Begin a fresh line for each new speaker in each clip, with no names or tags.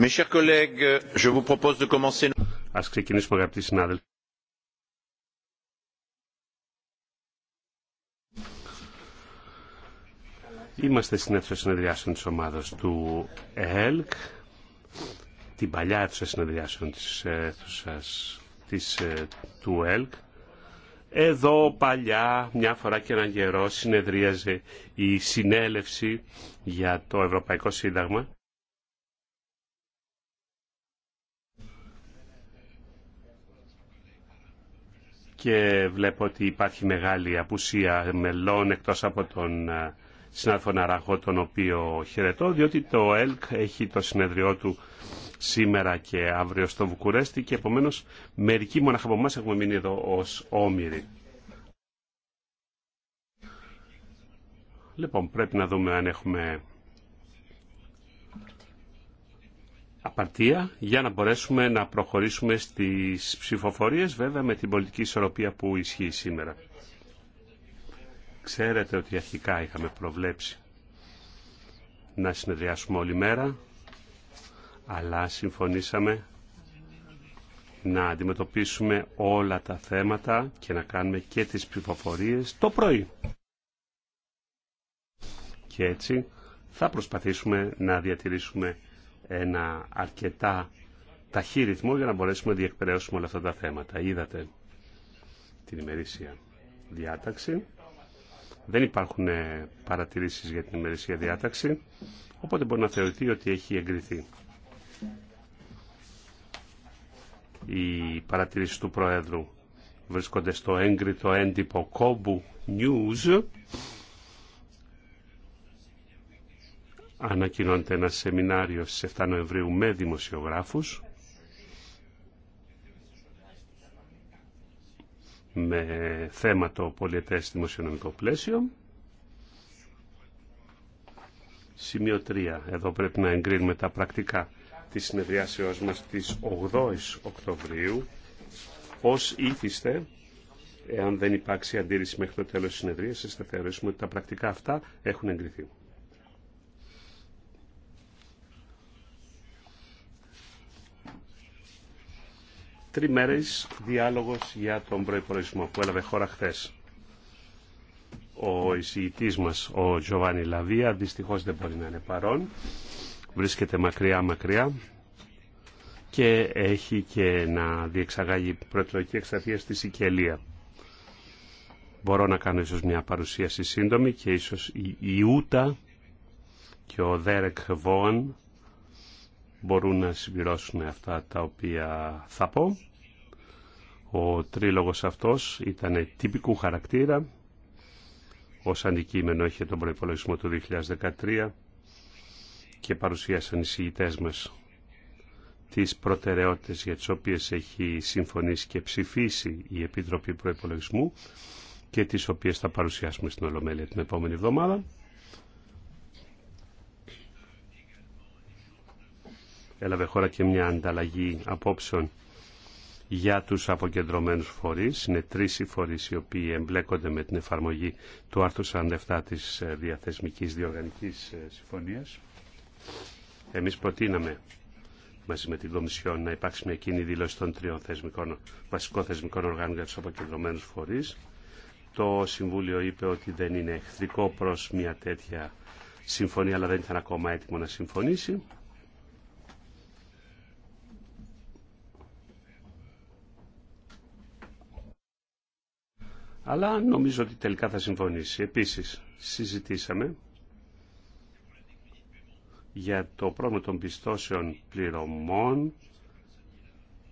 Mes
Ας ξεκινήσουμε αγαπητοί συνάδελφοι. Είμαστε στην αίθουσα συνεδριάσεων της ομάδας του ΕΛΚ, την παλιά αίθουσα συνεδριάσεων της αίθουσας της, ε, του ΕΛΚ. Εδώ παλιά, μια φορά και έναν καιρό, συνεδρίαζε η συνέλευση για το Ευρωπαϊκό Σύνταγμα και βλέπω ότι υπάρχει μεγάλη απουσία μελών εκτός από τον ε, συνάδελφο Ναραχό τον οποίο χαιρετώ διότι το ΕΛΚ έχει το συνεδριό του σήμερα και αύριο στο Βουκουρέστι και επομένως μερικοί μοναχα από εμάς έχουμε μείνει εδώ ως όμοιροι. Λοιπόν, πρέπει να δούμε αν έχουμε απαρτία για να μπορέσουμε να προχωρήσουμε στις ψηφοφορίες βέβαια με την πολιτική ισορροπία που ισχύει σήμερα. Ξέρετε ότι αρχικά είχαμε προβλέψει να συνεδριάσουμε όλη μέρα αλλά συμφωνήσαμε να αντιμετωπίσουμε όλα τα θέματα και να κάνουμε και τις ψηφοφορίες το πρωί. Και έτσι θα προσπαθήσουμε να διατηρήσουμε ένα αρκετά ταχύ ρυθμό για να μπορέσουμε να διεκπαιρεώσουμε όλα αυτά τα θέματα. Είδατε την ημερήσια διάταξη. Δεν υπάρχουν ε, παρατηρήσεις για την ημερήσια διάταξη, οπότε μπορεί να θεωρηθεί ότι έχει εγκριθεί. Οι παρατηρήσεις του Προέδρου βρίσκονται στο έγκριτο έντυπο κόμπου News. ανακοινώνεται ένα σεμινάριο στις 7 Νοεμβρίου με δημοσιογράφους με θέμα το πολιετές δημοσιονομικό πλαίσιο. Σημείο 3. Εδώ πρέπει να εγκρίνουμε τα πρακτικά της συνεδριάσεώς μας της 8 Οκτωβρίου. Πώς ήθιστε, εάν δεν υπάρξει αντίρρηση μέχρι το τέλος της συνεδρίας, θα θεωρήσουμε ότι τα πρακτικά αυτά έχουν εγκριθεί. τριμέρες διάλογος για τον προϋπολογισμό που έλαβε χώρα χθες. Ο εισηγητής μας, ο Τζοβάνι Λαβία, δυστυχώς δεν μπορεί να είναι παρόν. Βρίσκεται μακριά μακριά και έχει και να διεξαγάγει προεκλογική εξαρτία στη Σικελία. Μπορώ να κάνω ίσως μια παρουσίαση σύντομη και ίσως η Ιούτα και ο Δέρεκ Βόαν μπορούν να συμπληρώσουν αυτά τα οποία θα πω. Ο τρίλογος αυτός ήταν τυπικού χαρακτήρα. Ως αντικείμενο είχε τον προϋπολογισμό του 2013 και παρουσίασαν οι συγητές μας τις προτεραιότητες για τις οποίες έχει συμφωνήσει και ψηφίσει η Επιτροπή Προϋπολογισμού και τις οποίες θα παρουσιάσουμε στην Ολομέλεια την επόμενη εβδομάδα. Έλαβε χώρα και μια ανταλλαγή απόψεων για τους αποκεντρωμένους φορείς. Είναι τρεις οι φορείς οι οποίοι εμπλέκονται με την εφαρμογή του άρθρου 47 της ε, Διαθεσμικής Διοργανικής ε, Συμφωνίας. Εμείς προτείναμε μαζί με την Κομισιόν να υπάρξει μια κοινή δήλωση των τριών θεσμικών, βασικών θεσμικών οργάνων για τους αποκεντρωμένους φορείς. Το Συμβούλιο είπε ότι δεν είναι εχθρικό προς μια τέτοια συμφωνία, αλλά δεν ήταν ακόμα έτοιμο να συμφωνήσει. αλλά νομίζω ότι τελικά θα συμφωνήσει. Επίσης, συζητήσαμε για το πρόβλημα των πιστώσεων πληρωμών,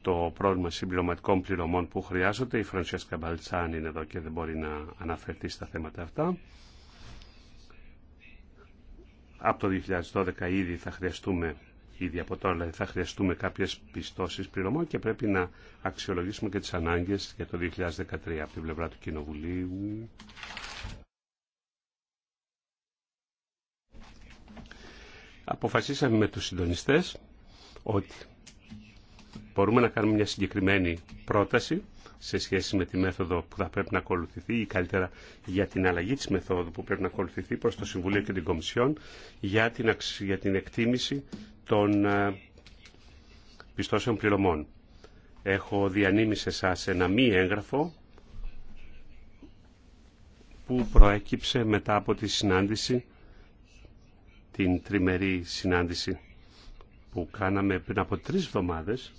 το πρόβλημα συμπληρωματικών πληρωμών που χρειάζονται. Η Φρανσιάσκα Μπαλτσάν είναι εδώ και δεν μπορεί να αναφερθεί στα θέματα αυτά. Από το 2012 ήδη θα χρειαστούμε ήδη από τώρα, δηλαδή θα χρειαστούμε κάποιες πιστώσεις πληρωμών και πρέπει να αξιολογήσουμε και τις ανάγκες για το 2013 από την πλευρά του Κοινοβουλίου. Αποφασίσαμε με τους συντονιστές ότι μπορούμε να κάνουμε μια συγκεκριμένη πρόταση σε σχέση με τη μέθοδο που θα πρέπει να ακολουθηθεί ή καλύτερα για την αλλαγή της μεθόδου που πρέπει να ακολουθηθεί προς το Συμβουλίο και την Κομισιόν για την, για την εκτίμηση των ε, πιστώσεων πληρωμών. Έχω διανύμει σε εσάς ένα μη έγγραφο που προέκυψε μετά από τη συνάντηση, την τριμερή συνάντηση που κάναμε πριν από τρεις εβδομάδες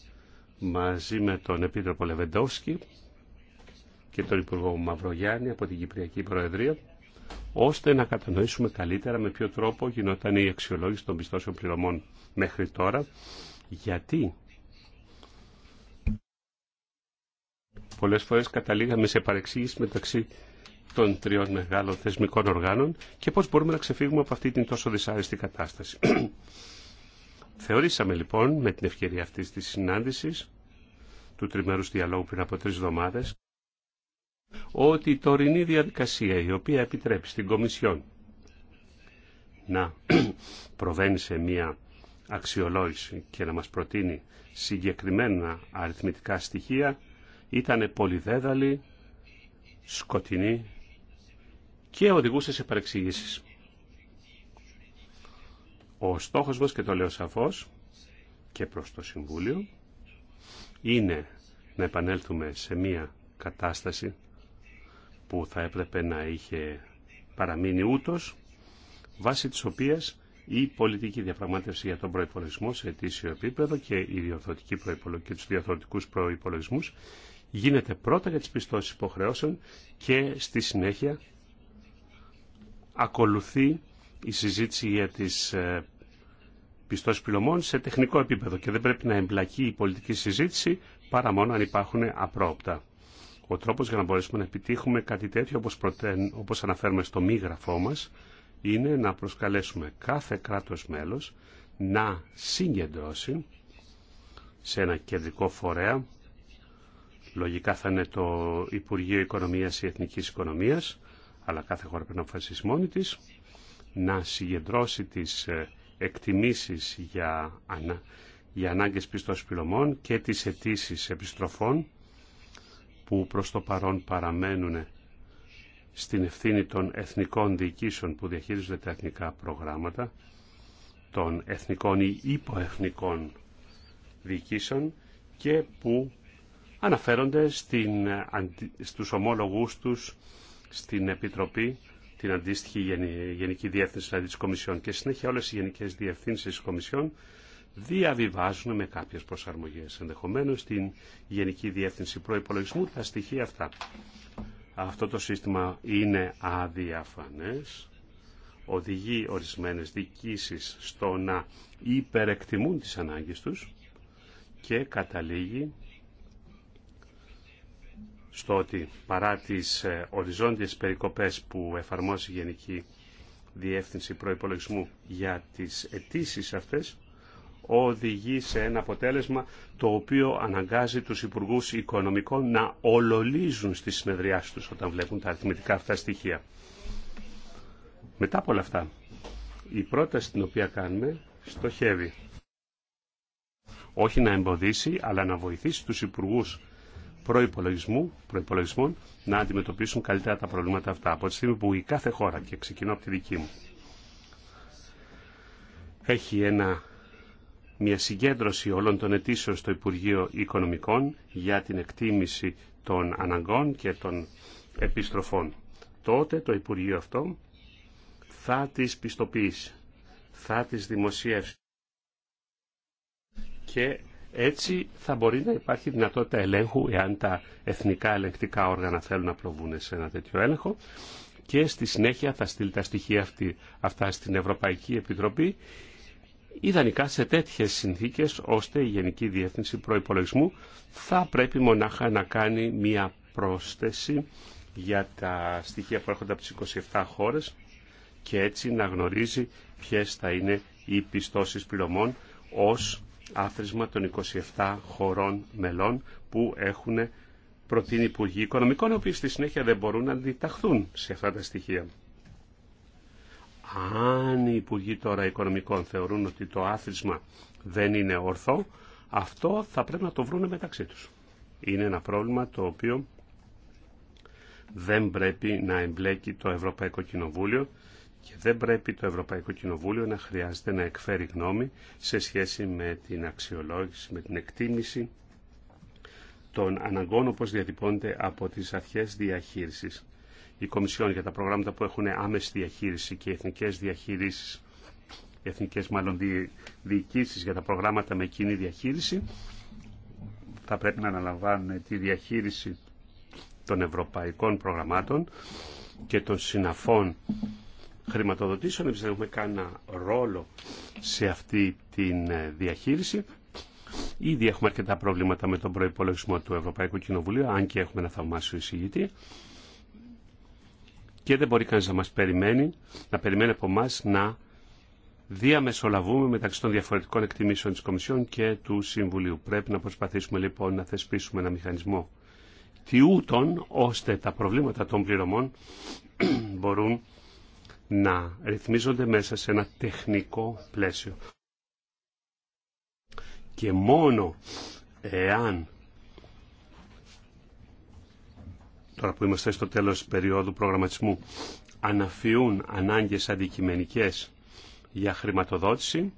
μαζί με τον Επίτροπο Λεβεντόφσκι και τον Υπουργό Μαυρογιάννη από την Κυπριακή Προεδρία, ώστε να κατανοήσουμε καλύτερα με ποιο τρόπο γινόταν η αξιολόγηση των πιστώσεων πληρωμών μέχρι τώρα, γιατί πολλές φορές καταλήγαμε σε παρεξήγηση μεταξύ των τριών μεγάλων θεσμικών οργάνων και πώς μπορούμε να ξεφύγουμε από αυτή την τόσο δυσάρεστη κατάσταση. Θεωρήσαμε λοιπόν με την ευκαιρία αυτής της συνάντησης του τριμερούς διαλόγου πριν από τρει εβδομάδε, ότι η τωρινή διαδικασία η οποία επιτρέπει στην Κομισιόν να προβαίνει σε μία αξιολόγηση και να μας προτείνει συγκεκριμένα αριθμητικά στοιχεία ήταν πολυδέδαλη, σκοτεινή και οδηγούσε σε παρεξηγήσεις. Ο στόχος μας, και το λέω σαφώς, και προς το Συμβούλιο, είναι να επανέλθουμε σε μία κατάσταση που θα έπρεπε να είχε παραμείνει ούτως, βάσει της οποίας η πολιτική διαπραγμάτευση για τον προϋπολογισμό σε αιτήσιο επίπεδο και, οι και τους διορθωτικούς προϋπολογισμούς γίνεται πρώτα για τις πιστώσεις υποχρεώσεων και στη συνέχεια ακολουθεί η συζήτηση για τις ε, πιστώσεις πυλωμών σε τεχνικό επίπεδο και δεν πρέπει να εμπλακεί η πολιτική συζήτηση παρά μόνο αν υπάρχουν απρόοπτα. Ο τρόπος για να μπορέσουμε να επιτύχουμε κάτι τέτοιο όπως, προτεν, όπως αναφέρουμε στο μη γραφό μας είναι να προσκαλέσουμε κάθε κράτος μέλος να συγκεντρώσει σε ένα κεντρικό φορέα λογικά θα είναι το Υπουργείο Οικονομίας ή Εθνικής Οικονομίας αλλά κάθε χώρα πρέπει να αποφασίσει μόνη της να συγκεντρώσει τις ε, εκτιμήσεις για, ανα, για ανάγκες πιστός και τις αιτήσει επιστροφών που προς το παρόν παραμένουν στην ευθύνη των εθνικών διοικήσεων που διαχείριζονται τα εθνικά προγράμματα, των εθνικών ή υποεθνικών διοικήσεων και που αναφέρονται στην, ε, στους ομόλογούς τους στην Επιτροπή την αντίστοιχη Γενική Διεύθυνση δηλαδή της Κομισιόν και συνέχεια όλες οι Γενικές διευθύνσει τη Κομισιόν διαβιβάζουν με κάποιες προσαρμογές ενδεχομένως στην Γενική Διεύθυνση προπολογισμού τα στοιχεία αυτά. Αυτό το σύστημα είναι αδιαφανές, οδηγεί ορισμένες διοικήσεις στο να υπερεκτιμούν τι ανάγκε του και καταλήγει στο ότι παρά τις ε, οριζόντιες περικοπές που εφαρμόζει η Γενική Διεύθυνση Προϋπολογισμού για τις αιτήσει αυτές, οδηγεί σε ένα αποτέλεσμα το οποίο αναγκάζει τους Υπουργούς Οικονομικών να ολολίζουν στις συνεδριάσεις τους όταν βλέπουν τα αριθμητικά αυτά στοιχεία. Μετά από όλα αυτά, η πρόταση την οποία κάνουμε στοχεύει όχι να εμποδίσει, αλλά να βοηθήσει τους Υπουργούς προϋπολογισμού, προϋπολογισμών να αντιμετωπίσουν καλύτερα τα προβλήματα αυτά. Από τη στιγμή που η κάθε χώρα, και ξεκινώ από τη δική μου, έχει ένα, μια συγκέντρωση όλων των αιτήσεων στο Υπουργείο Οικονομικών για την εκτίμηση των αναγκών και των επιστροφών. Τότε το Υπουργείο αυτό θα τις πιστοποιήσει, θα τις δημοσιεύσει και έτσι θα μπορεί να υπάρχει δυνατότητα ελέγχου εάν τα εθνικά ελεγκτικά όργανα θέλουν να προβούν σε ένα τέτοιο έλεγχο και στη συνέχεια θα στείλει τα στοιχεία αυτή, αυτά στην Ευρωπαϊκή Επιτροπή ιδανικά σε τέτοιες συνθήκες ώστε η Γενική Διεύθυνση Προϋπολογισμού θα πρέπει μονάχα να κάνει μία πρόσθεση για τα στοιχεία που έρχονται από τις 27 χώρες και έτσι να γνωρίζει ποιες θα είναι οι πιστώσεις πληρωμών ως άθροισμα των 27 χωρών μελών που έχουν προτείνει Υπουργοί Οικονομικών, οι οποίοι στη συνέχεια δεν μπορούν να αντιταχθούν σε αυτά τα στοιχεία. Αν οι Υπουργοί τώρα Οικονομικών θεωρούν ότι το άθροισμα δεν είναι ορθό, αυτό θα πρέπει να το βρουν μεταξύ τους. Είναι ένα πρόβλημα το οποίο δεν πρέπει να εμπλέκει το Ευρωπαϊκό Κοινοβούλιο και δεν πρέπει το Ευρωπαϊκό Κοινοβούλιο να χρειάζεται να εκφέρει γνώμη σε σχέση με την αξιολόγηση, με την εκτίμηση των αναγκών όπως διατυπώνεται από τις αρχές διαχείρισης. Η Κομισιόν για τα προγράμματα που έχουν άμεση διαχείριση και εθνικές διαχείρισεις, εθνικές μάλλον διοικήσεις για τα προγράμματα με κοινή διαχείριση, θα πρέπει να αναλαμβάνουν τη διαχείριση των ευρωπαϊκών προγραμμάτων και των συναφών χρηματοδοτήσεων. Εμείς δεν έχουμε κανένα ρόλο σε αυτή την ε, διαχείριση. Ήδη έχουμε αρκετά προβλήματα με τον προϋπολογισμό του Ευρωπαϊκού Κοινοβουλίου, αν και έχουμε ένα θαυμάσιο εισηγητή. Και δεν μπορεί κανείς να μας περιμένει, να περιμένει από εμά να διαμεσολαβούμε μεταξύ των διαφορετικών εκτιμήσεων της Κομισιόν και του Συμβουλίου. Πρέπει να προσπαθήσουμε λοιπόν να θεσπίσουμε ένα μηχανισμό τιούτων, ώστε τα προβλήματα των πληρωμών μπορούν να ρυθμίζονται μέσα σε ένα τεχνικό πλαίσιο. Και μόνο εάν τώρα που είμαστε στο τέλος περίοδου προγραμματισμού αναφιούν ανάγκες αντικειμενικές για χρηματοδότηση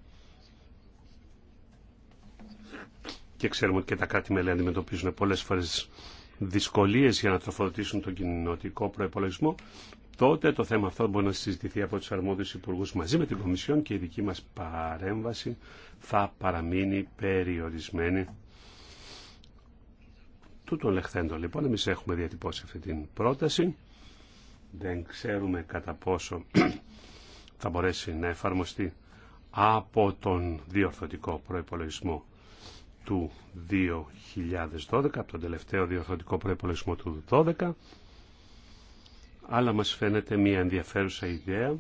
και ξέρουμε ότι και τα κράτη-μέλη αντιμετωπίζουν πολλές φορές δυσκολίες για να τροφοδοτήσουν τον κοινωτικό προϋπολογισμό, τότε το θέμα αυτό μπορεί να συζητηθεί από τους αρμόδιους υπουργούς μαζί με την Κομισιόν και η δική μας παρέμβαση θα παραμείνει περιορισμένη. Τούτων λεχθέντο λοιπόν, εμείς έχουμε διατυπώσει αυτή την πρόταση. Δεν ξέρουμε κατά πόσο θα μπορέσει να εφαρμοστεί από τον διορθωτικό προϋπολογισμό του 2012, από τον τελευταίο διορθωτικό προϋπολογισμό του 2012 αλλά μας φαίνεται μια ενδιαφέρουσα ιδέα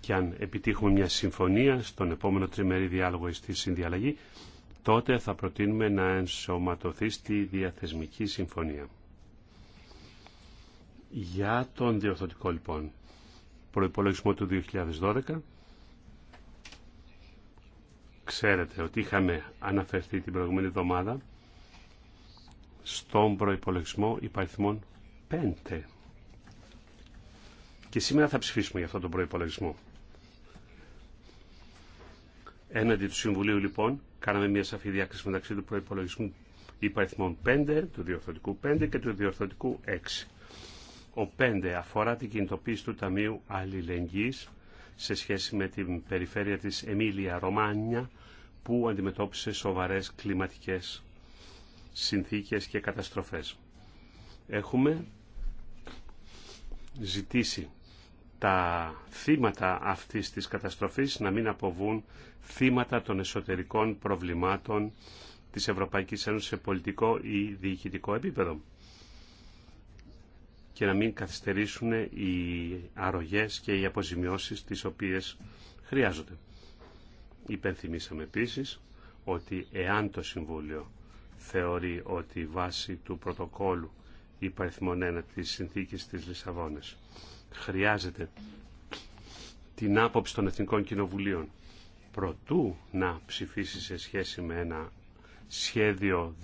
και αν επιτύχουμε μια συμφωνία στον επόμενο τριμερή διάλογο στη συνδιαλλαγή, τότε θα προτείνουμε να ενσωματωθεί στη διαθεσμική συμφωνία. Για τον διορθωτικό λοιπόν προϋπολογισμό του 2012, ξέρετε ότι είχαμε αναφερθεί την προηγούμενη εβδομάδα στον προϋπολογισμό υπαριθμών 5 και σήμερα θα ψηφίσουμε για αυτόν τον προϋπολογισμό. Έναντι του Συμβουλίου λοιπόν, κάναμε μια σαφή διάκριση μεταξύ του προϋπολογισμού υπαριθμών 5, του διορθωτικού 5 και του διορθωτικού 6. Ο 5 αφορά την κινητοποίηση του Ταμείου Αλληλεγγύης σε σχέση με την περιφέρεια της Εμίλια Ρωμάνια που αντιμετώπισε σοβαρές κλιματικές συνθήκες και καταστροφές. Έχουμε ζητήσει τα θύματα αυτής της καταστροφής να μην αποβούν θύματα των εσωτερικών προβλημάτων της Ευρωπαϊκής Ένωσης σε πολιτικό ή διοικητικό επίπεδο και να μην καθυστερήσουν οι αρρωγές και οι αποζημιώσεις τις οποίες χρειάζονται. Υπενθυμίσαμε επίσης ότι εάν το Συμβούλιο θεωρεί ότι βάσει του πρωτοκόλου υπαριθμών 1 της συνθήκης της Λισαβόνας χρειάζεται την άποψη των Εθνικών Κοινοβουλίων προτού να ψηφίσει σε σχέση με ένα σχέδιο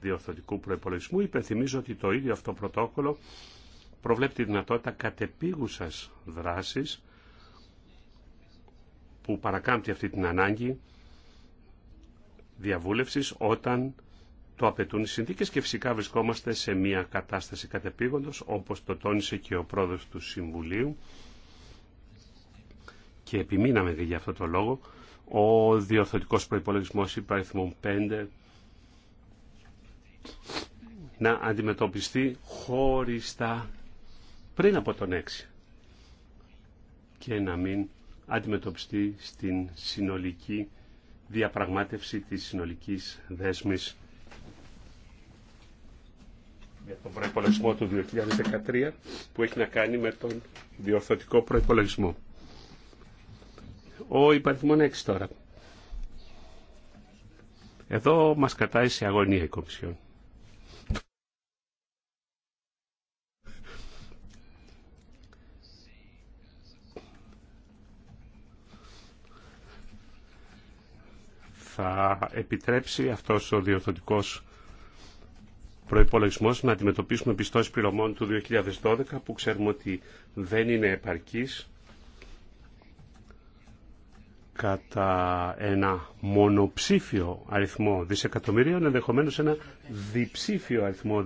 διορθωτικού προϋπολογισμού. Υπενθυμίζω ότι το ίδιο αυτό πρωτόκολλο προβλέπει τη δυνατότητα κατεπίγουσας δράσης που παρακάμπτει αυτή την ανάγκη διαβούλευσης όταν το απαιτούν οι συνθήκες και φυσικά βρισκόμαστε σε μια κατάσταση κατεπήγοντος όπως το τόνισε και ο πρόεδρος του Συμβουλίου και επιμείναμε δηλαδή για αυτό το λόγο ο διορθωτικός προϋπολογισμός υπαριθμών 5 να αντιμετωπιστεί χωριστά πριν από τον 6 και να μην αντιμετωπιστεί στην συνολική διαπραγμάτευση της συνολικής δέσμης για τον προϋπολογισμό του 2013 που έχει να κάνει με τον διορθωτικό προϋπολογισμό. Ο υπαριθμόν 6 τώρα. Εδώ μας κατάει σε αγωνία η Κομισιόν. Θα επιτρέψει αυτός ο διορθωτικός προπολογισμό να αντιμετωπίσουμε πιστώσει πληρωμών του 2012 που ξέρουμε ότι δεν είναι επαρκή κατά ένα μονοψήφιο αριθμό δισεκατομμυρίων, ενδεχομένω ένα διψήφιο αριθμό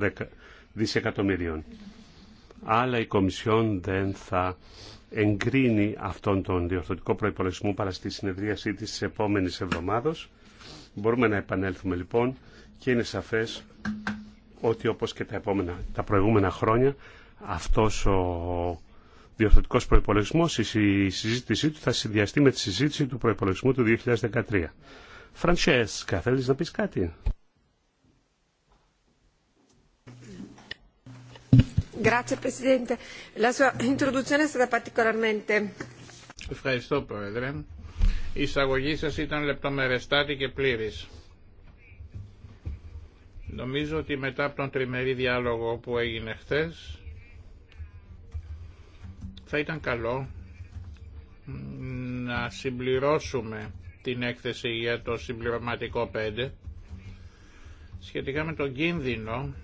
δισεκατομμυρίων. Αλλά η Κομισιόν δεν θα εγκρίνει αυτόν τον διορθωτικό προϋπολογισμό παρά στη συνεδρίασή της της επόμενης εβδομάδος. Μπορούμε να επανέλθουμε λοιπόν και είναι σαφές ότι όπως και τα, επόμενα, τα προηγούμενα χρόνια αυτός ο διορθωτικός προϋπολογισμός, η συζήτησή του θα συνδυαστεί με τη συζήτηση του προϋπολογισμού του 2013. Φραντσέσκα, θέλεις να πεις κάτι?
Ευχαριστώ, Πρόεδρε. Η εισαγωγή σας ήταν λεπτομερεστάτη και πλήρης. Νομίζω ότι μετά από τον τριμερή διάλογο που έγινε χθες θα ήταν καλό να συμπληρώσουμε την έκθεση για το συμπληρωματικό 5 σχετικά με τον κίνδυνο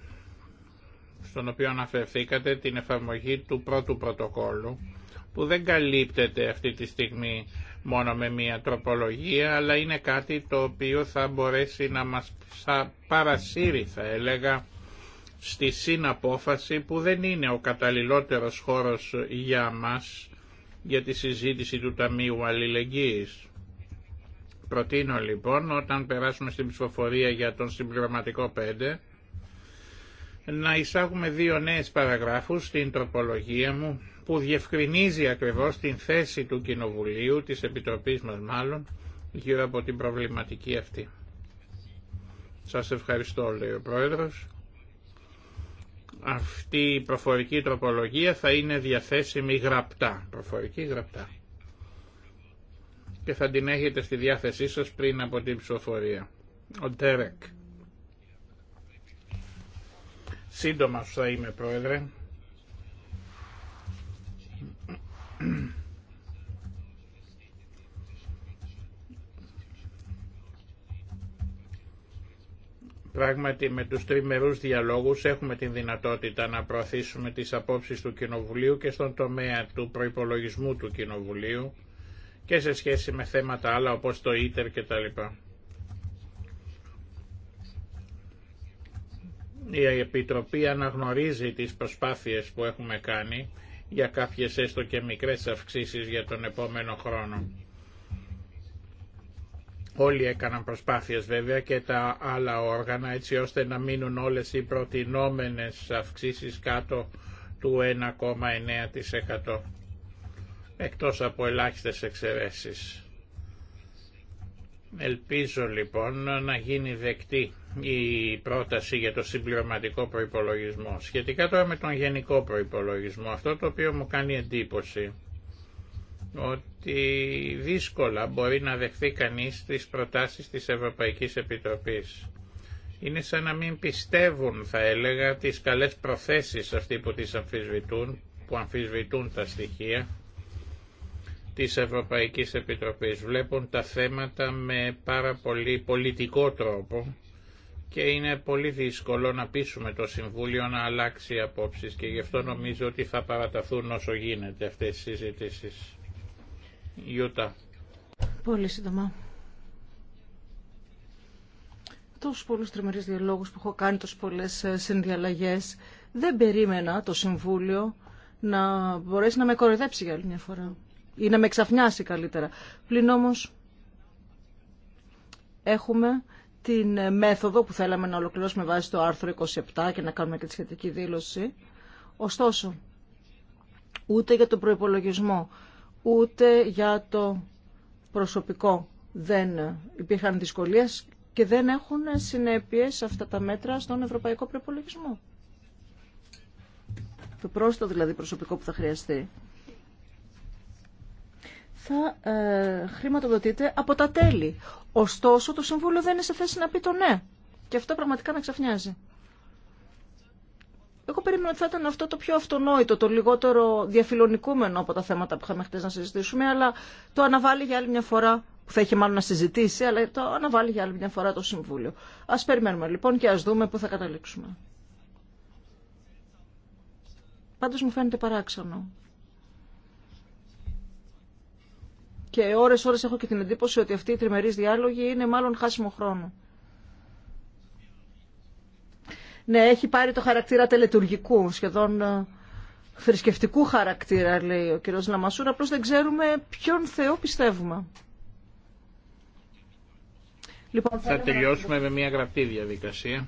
στον οποίο αναφερθήκατε την εφαρμογή του πρώτου πρωτοκόλου που δεν καλύπτεται αυτή τη στιγμή μόνο με μία τροπολογία, αλλά είναι κάτι το οποίο θα μπορέσει να μας παρασύρει, θα έλεγα, στη συναπόφαση που δεν είναι ο καταλληλότερος χώρος για μας για τη συζήτηση του Ταμείου Αλληλεγγύης. Προτείνω λοιπόν όταν περάσουμε στην ψηφοφορία για τον συμπληρωματικό 5 να εισάγουμε δύο νέες παραγράφους στην τροπολογία μου που διευκρινίζει ακριβώς την θέση του Κοινοβουλίου, της Επιτροπής μας μάλλον, γύρω από την προβληματική αυτή. Σας ευχαριστώ, λέει ο Πρόεδρος. Αυτή η προφορική τροπολογία θα είναι διαθέσιμη γραπτά. Προφορική γραπτά. Και θα την έχετε στη διάθεσή σας πριν από την ψηφοφορία. Ο Τέρεκ. Σύντομα θα είμαι, Πρόεδρε. Πράγματι με τους τριμερούς διαλόγους έχουμε την δυνατότητα να προωθήσουμε τις απόψεις του Κοινοβουλίου και στον τομέα του προϋπολογισμού του Κοινοβουλίου και σε σχέση με θέματα άλλα όπως το ίτερ κτλ. Η Επιτροπή αναγνωρίζει τις προσπάθειες που έχουμε κάνει για κάποιες έστω και μικρές αυξήσεις για τον επόμενο χρόνο. Όλοι έκαναν προσπάθειες βέβαια και τα άλλα όργανα έτσι ώστε να μείνουν όλες οι προτινόμενες αυξήσεις κάτω του 1,9% εκτός από ελάχιστες εξαιρέσεις. Ελπίζω λοιπόν να γίνει δεκτή η πρόταση για το συμπληρωματικό προϋπολογισμό. Σχετικά τώρα με τον γενικό προϋπολογισμό, αυτό το οποίο μου κάνει εντύπωση ότι δύσκολα μπορεί να δεχθεί κανείς τις προτάσεις της Ευρωπαϊκής Επιτροπής. Είναι σαν να μην πιστεύουν, θα έλεγα, τις καλές προθέσεις αυτοί που τις αμφισβητούν, που αμφισβητούν τα στοιχεία της Ευρωπαϊκής Επιτροπής. Βλέπουν τα θέματα με πάρα πολύ πολιτικό τρόπο και είναι πολύ δύσκολο να πείσουμε το Συμβούλιο να αλλάξει απόψεις και γι' αυτό νομίζω ότι θα παραταθούν όσο γίνεται αυτές οι συζητήσεις.
Πολύ σύντομα. Τόσου πολλού τριμερεί διαλόγου που έχω κάνει, τόσε πολλέ ε, συνδιαλλαγές, δεν περίμενα το Συμβούλιο να μπορέσει να με κοροϊδέψει για άλλη μια φορά ή να με ξαφνιάσει καλύτερα. Πλην όμω, έχουμε την ε, μέθοδο που θέλαμε να ολοκληρώσουμε βάσει το άρθρο 27 και να κάνουμε και τη σχετική δήλωση. Ωστόσο, ούτε για τον προπολογισμό ούτε για το προσωπικό δεν υπήρχαν δυσκολίες και δεν έχουν συνέπειες αυτά τα μέτρα στον ευρωπαϊκό προπολογισμό. Το πρόσθετο δηλαδή προσωπικό που θα χρειαστεί θα ε, χρηματοδοτείται από τα τέλη. Ωστόσο το Συμβούλιο δεν είναι σε θέση να πει το ναι. Και αυτό πραγματικά με ξαφνιάζει. Εγώ περίμενα ότι θα ήταν αυτό το πιο αυτονόητο, το λιγότερο διαφιλονικούμενο από τα θέματα που είχαμε χτε να συζητήσουμε, αλλά το αναβάλει για άλλη μια φορά, που θα είχε μάλλον να συζητήσει, αλλά το αναβάλει για άλλη μια φορά το Συμβούλιο. Α περιμένουμε λοιπόν και α δούμε πού θα καταλήξουμε. Πάντω μου φαίνεται παράξενο. Και ώρες-ώρες έχω και την εντύπωση ότι αυτοί οι τριμερείς διάλογοι είναι μάλλον χάσιμο χρόνο. Ναι, έχει πάρει το χαρακτήρα τελετουργικού, σχεδόν ε, θρησκευτικού χαρακτήρα, λέει ο κύριος Λαμασούρα, απλώς δεν ξέρουμε ποιον Θεό πιστεύουμε. Λοιπόν, θα τελειώσουμε
με μια γραπτή διαδικασία.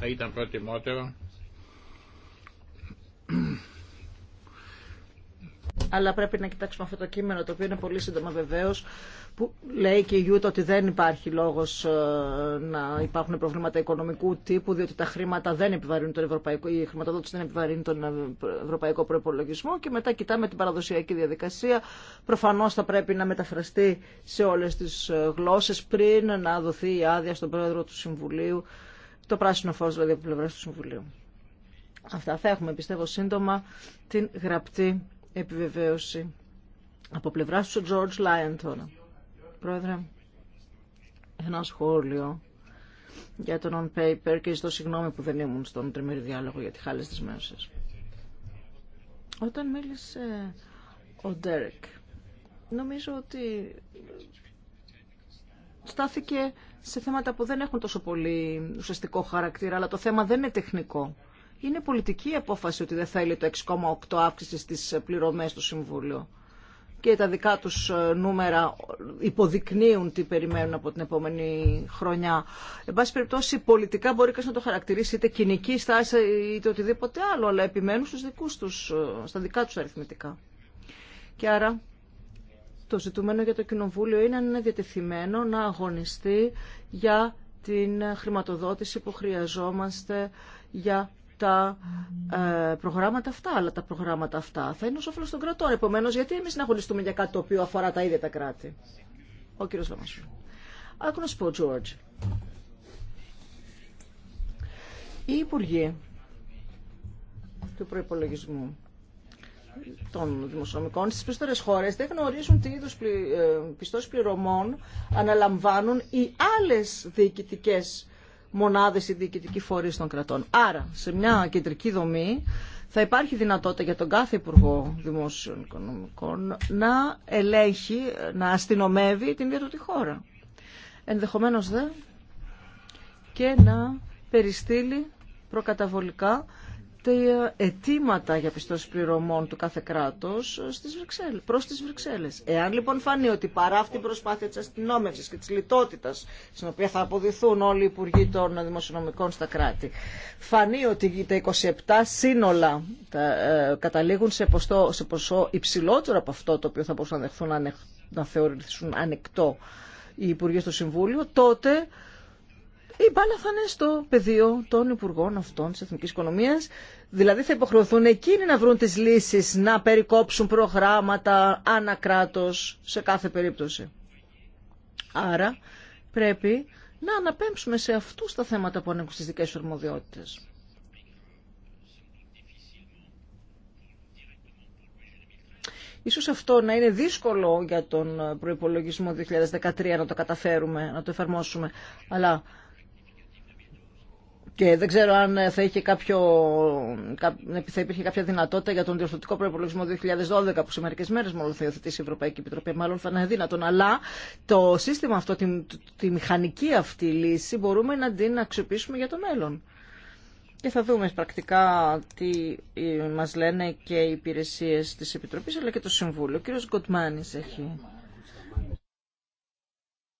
Θα ήταν προτιμότερο
αλλά πρέπει να κοιτάξουμε αυτό το κείμενο, το οποίο είναι πολύ σύντομα βεβαίω, που λέει και η Γιούτα ότι δεν υπάρχει λόγο ε, να υπάρχουν προβλήματα οικονομικού τύπου, διότι τα χρήματα δεν επιβαρύνουν τον ευρωπαϊκό, η χρηματοδότηση δεν επιβαρύνει τον ε, ευρωπαϊκό προπολογισμό. Και μετά κοιτάμε την παραδοσιακή διαδικασία. Προφανώ θα πρέπει να μεταφραστεί σε όλε τι ε, γλώσσε πριν να δοθεί η άδεια στον πρόεδρο του Συμβουλίου, το πράσινο φω δηλαδή από πλευρά του Συμβουλίου. Αυτά θα έχουμε πιστεύω σύντομα την γραπτή επιβεβαίωση από πλευρά του George Lyon τώρα. Πρόεδρε, ένα σχόλιο για τον on paper και ζητώ συγγνώμη που δεν ήμουν στον τριμήρη διάλογο για τη χάλη της μέρας Όταν μίλησε ο Ντέρεκ, νομίζω ότι στάθηκε σε θέματα που δεν έχουν τόσο πολύ ουσιαστικό χαρακτήρα, αλλά το θέμα δεν είναι τεχνικό. Είναι πολιτική απόφαση ότι δεν θέλει το 6,8 αύξηση στις πληρωμές του Συμβούλιο. Και τα δικά τους ε, νούμερα υποδεικνύουν τι περιμένουν από την επόμενη χρονιά. Εν πάση περιπτώσει, πολιτικά μπορεί κανείς να το χαρακτηρίσει είτε κοινική στάση είτε οτιδήποτε άλλο, αλλά επιμένουν στους δικούς τους, ε, στα δικά τους αριθμητικά. Και άρα το ζητούμενο για το Κοινοβούλιο είναι αν είναι διατεθειμένο να αγωνιστεί για την χρηματοδότηση που χρειαζόμαστε για τα ε, προγράμματα αυτά. Αλλά τα προγράμματα αυτά θα είναι ως όφελος των κρατών. επομένω, γιατί εμείς να αγωνιστούμε για κάτι το οποίο αφορά τα ίδια τα κράτη. Ο κύριος Λαμασού. Άκου να σου πω, Τζόρτζ. Οι υπουργοί του προπολογισμού των δημοσιονομικών στις περισσότερες χώρες δεν γνωρίζουν τι είδους ε, πιστώσεις πληρωμών αναλαμβάνουν οι άλλες διοικητικές μονάδες ή διοικητικοί φορεί των κρατών. Άρα, σε μια κεντρική δομή θα υπάρχει δυνατότητα για τον κάθε Υπουργό Δημόσιων Οικονομικών να ελέγχει, να αστυνομεύει την ίδια του τη χώρα. Ενδεχομένως δε και να περιστήλει προκαταβολικά τα αιτήματα για πιστώσεις πληρωμών του κάθε κράτος στις Βρυξέλλες, προς τις Βρυξέλλες. Εάν λοιπόν φανεί ότι παρά αυτή η προσπάθεια της αστυνόμευσης και της λιτότητας, στην οποία θα αποδηθούν όλοι οι υπουργοί των δημοσιονομικών στα κράτη, φανεί ότι τα 27 σύνολα ε, καταλήγουν σε, σε ποσό υψηλότερο από αυτό το οποίο θα μπορούσαν να, να θεωρηθούν ανεκτό οι υπουργοί στο Συμβούλιο, τότε η μπάλα θα είναι στο πεδίο των υπουργών αυτών τη εθνική οικονομία. Δηλαδή θα υποχρεωθούν εκείνοι να βρουν τι λύσει να περικόψουν προγράμματα ανακράτω σε κάθε περίπτωση. Άρα πρέπει να αναπέμψουμε σε αυτού τα θέματα που ανήκουν στι δικέ του αρμοδιότητε. Ίσως αυτό να είναι δύσκολο για τον προϋπολογισμό 2013 να το καταφέρουμε, να το εφαρμόσουμε. Αλλά και δεν ξέρω αν θα, είχε κάποιο, θα υπήρχε κάποια δυνατότητα για τον διορθωτικό προπολογισμό 2012 που σε μερικέ μέρε μόνο θα υιοθετήσει η Ευρωπαϊκή Επιτροπή. Μάλλον θα είναι δυνατόν. Αλλά το σύστημα αυτό, τη, μηχανική αυτή λύση μπορούμε να την αξιοποιήσουμε για το μέλλον. Και θα δούμε πρακτικά τι ε, μα λένε και οι υπηρεσίε τη Επιτροπή αλλά και το Συμβούλιο. Ο κύριος Γκοτμάνη έχει.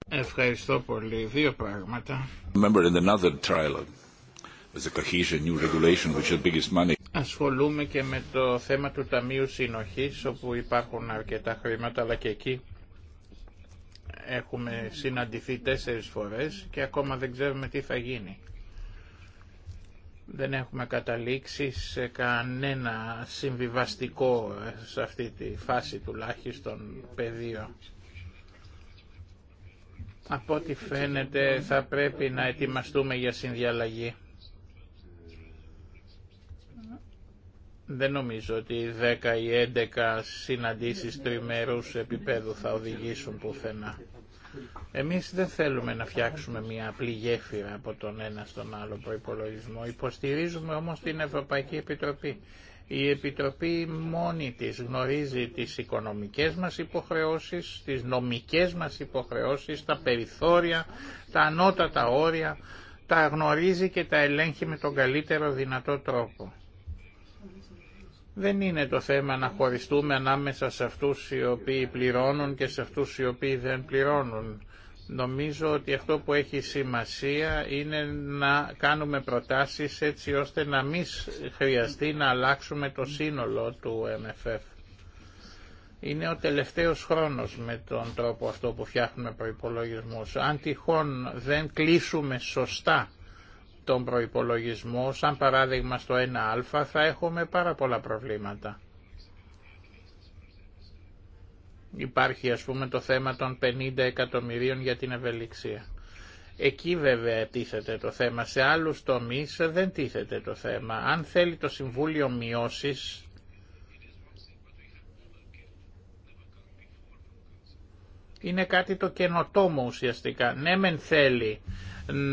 Ευχαριστώ πολύ. Δύο πράγματα. Remember in another trilogue. Ασχολούμαι και με το θέμα του Ταμείου Συνοχής όπου υπάρχουν αρκετά χρήματα αλλά και εκεί έχουμε συναντηθεί τέσσερις φορές και ακόμα δεν ξέρουμε τι θα γίνει. Δεν έχουμε καταλήξει σε κανένα συμβιβαστικό σε αυτή τη φάση τουλάχιστον πεδίο. Από ό,τι φαίνεται θα πρέπει να ετοιμαστούμε για συνδιαλλαγή. Δεν νομίζω ότι οι 10 ή 11 συναντήσεις τριμερούς επίπεδου θα οδηγήσουν πουθενά. Εμείς δεν θέλουμε να φτιάξουμε μια απλή γέφυρα από τον ένα στον άλλο προϋπολογισμό. Υποστηρίζουμε όμως την Ευρωπαϊκή Επιτροπή. Η Επιτροπή μόνη της γνωρίζει τις οικονομικές μας υποχρεώσεις, τις νομικές μας υποχρεώσεις, τα περιθώρια, τα ανώτατα όρια, τα γνωρίζει και τα ελέγχει με τον καλύτερο δυνατό τρόπο. Δεν είναι το θέμα να χωριστούμε ανάμεσα σε αυτούς οι οποίοι πληρώνουν και σε αυτούς οι οποίοι δεν πληρώνουν. Νομίζω ότι αυτό που έχει σημασία είναι να κάνουμε προτάσεις έτσι ώστε να μην χρειαστεί να αλλάξουμε το σύνολο του MFF. Είναι ο τελευταίος χρόνος με τον τρόπο αυτό που φτιάχνουμε προϋπολογισμούς. Αν τυχόν δεν κλείσουμε σωστά τον προϋπολογισμό, σαν παράδειγμα στο 1α, θα έχουμε πάρα πολλά προβλήματα. Υπάρχει ας πούμε το θέμα των 50 εκατομμυρίων για την ευελιξία. Εκεί βέβαια τίθεται το θέμα. Σε άλλους τομείς ε, δεν τίθεται το θέμα. Αν θέλει το Συμβούλιο μειώσεις είναι κάτι το καινοτόμο ουσιαστικά. Ναι μεν θέλει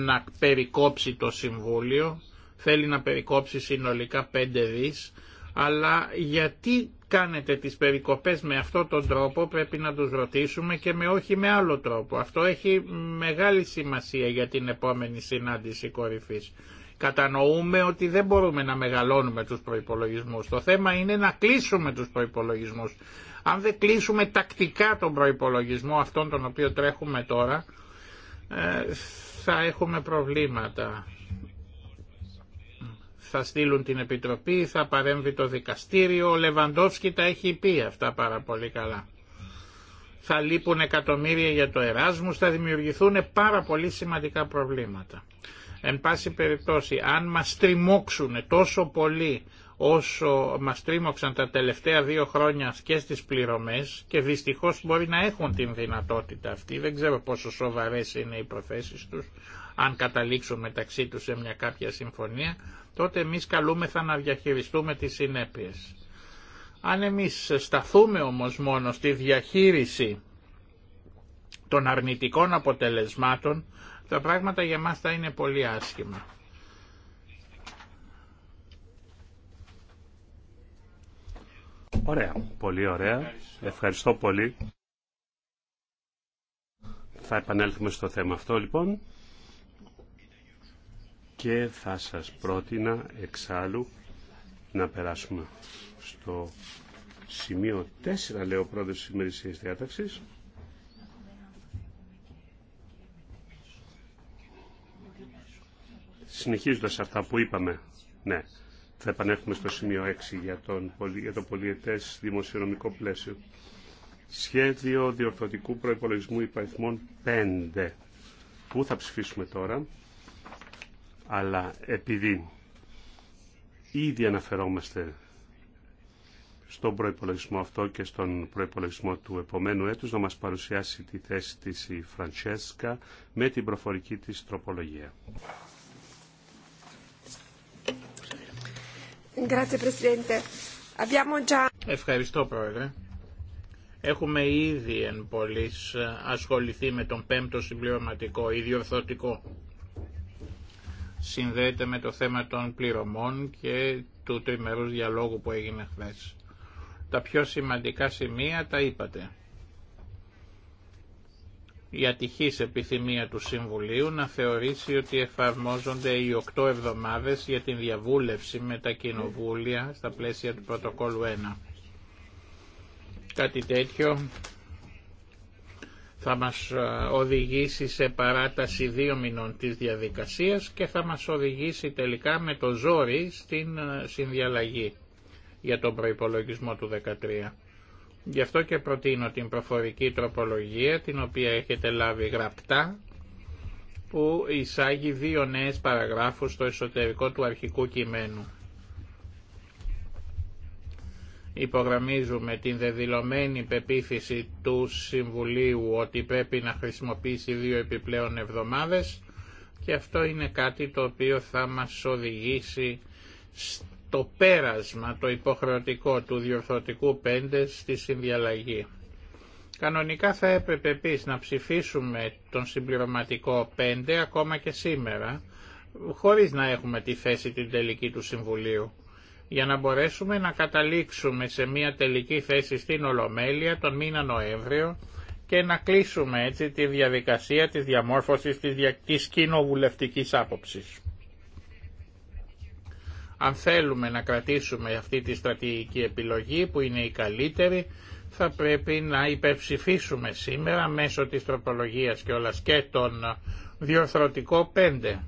να περικόψει το Συμβούλιο, θέλει να περικόψει συνολικά 5 δις, αλλά γιατί κάνετε τις περικοπές με αυτόν τον τρόπο πρέπει να τους ρωτήσουμε και με όχι με άλλο τρόπο. Αυτό έχει μεγάλη σημασία για την επόμενη συνάντηση κορυφής. Κατανοούμε ότι δεν μπορούμε να μεγαλώνουμε τους προϋπολογισμούς. Το θέμα είναι να κλείσουμε τους προϋπολογισμούς. Αν δεν κλείσουμε τακτικά τον προϋπολογισμό αυτόν τον οποίο τρέχουμε τώρα, ε, θα έχουμε προβλήματα. Θα στείλουν την Επιτροπή, θα παρέμβει το δικαστήριο, ο Λεβαντόφσκι τα έχει πει αυτά πάρα πολύ καλά. Θα λείπουν εκατομμύρια για το Εράσμους, θα δημιουργηθούν πάρα πολύ σημαντικά προβλήματα. Εν πάση περιπτώσει, αν μας τριμώξουν τόσο πολύ όσο μας τρίμωξαν τα τελευταία δύο χρόνια και στις πληρωμές και δυστυχώς μπορεί να έχουν την δυνατότητα αυτή, δεν ξέρω πόσο σοβαρές είναι οι προθέσεις τους, αν καταλήξουν μεταξύ τους σε μια κάποια συμφωνία, τότε εμείς καλούμεθα να διαχειριστούμε τις συνέπειες. Αν εμείς σταθούμε όμως μόνο στη διαχείριση των αρνητικών αποτελεσμάτων, τα πράγματα για μας θα είναι πολύ άσχημα.
Ωραία. Πολύ ωραία. Ευχαριστώ πολύ. Θα επανέλθουμε στο θέμα αυτό λοιπόν και θα σας πρότεινα εξάλλου να περάσουμε στο σημείο 4 λέω πρώτος της ημερησίας διάταξης συνεχίζοντας αυτά που είπαμε ναι, θα επανέλθουμε στο σημείο 6 για, τον, για το πολιετές δημοσιονομικό πλαίσιο. Σχέδιο διορθωτικού προϋπολογισμού υπαριθμών 5 που θα ψηφίσουμε τώρα αλλά επειδή ήδη αναφερόμαστε στον προϋπολογισμό αυτό και στον προϋπολογισμό του επομένου έτους να μας παρουσιάσει τη θέση της η Φραντσέσκα με την προφορική της τροπολογία.
Ευχαριστώ Πρόεδρε. Έχουμε ήδη εν πολλής ασχοληθεί με τον πέμπτο συμπληρωματικό, διορθωτικό. Συνδέεται με το θέμα των πληρωμών και του τριμερούς διαλόγου που έγινε χθε. Τα πιο σημαντικά σημεία τα είπατε η ατυχής επιθυμία του Συμβουλίου να θεωρήσει ότι εφαρμόζονται οι οκτώ εβδομάδες για την διαβούλευση με τα κοινοβούλια στα πλαίσια του πρωτοκόλου 1. Κάτι τέτοιο θα μας ε, οδηγήσει σε παράταση δύο μηνών της διαδικασίας και θα μας οδηγήσει τελικά με το ζόρι στην ε, συνδιαλλαγή για τον προϋπολογισμό του 2013. Γι' αυτό και προτείνω την προφορική τροπολογία, την οποία έχετε λάβει γραπτά, που εισάγει δύο νέες παραγράφους στο εσωτερικό του αρχικού κειμένου. Υπογραμμίζουμε την δεδηλωμένη πεποίθηση του Συμβουλίου ότι πρέπει να χρησιμοποιήσει δύο επιπλέον εβδομάδες και αυτό είναι κάτι το οποίο θα μας οδηγήσει το πέρασμα, το υποχρεωτικό του διορθωτικού 5 στη συνδιαλλαγή. Κανονικά θα έπρεπε επίσης να ψηφίσουμε τον συμπληρωματικό 5 ακόμα και σήμερα, χωρίς να έχουμε τη θέση την τελική του Συμβουλίου, για να μπορέσουμε να καταλήξουμε σε μια τελική θέση στην Ολομέλεια τον μήνα Νοέμβριο και να κλείσουμε έτσι τη διαδικασία της διαμόρφωσης της κοινοβουλευτικής άποψης. Αν θέλουμε να κρατήσουμε αυτή τη στρατηγική επιλογή που είναι η καλύτερη, θα πρέπει να υπερψηφίσουμε σήμερα μέσω της τροπολογίας και όλας και τον διορθωτικό 5.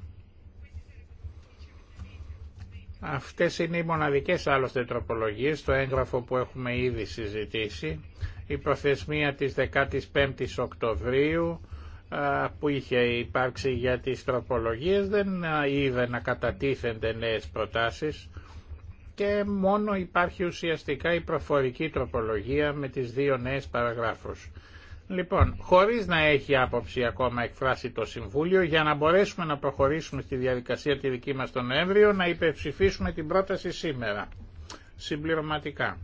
Αυτές είναι οι μοναδικές άλλωστε τροπολογίες στο έγγραφο που έχουμε ήδη συζητήσει. Η προθεσμία της 15ης Οκτωβρίου που είχε υπάρξει για τις τροπολογίες δεν είδε να κατατίθενται νέες προτάσεις και μόνο υπάρχει ουσιαστικά η προφορική τροπολογία με τις δύο νέες παραγράφους. Λοιπόν, χωρίς να έχει άποψη ακόμα εκφράσει το Συμβούλιο, για να μπορέσουμε να προχωρήσουμε στη διαδικασία τη δική μας τον Νοέμβριο, να υπερψηφίσουμε την πρόταση σήμερα, συμπληρωματικά.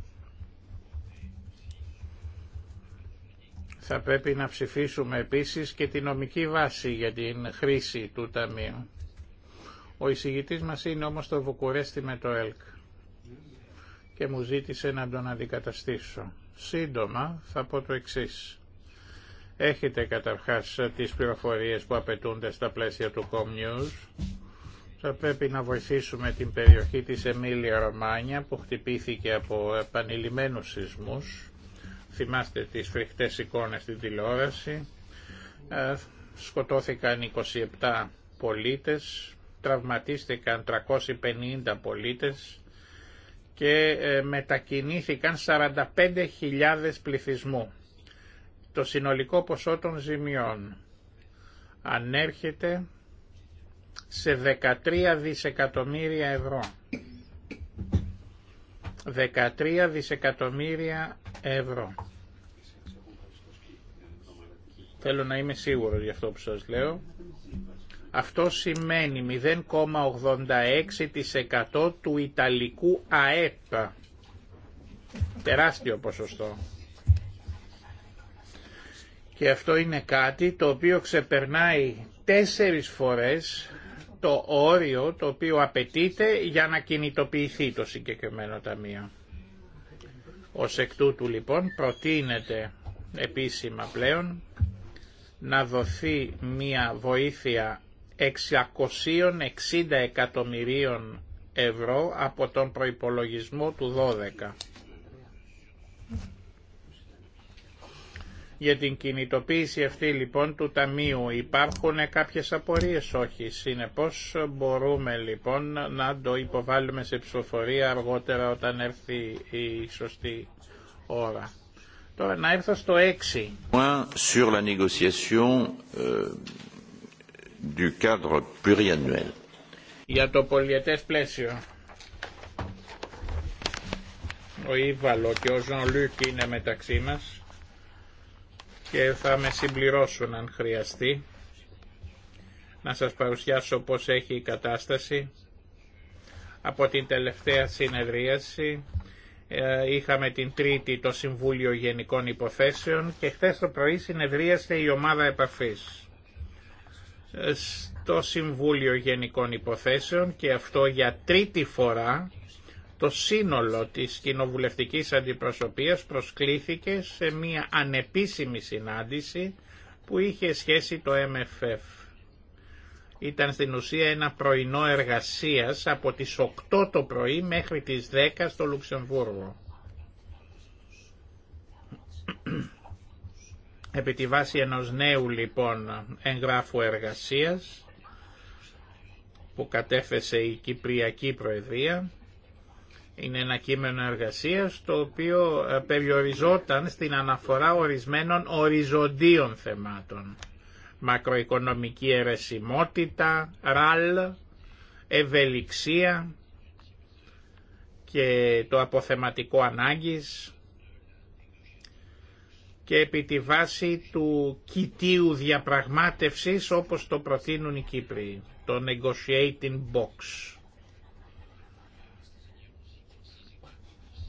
Θα πρέπει να ψηφίσουμε επίσης και τη νομική βάση για την χρήση του Ταμείου. Ο εισηγητής μας είναι όμως το Βουκουρέστι με το ΕΛΚ και μου ζήτησε να τον αντικαταστήσω. Σύντομα θα πω το εξής. Έχετε καταρχάς τις πληροφορίες που απαιτούνται στα πλαίσια του Com News. Θα πρέπει να βοηθήσουμε την περιοχή της Εμίλια Ρωμάνια που χτυπήθηκε από επανειλημμένους σεισμούς Θυμάστε τις φρικτές εικόνες στην τηλεόραση. Ε, σκοτώθηκαν 27 πολίτες, τραυματίστηκαν 350 πολίτες και ε, μετακινήθηκαν 45.000 πληθυσμού. Το συνολικό ποσό των ζημιών ανέρχεται σε 13 δισεκατομμύρια ευρώ. 13 δισεκατομμύρια ευρώ. Θέλω να είμαι σίγουρος για αυτό που σας λέω. Αυτό σημαίνει 0,86% του Ιταλικού ΑΕΠ. Τεράστιο ποσοστό. Και αυτό είναι κάτι το οποίο ξεπερνάει τέσσερις φορές το όριο το οποίο απαιτείται για να κινητοποιηθεί το συγκεκριμένο ταμείο. Ω εκ τούτου λοιπόν προτείνεται επίσημα πλέον να δοθεί μία βοήθεια 660 εκατομμυρίων ευρώ από τον προϋπολογισμό του 12 Για την κινητοποίηση αυτή λοιπόν του Ταμείου υπάρχουν κάποιες απορίες όχι. Συνεπώς μπορούμε λοιπόν να το υποβάλουμε σε ψηφοφορία αργότερα όταν έρθει η σωστή ώρα. Τώρα να έρθω στο 6. Euh, du cadre pluriannuel. Για το πολιετές πλαίσιο. Ο Ήβαλο και ο Ζων Λουκ είναι μεταξύ μας και θα με συμπληρώσουν αν χρειαστεί. Να σας παρουσιάσω πώς έχει η κατάσταση. Από την τελευταία συνεδρίαση ε, είχαμε την Τρίτη το Συμβούλιο Γενικών Υποθέσεων και χθες το πρωί συνεδρίασε η ομάδα επαφής. Ε, στο Συμβούλιο Γενικών Υποθέσεων και αυτό για τρίτη φορά το σύνολο της κοινοβουλευτικής αντιπροσωπείας προσκλήθηκε σε μια ανεπίσημη συνάντηση που είχε σχέση το MFF. Ήταν στην ουσία ένα πρωινό εργασίας από τις 8 το πρωί μέχρι τις 10 στο Λουξεμβούργο. Επί τη βάση ενός νέου λοιπόν εγγράφου εργασίας που κατέφεσε η Κυπριακή Προεδρία είναι ένα κείμενο εργασίας το οποίο ε, περιοριζόταν στην αναφορά ορισμένων οριζοντίων θεμάτων. Μακροοικονομική αιρεσιμότητα, ραλ, ευελιξία και το αποθεματικό ανάγκης και επί τη βάση του κοιτίου διαπραγμάτευσης όπως το προτείνουν οι Κύπροι, το negotiating box.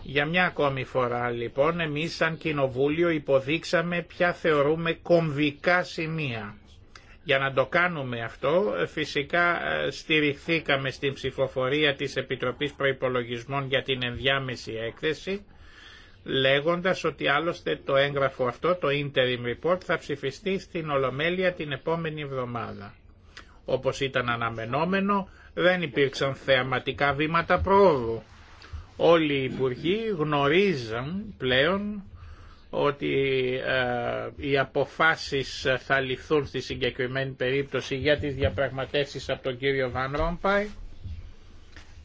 Για μια ακόμη φορά λοιπόν εμείς σαν κοινοβούλιο υποδείξαμε ποια θεωρούμε κομβικά σημεία. Για να το κάνουμε αυτό φυσικά ε, στηριχθήκαμε στην ψηφοφορία της Επιτροπής Προϋπολογισμών για την ενδιάμεση έκθεση λέγοντας ότι άλλωστε το έγγραφο αυτό, το interim report, θα ψηφιστεί στην Ολομέλεια την επόμενη εβδομάδα. Όπως ήταν αναμενόμενο δεν υπήρξαν θεαματικά βήματα προόδου Όλοι οι υπουργοί γνωρίζουν πλέον ότι ε, οι αποφάσεις θα ληφθούν στη συγκεκριμένη περίπτωση για τις διαπραγματεύσεις από τον κύριο Βαν Ρόμπαϊ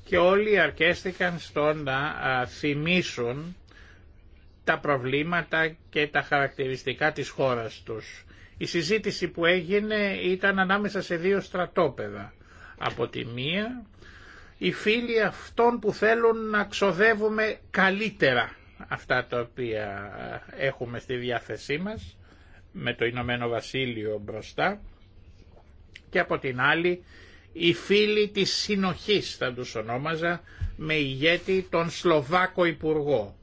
και όλοι αρκέστηκαν στο να ε, θυμίσουν τα προβλήματα και τα χαρακτηριστικά της χώρας τους. Η συζήτηση που έγινε ήταν ανάμεσα σε δύο στρατόπεδα. Από τη μία οι φίλοι αυτών που θέλουν να ξοδεύουμε καλύτερα αυτά τα οποία ε, έχουμε στη διάθεσή μας με το Ηνωμένο Βασίλειο μπροστά και από την άλλη οι φίλοι της συνοχής θα τους ονόμαζα με ηγέτη τον Σλοβάκο Υπουργό.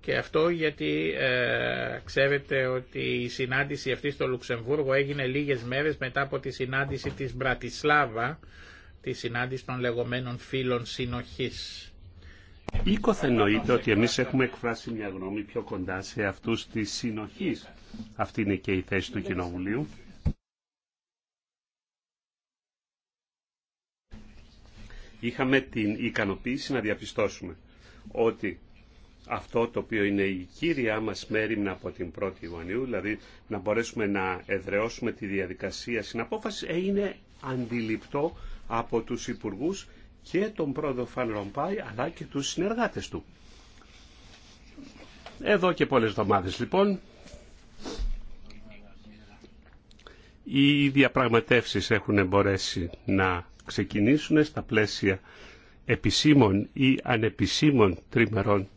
Και αυτό γιατί ε, ξέρετε ότι η συνάντηση αυτή στο Λουξεμβούργο έγινε λίγες μέρες μετά από τη συνάντηση της Μπρατισλάβα τη συνάντηση των λεγόμενων φίλων συνοχής.
Ήκοθ εννοείται ότι εμείς έχουμε εκφράσει μια γνώμη πιο κοντά σε αυτούς τη συνοχής. Αυτή είναι και η θέση του Κοινοβουλίου. Είχαμε την ικανοποίηση να διαπιστώσουμε ότι αυτό το οποίο είναι η κύρια μας μέρη από την 1η δηλαδή να μπορέσουμε να εδραιώσουμε τη διαδικασία απόφαση ε, είναι αντιληπτό από τους υπουργούς και τον πρόεδρο Φαν Ρομπάι αλλά και τους συνεργάτες του. Εδώ και πολλές εβδομάδες λοιπόν οι διαπραγματεύσεις έχουν μπορέσει να ξεκινήσουν στα πλαίσια επισήμων ή ανεπισήμων τρίμερων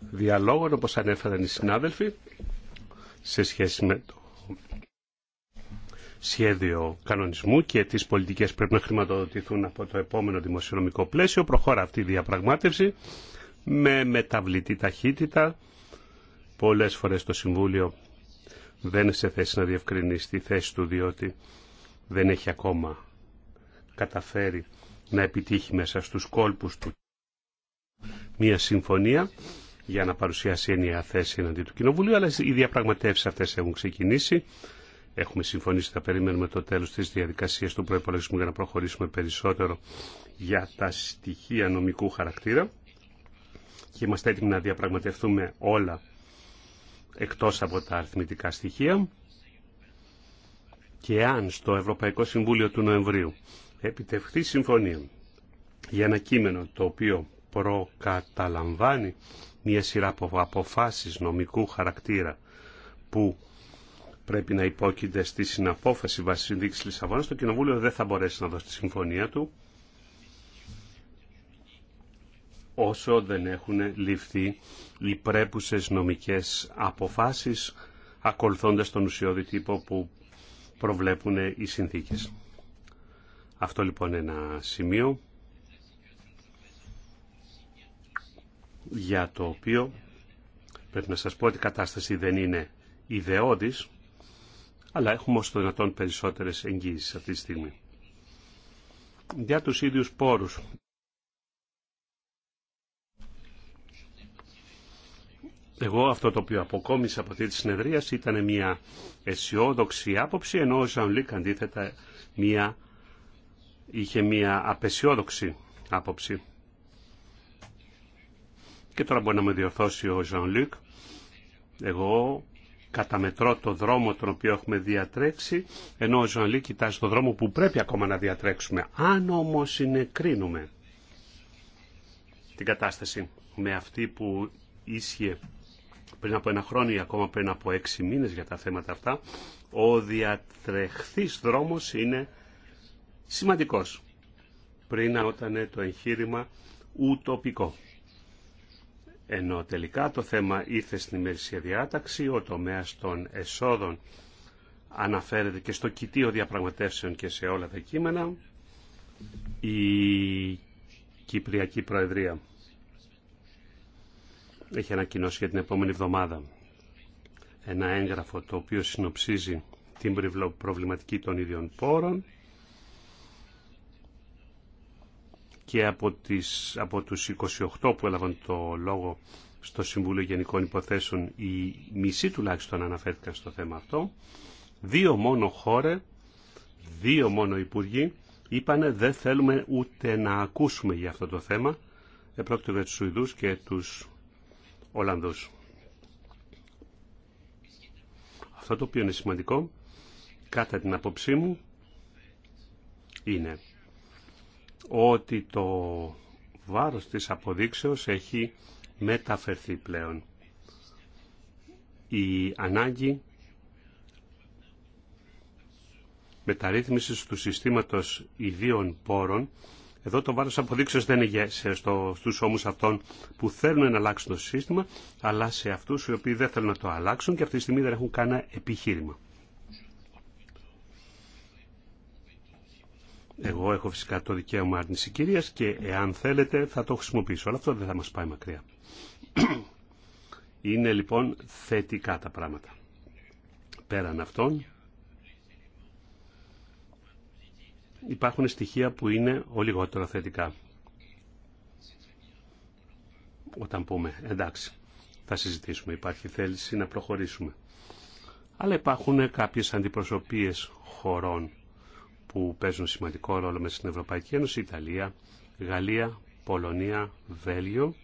διαλόγων όπως ανέφεραν οι συνάδελφοι σε σχέση με το σχέδιο κανονισμού και τις πολιτικές πρέπει να χρηματοδοτηθούν από το επόμενο δημοσιονομικό πλαίσιο. Προχώρα αυτή η διαπραγμάτευση με μεταβλητή ταχύτητα. Πολλές φορές το Συμβούλιο δεν είναι σε θέση να διευκρινίσει τη θέση του διότι δεν έχει ακόμα καταφέρει να επιτύχει μέσα στους κόλπους του μία συμφωνία για να παρουσιάσει ενιαία θέση εναντί του Κοινοβουλίου, αλλά οι διαπραγματεύσεις αυτές έχουν ξεκινήσει. Έχουμε συμφωνήσει θα περιμένουμε το τέλος της διαδικασίας του προϋπολογισμού για να προχωρήσουμε περισσότερο για τα στοιχεία νομικού χαρακτήρα και είμαστε έτοιμοι να διαπραγματευτούμε όλα εκτός από τα αριθμητικά στοιχεία και αν στο Ευρωπαϊκό Συμβούλιο του Νοεμβρίου επιτευχθεί συμφωνία για ένα κείμενο το οποίο προκαταλαμβάνει μια σειρά από αποφάσεις νομικού χαρακτήρα που πρέπει να υπόκειται στη συναπόφαση βάσει συνδίκης Λισαβόνας. Το Κοινοβούλιο δεν θα μπορέσει να δώσει τη συμφωνία του όσο δεν έχουν ληφθεί οι πρέπουσες νομικές αποφάσεις ακολουθώντας τον ουσιώδη τύπο που προβλέπουν οι συνθήκες. Αυτό λοιπόν είναι ένα σημείο για το οποίο πρέπει να σας πω ότι η κατάσταση δεν είναι ιδεώδης αλλά έχουμε ως το δυνατόν περισσότερες εγγύησεις αυτή τη στιγμή. Για τους ίδιους πόρους. Εγώ αυτό το οποίο αποκόμισα από αυτή τη συνεδρία ήταν μια αισιόδοξη άποψη, ενώ ο Ζανλίκ αντίθετα μια, είχε μια απεσιόδοξη άποψη. Και τώρα μπορεί να με διορθώσει ο Ζανλίκ. Εγώ καταμετρώ το δρόμο τον οποίο έχουμε διατρέξει, ενώ ο Ζωανλή κοιτάζει το δρόμο που πρέπει ακόμα να διατρέξουμε. Αν όμως συνεκρίνουμε την κατάσταση με αυτή που ίσχυε πριν από ένα χρόνο ή ακόμα πριν από έξι μήνες για τα θέματα αυτά, ο διατρεχθής δρόμος είναι σημαντικός. Πριν όταν το εγχείρημα ουτοπικό. Ενώ τελικά το θέμα ήρθε στην ημερησία διάταξη, ο τομέας των εσόδων αναφέρεται και στο κοιτίο διαπραγματεύσεων και σε όλα τα κείμενα. Η Κυπριακή Προεδρία έχει ανακοινώσει για την επόμενη εβδομάδα ένα έγγραφο το οποίο συνοψίζει την προβληματική των ίδιων πόρων και από, τις, από τους 28 που έλαβαν το λόγο στο Συμβούλιο Γενικών Υποθέσεων η μισή τουλάχιστον αναφέρθηκαν στο θέμα αυτό. Δύο μόνο χώρε, δύο μόνο υπουργοί είπανε δεν θέλουμε ούτε να ακούσουμε για αυτό το θέμα. Επρόκειτο για τους Σουηδούς και τους Ολλανδούς. Αυτό το οποίο είναι σημαντικό, κατά την απόψή μου, είναι ότι το βάρος της αποδείξεως έχει μεταφερθεί πλέον. Η ανάγκη μεταρρύθμισης του συστήματος ιδίων πόρων εδώ το βάρος αποδείξεως δεν είναι στο, στους ώμους αυτών που θέλουν να αλλάξουν το σύστημα, αλλά σε αυτούς οι οποίοι δεν θέλουν να το αλλάξουν και αυτή τη στιγμή δεν έχουν κανένα επιχείρημα. Εγώ έχω φυσικά το δικαίωμα άρνηση κυρία και εάν θέλετε θα το χρησιμοποιήσω. Αλλά αυτό δεν θα μας πάει μακριά. Είναι λοιπόν θετικά τα πράγματα. Πέραν αυτών υπάρχουν στοιχεία που είναι ο λιγότερο θετικά. Όταν πούμε εντάξει θα συζητήσουμε, υπάρχει θέληση να προχωρήσουμε. Αλλά υπάρχουν κάποιες αντιπροσωπείες χωρών που παίζουν σημαντικό ρόλο μέσα στην Ευρωπαϊκή Ένωση, Ιταλία, Γαλλία, Πολωνία, Βέλγιο,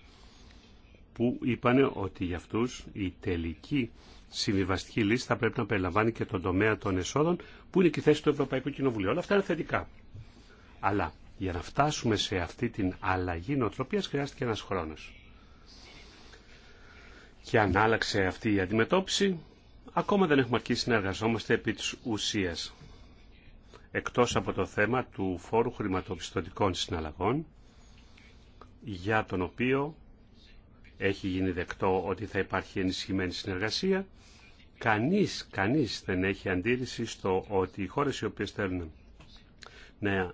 που είπαν ότι για αυτούς η τελική συμβιβαστική λύση θα πρέπει να περιλαμβάνει και τον τομέα των εσόδων, που είναι και η θέση του Ευρωπαϊκού Κοινοβουλίου. Όλα αυτά είναι θετικά. Αλλά για να φτάσουμε σε αυτή την αλλαγή νοοτροπίας χρειάστηκε ένας χρόνος. Και αν άλλαξε αυτή η αντιμετώπιση, ακόμα δεν έχουμε αρχίσει να εργαζόμαστε επί της ουσίας εκτός από το θέμα του φόρου χρηματοπιστωτικών συναλλαγών, για τον οποίο έχει γίνει δεκτό ότι θα υπάρχει ενισχυμένη συνεργασία. Κανείς, κανείς δεν έχει αντίρρηση στο ότι οι χώρες οι οποίες θέλουν να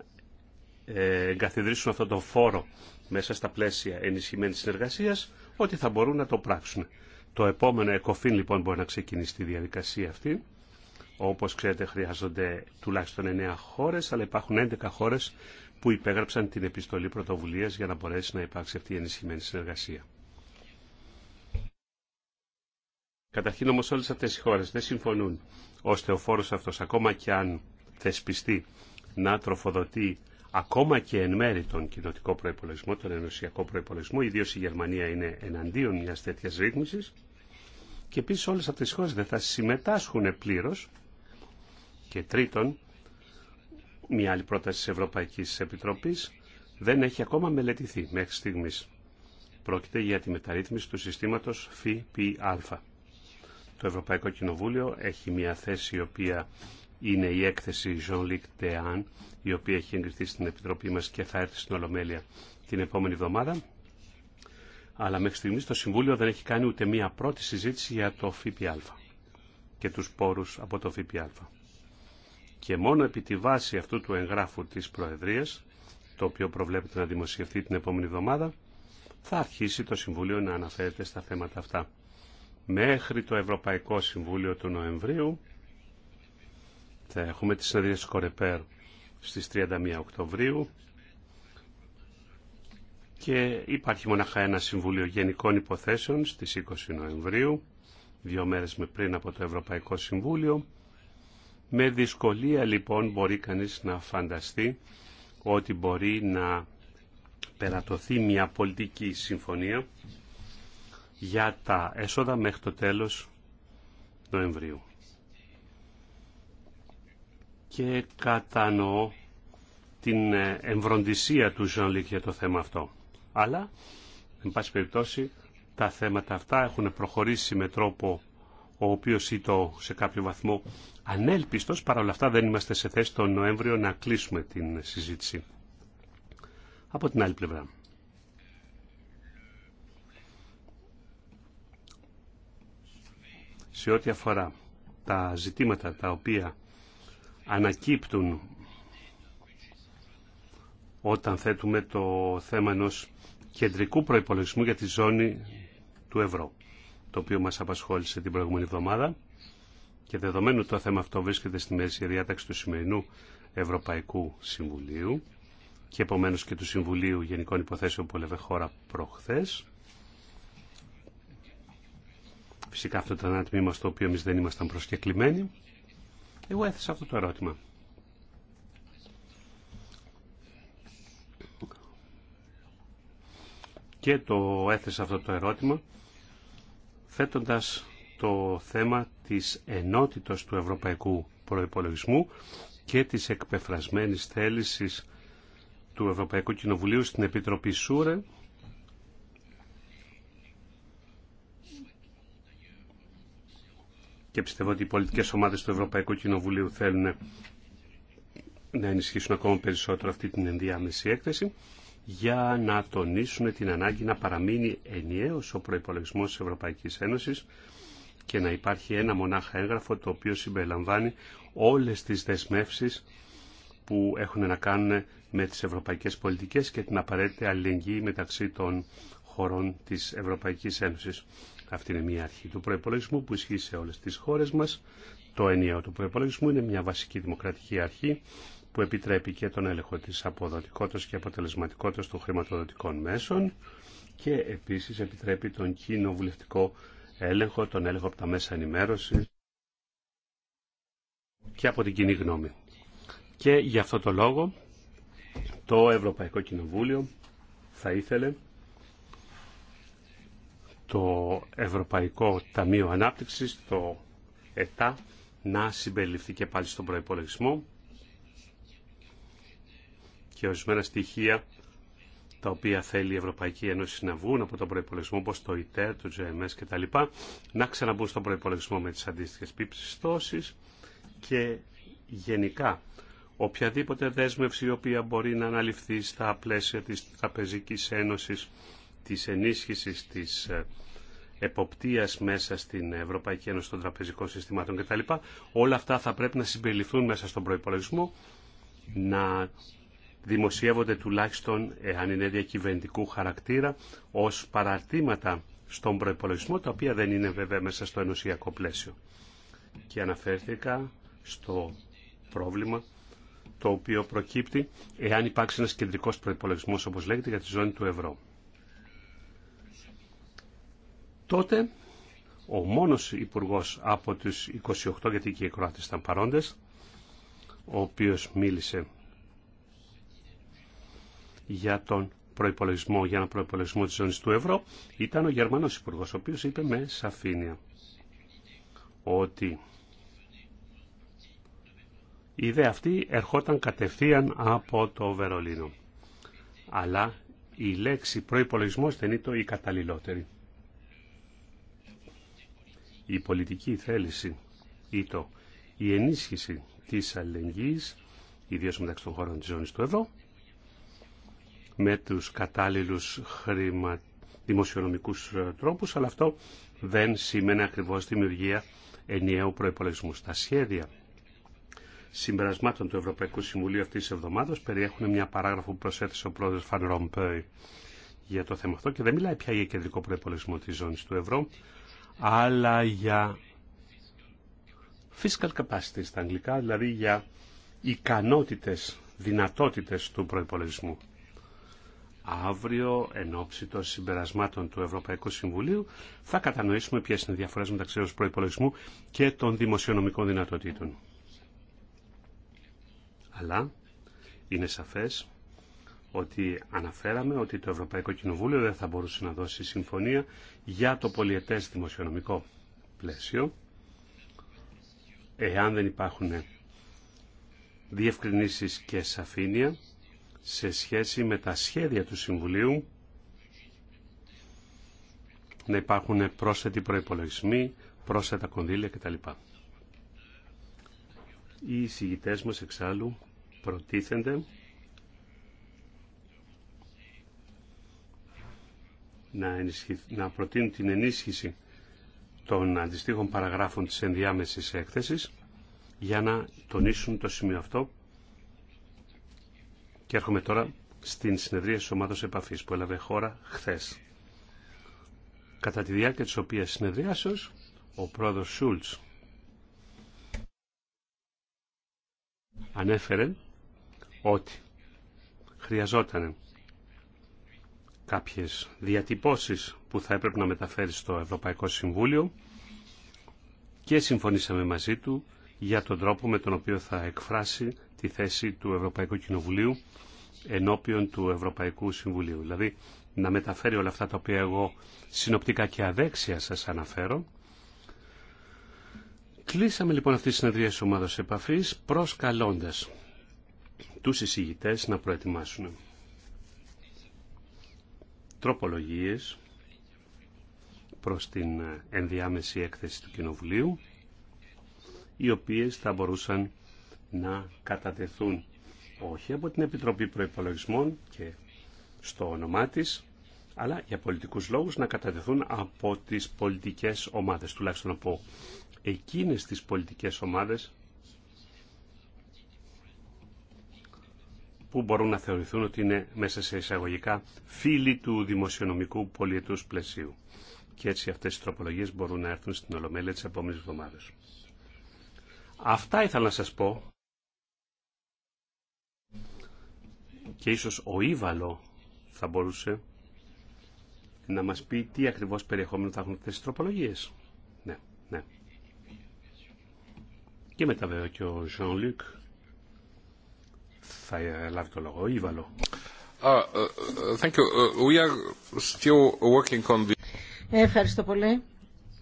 ε, εγκαθιδρύσουν αυτό το φόρο μέσα στα πλαίσια ενισχυμένης συνεργασίας, ότι θα μπορούν να το πράξουν. Το επόμενο ΕΚΟΦΗΝ λοιπόν μπορεί να ξεκινήσει τη διαδικασία αυτή όπως ξέρετε χρειάζονται τουλάχιστον 9 χώρες, αλλά υπάρχουν 11 χώρες που υπέγραψαν την επιστολή πρωτοβουλίας για να μπορέσει να υπάρξει αυτή η ενισχυμένη συνεργασία. Καταρχήν όμως όλες αυτές οι χώρες δεν συμφωνούν ώστε ο φόρος αυτός ακόμα και αν θεσπιστεί να τροφοδοτεί ακόμα και εν μέρη τον κοινοτικό προπολογισμό, τον ενωσιακό προπολογισμό, ιδίως η Γερμανία είναι εναντίον μιας τέτοιας ρύθμιση. Και επίση όλε αυτέ οι χώρε δεν θα συμμετάσχουν πλήρω και τρίτον, μια άλλη πρόταση της Ευρωπαϊκής Επιτροπής δεν έχει ακόμα μελετηθεί μέχρι στιγμής. Πρόκειται για τη μεταρρύθμιση του συστήματος ΦΠΑ. Το Ευρωπαϊκό Κοινοβούλιο έχει μια θέση η οποία είναι η έκθεση Jean-Luc Dehaene, η οποία έχει εγκριθεί στην Επιτροπή μας και θα έρθει στην Ολομέλεια την επόμενη εβδομάδα. Αλλά μέχρι στιγμής το Συμβούλιο δεν έχει κάνει ούτε μία πρώτη συζήτηση για το ΦΠΑ και τους πόρους από το ΦΠΑ και μόνο επί τη βάση αυτού του εγγράφου της Προεδρίας, το οποίο προβλέπεται να δημοσιευτεί την επόμενη εβδομάδα, θα αρχίσει το Συμβούλιο να αναφέρεται στα θέματα αυτά. Μέχρι το Ευρωπαϊκό Συμβούλιο του Νοεμβρίου θα έχουμε τη συνεδρία Κορεπέρ στις 31 Οκτωβρίου και υπάρχει μοναχά ένα Συμβούλιο Γενικών Υποθέσεων στις 20 Νοεμβρίου, δύο μέρες πριν από το Ευρωπαϊκό Συμβούλιο με δυσκολία λοιπόν μπορεί κανείς να φανταστεί ότι μπορεί να περατωθεί μια πολιτική συμφωνία για τα έσοδα μέχρι το τέλος Νοεμβρίου. Και κατανοώ την ε, εμβροντισία του Ζανλίκ για το θέμα αυτό. Αλλά, εν πάση περιπτώσει, τα θέματα αυτά έχουν προχωρήσει με τρόπο ο οποίος ήταν σε κάποιο βαθμό ανέλπιστος, παρά όλα αυτά δεν είμαστε σε θέση τον Νοέμβριο να κλείσουμε την συζήτηση. Από την άλλη πλευρά. Σε ό,τι αφορά τα ζητήματα τα οποία ανακύπτουν όταν θέτουμε το θέμα ενός κεντρικού προϋπολογισμού για τη ζώνη του ευρώ το οποίο μας απασχόλησε την προηγούμενη εβδομάδα και δεδομένου το θέμα αυτό βρίσκεται στη μέση διάταξη του σημερινού Ευρωπαϊκού Συμβουλίου και επομένως και του Συμβουλίου Γενικών Υποθέσεων που έλεγε χώρα προχθές. Φυσικά αυτό ήταν ένα τμήμα στο οποίο εμεί δεν ήμασταν προσκεκλημένοι. Εγώ έθεσα αυτό το ερώτημα. Και το έθεσα αυτό το ερώτημα θέτοντας το θέμα της ενότητος του ευρωπαϊκού προϋπολογισμού και της εκπεφρασμένης θέλησης του Ευρωπαϊκού Κοινοβουλίου στην Επιτροπή ΣΟΥΡΕ και πιστεύω ότι οι πολιτικές ομάδες του Ευρωπαϊκού Κοινοβουλίου θέλουν να ενισχύσουν ακόμα περισσότερο αυτή την ενδιάμεση έκθεση για να τονίσουν την ανάγκη να παραμείνει ενιαίος ο προϋπολογισμός της Ευρωπαϊκής Ένωσης και να υπάρχει ένα μονάχα έγγραφο το οποίο συμπεριλαμβάνει όλες τις δεσμεύσεις που έχουν να κάνουν με τις ευρωπαϊκές πολιτικές και την απαραίτητη αλληλεγγύη μεταξύ των χωρών της Ευρωπαϊκής Ένωσης. Αυτή είναι μια αρχή του προπολογισμού που ισχύει σε όλες τις χώρες μας. Το ενιαίο του προϋπολογισμού είναι μια βασική δημοκρατική αρχή που επιτρέπει και τον έλεγχο της αποδοτικότητας και αποτελεσματικότητας των χρηματοδοτικών μέσων και επίσης επιτρέπει τον κοινοβουλευτικό έλεγχο, τον έλεγχο από τα μέσα ενημέρωσης και από την κοινή γνώμη. Και γι' αυτό το λόγο το Ευρωπαϊκό Κοινοβούλιο θα ήθελε το Ευρωπαϊκό Ταμείο Ανάπτυξης, το ΕΤΑ, να συμπεριληφθεί και πάλι στον προϋπολογισμό και ορισμένα στοιχεία τα οποία θέλει η Ευρωπαϊκή Ένωση να βγουν από τον προπολογισμό, όπω το ΙΤΕΡ, το GMS κτλ., να ξαναμπούν στον προπολογισμό με τι αντίστοιχε πιστώσει και γενικά οποιαδήποτε δέσμευση η οποία μπορεί να αναλυφθεί στα πλαίσια της Τραπεζικής Ένωσης της ενίσχυσης της ε, εποπτείας μέσα στην Ευρωπαϊκή Ένωση των Τραπεζικών Συστημάτων κτλ. Όλα αυτά θα πρέπει να συμπεριληφθούν μέσα στον προπολογισμό, να δημοσιεύονται τουλάχιστον, εάν είναι διακυβερνητικού χαρακτήρα, ως παραρτήματα στον προϋπολογισμό, τα οποία δεν είναι βέβαια μέσα στο ενωσιακό πλαίσιο. Και αναφέρθηκα στο πρόβλημα το οποίο προκύπτει εάν υπάρξει ένας κεντρικός προϋπολογισμός, όπως λέγεται, για τη ζώνη του ευρώ. Τότε ο μόνος υπουργός από τους 28, γιατί και οι Κροάτες ήταν παρόντες, ο οποίος μίλησε για τον προϋπολογισμό, για τον προϋπολογισμό της ζώνης του ευρώ ήταν ο Γερμανός υπουργό, ο οποίος είπε με σαφήνεια ότι η ιδέα αυτή ερχόταν κατευθείαν από το Βερολίνο. Αλλά η λέξη προϋπολογισμός δεν ήταν η καταλληλότερη. Η πολιτική θέληση ή η ενίσχυση της αλληλεγγύης, ιδίως μεταξύ των χωρών της ζώνης του ευρώ, με τους κατάλληλους χρημα... δημοσιονομικούς ε, τρόπους, αλλά αυτό δεν σημαίνει ακριβώς δημιουργία ενιαίου προπολογισμού. Στα σχέδια συμπερασμάτων του Ευρωπαϊκού Συμβουλίου αυτής της εβδομάδας περιέχουν μια παράγραφο που προσέθεσε ο πρόεδρος Φαν Ρομπέι για το θέμα αυτό και δεν μιλάει πια για κεντρικό προϋπολογισμό της ζώνης του ευρώ, αλλά για fiscal capacity στα αγγλικά, δηλαδή για ικανότητες, δυνατότητες του προπολογισμού αύριο εν ώψη των συμπερασμάτων του Ευρωπαϊκού Συμβουλίου θα κατανοήσουμε ποιες είναι οι διαφορές μεταξύ του προϋπολογισμού και των δημοσιονομικών δυνατοτήτων. Αλλά είναι σαφές ότι αναφέραμε ότι το Ευρωπαϊκό Κοινοβούλιο δεν θα μπορούσε να δώσει συμφωνία για το πολιετές δημοσιονομικό πλαίσιο εάν δεν υπάρχουν διευκρινήσεις και σαφήνεια σε σχέση με τα σχέδια του Συμβουλίου να υπάρχουν πρόσθετοι προϋπολογισμοί, πρόσθετα κονδύλια κτλ. Οι εισηγητές μας εξάλλου προτίθενται να, να προτείνουν την ενίσχυση των αντιστοίχων παραγράφων της ενδιάμεσης έκθεσης για να τονίσουν το σημείο αυτό και έρχομαι τώρα στην συνεδρία της ομάδας επαφής που έλαβε χώρα χθες. Κατά τη διάρκεια της οποίας συνεδριάσεως, ο πρόεδρος Σούλτς ανέφερε ότι χρειαζόταν κάποιες διατυπώσεις που θα έπρεπε να μεταφέρει στο Ευρωπαϊκό Συμβούλιο και συμφωνήσαμε μαζί του για τον τρόπο με τον οποίο θα εκφράσει τη θέση του Ευρωπαϊκού Κοινοβουλίου ενώπιον του Ευρωπαϊκού Συμβουλίου. Δηλαδή να μεταφέρει όλα αυτά τα οποία εγώ συνοπτικά και αδέξια σας αναφέρω. Κλείσαμε λοιπόν αυτή τη συνεδρία της ομάδας επαφής προσκαλώντας τους εισηγητές να προετοιμάσουν τροπολογίες προς την ενδιάμεση έκθεση του Κοινοβουλίου οι οποίες θα μπορούσαν να κατατεθούν όχι από την Επιτροπή Προϋπολογισμών και στο όνομά της, αλλά για πολιτικούς λόγους να κατατεθούν από τις πολιτικές ομάδες, τουλάχιστον από εκείνες τις πολιτικές ομάδες που μπορούν να θεωρηθούν ότι είναι μέσα σε εισαγωγικά φίλοι του δημοσιονομικού πολιετούς πλαισίου. Και έτσι αυτές οι τροπολογίες μπορούν να έρθουν στην Ολομέλεια της επόμενης εβδομάδας. Αυτά ήθελα να σας πω και ίσως ο Ήβαλο θα μπορούσε να μας πει τι ακριβώς περιεχόμενο θα έχουν αυτές τις τροπολογίες. Ναι, ναι. Και μετά βέβαια και ο Ζων Λουκ θα λάβει το λόγο, ο Ήβαλο.
Ευχαριστώ πολύ.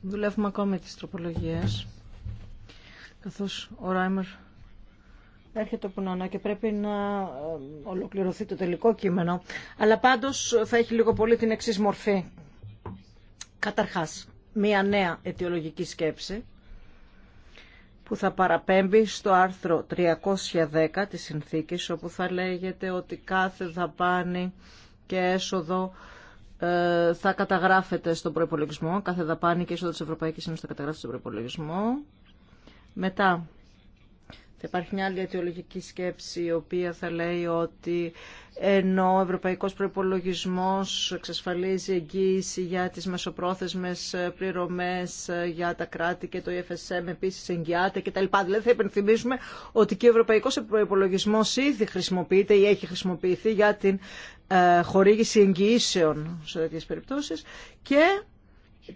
Δουλεύουμε ακόμα με τις τροπολογίες. Καθώς ο Ράιμερ έρχεται ο Πουνανά και πρέπει να ε, ολοκληρωθεί το τελικό κείμενο. Αλλά πάντως θα έχει λίγο πολύ την εξή μορφή. Καταρχάς, μία νέα αιτιολογική σκέψη που θα παραπέμπει στο άρθρο 310 της συνθήκης όπου θα λέγεται ότι κάθε δαπάνη και έσοδο ε, θα καταγράφεται στον προϋπολογισμό, κάθε δαπάνη και έσοδο της Ευρωπαϊκής Ένωσης θα καταγράφεται στον προϋπολογισμό. Μετά, θα υπάρχει μια άλλη αιτιολογική σκέψη η οποία θα λέει ότι ενώ ο ευρωπαϊκός προϋπολογισμός εξασφαλίζει εγγύηση για τις μεσοπρόθεσμες πληρωμές για τα κράτη και το EFSM επίσης εγγυάται λοιπά Δηλαδή θα υπενθυμίσουμε ότι και ο ευρωπαϊκός προϋπολογισμός ήδη χρησιμοποιείται ή έχει χρησιμοποιηθεί για την ε, χορήγηση εγγυήσεων σε τέτοιες περιπτώσεις και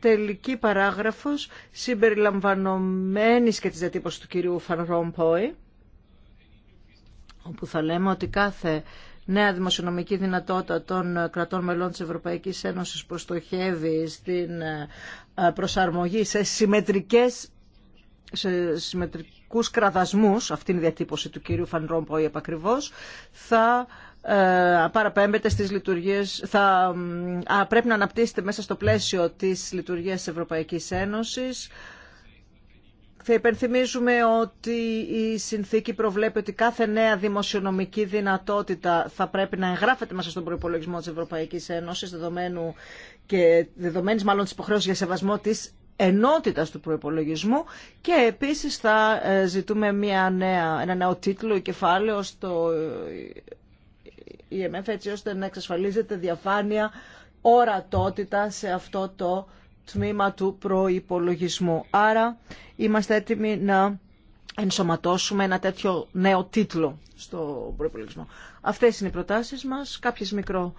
τελική παράγραφος συμπεριλαμβανομένης και της διατύπωσης του κυρίου Φαν όπου θα λέμε ότι κάθε νέα δημοσιονομική δυνατότητα των κρατών μελών της Ευρωπαϊκής Ένωσης προστοχεύει στην ε, προσαρμογή σε συμμετρικές σε συμμετρικούς κραδασμούς, αυτήν η διατύπωση του κύριου Φαν Ρόμποϊ επακριβώς, θα ε, παραπέμπεται στις λειτουργίες, θα πρέπει να αναπτύσσεται μέσα στο πλαίσιο της λειτουργίας της Ευρωπαϊκής Ένωσης. Θα υπενθυμίζουμε ότι η συνθήκη προβλέπει ότι κάθε νέα δημοσιονομική δυνατότητα θα πρέπει να εγγράφεται μέσα στον προϋπολογισμό της Ευρωπαϊκής Ένωσης, δεδομένου και δεδομένης μάλλον της υποχρέωσης για σεβασμό της ενότητας του προϋπολογισμού και επίσης θα ε, ζητούμε μια νέα, ένα νέο τίτλο ή κεφάλαιο στο IMF έτσι ώστε να εξασφαλίζεται διαφάνεια ορατότητα σε αυτό το τμήμα του προϋπολογισμού. Άρα είμαστε έτοιμοι να ενσωματώσουμε ένα τέτοιο νέο τίτλο στο προϋπολογισμό. Αυτές είναι οι προτάσεις μας, κάποιες μικρό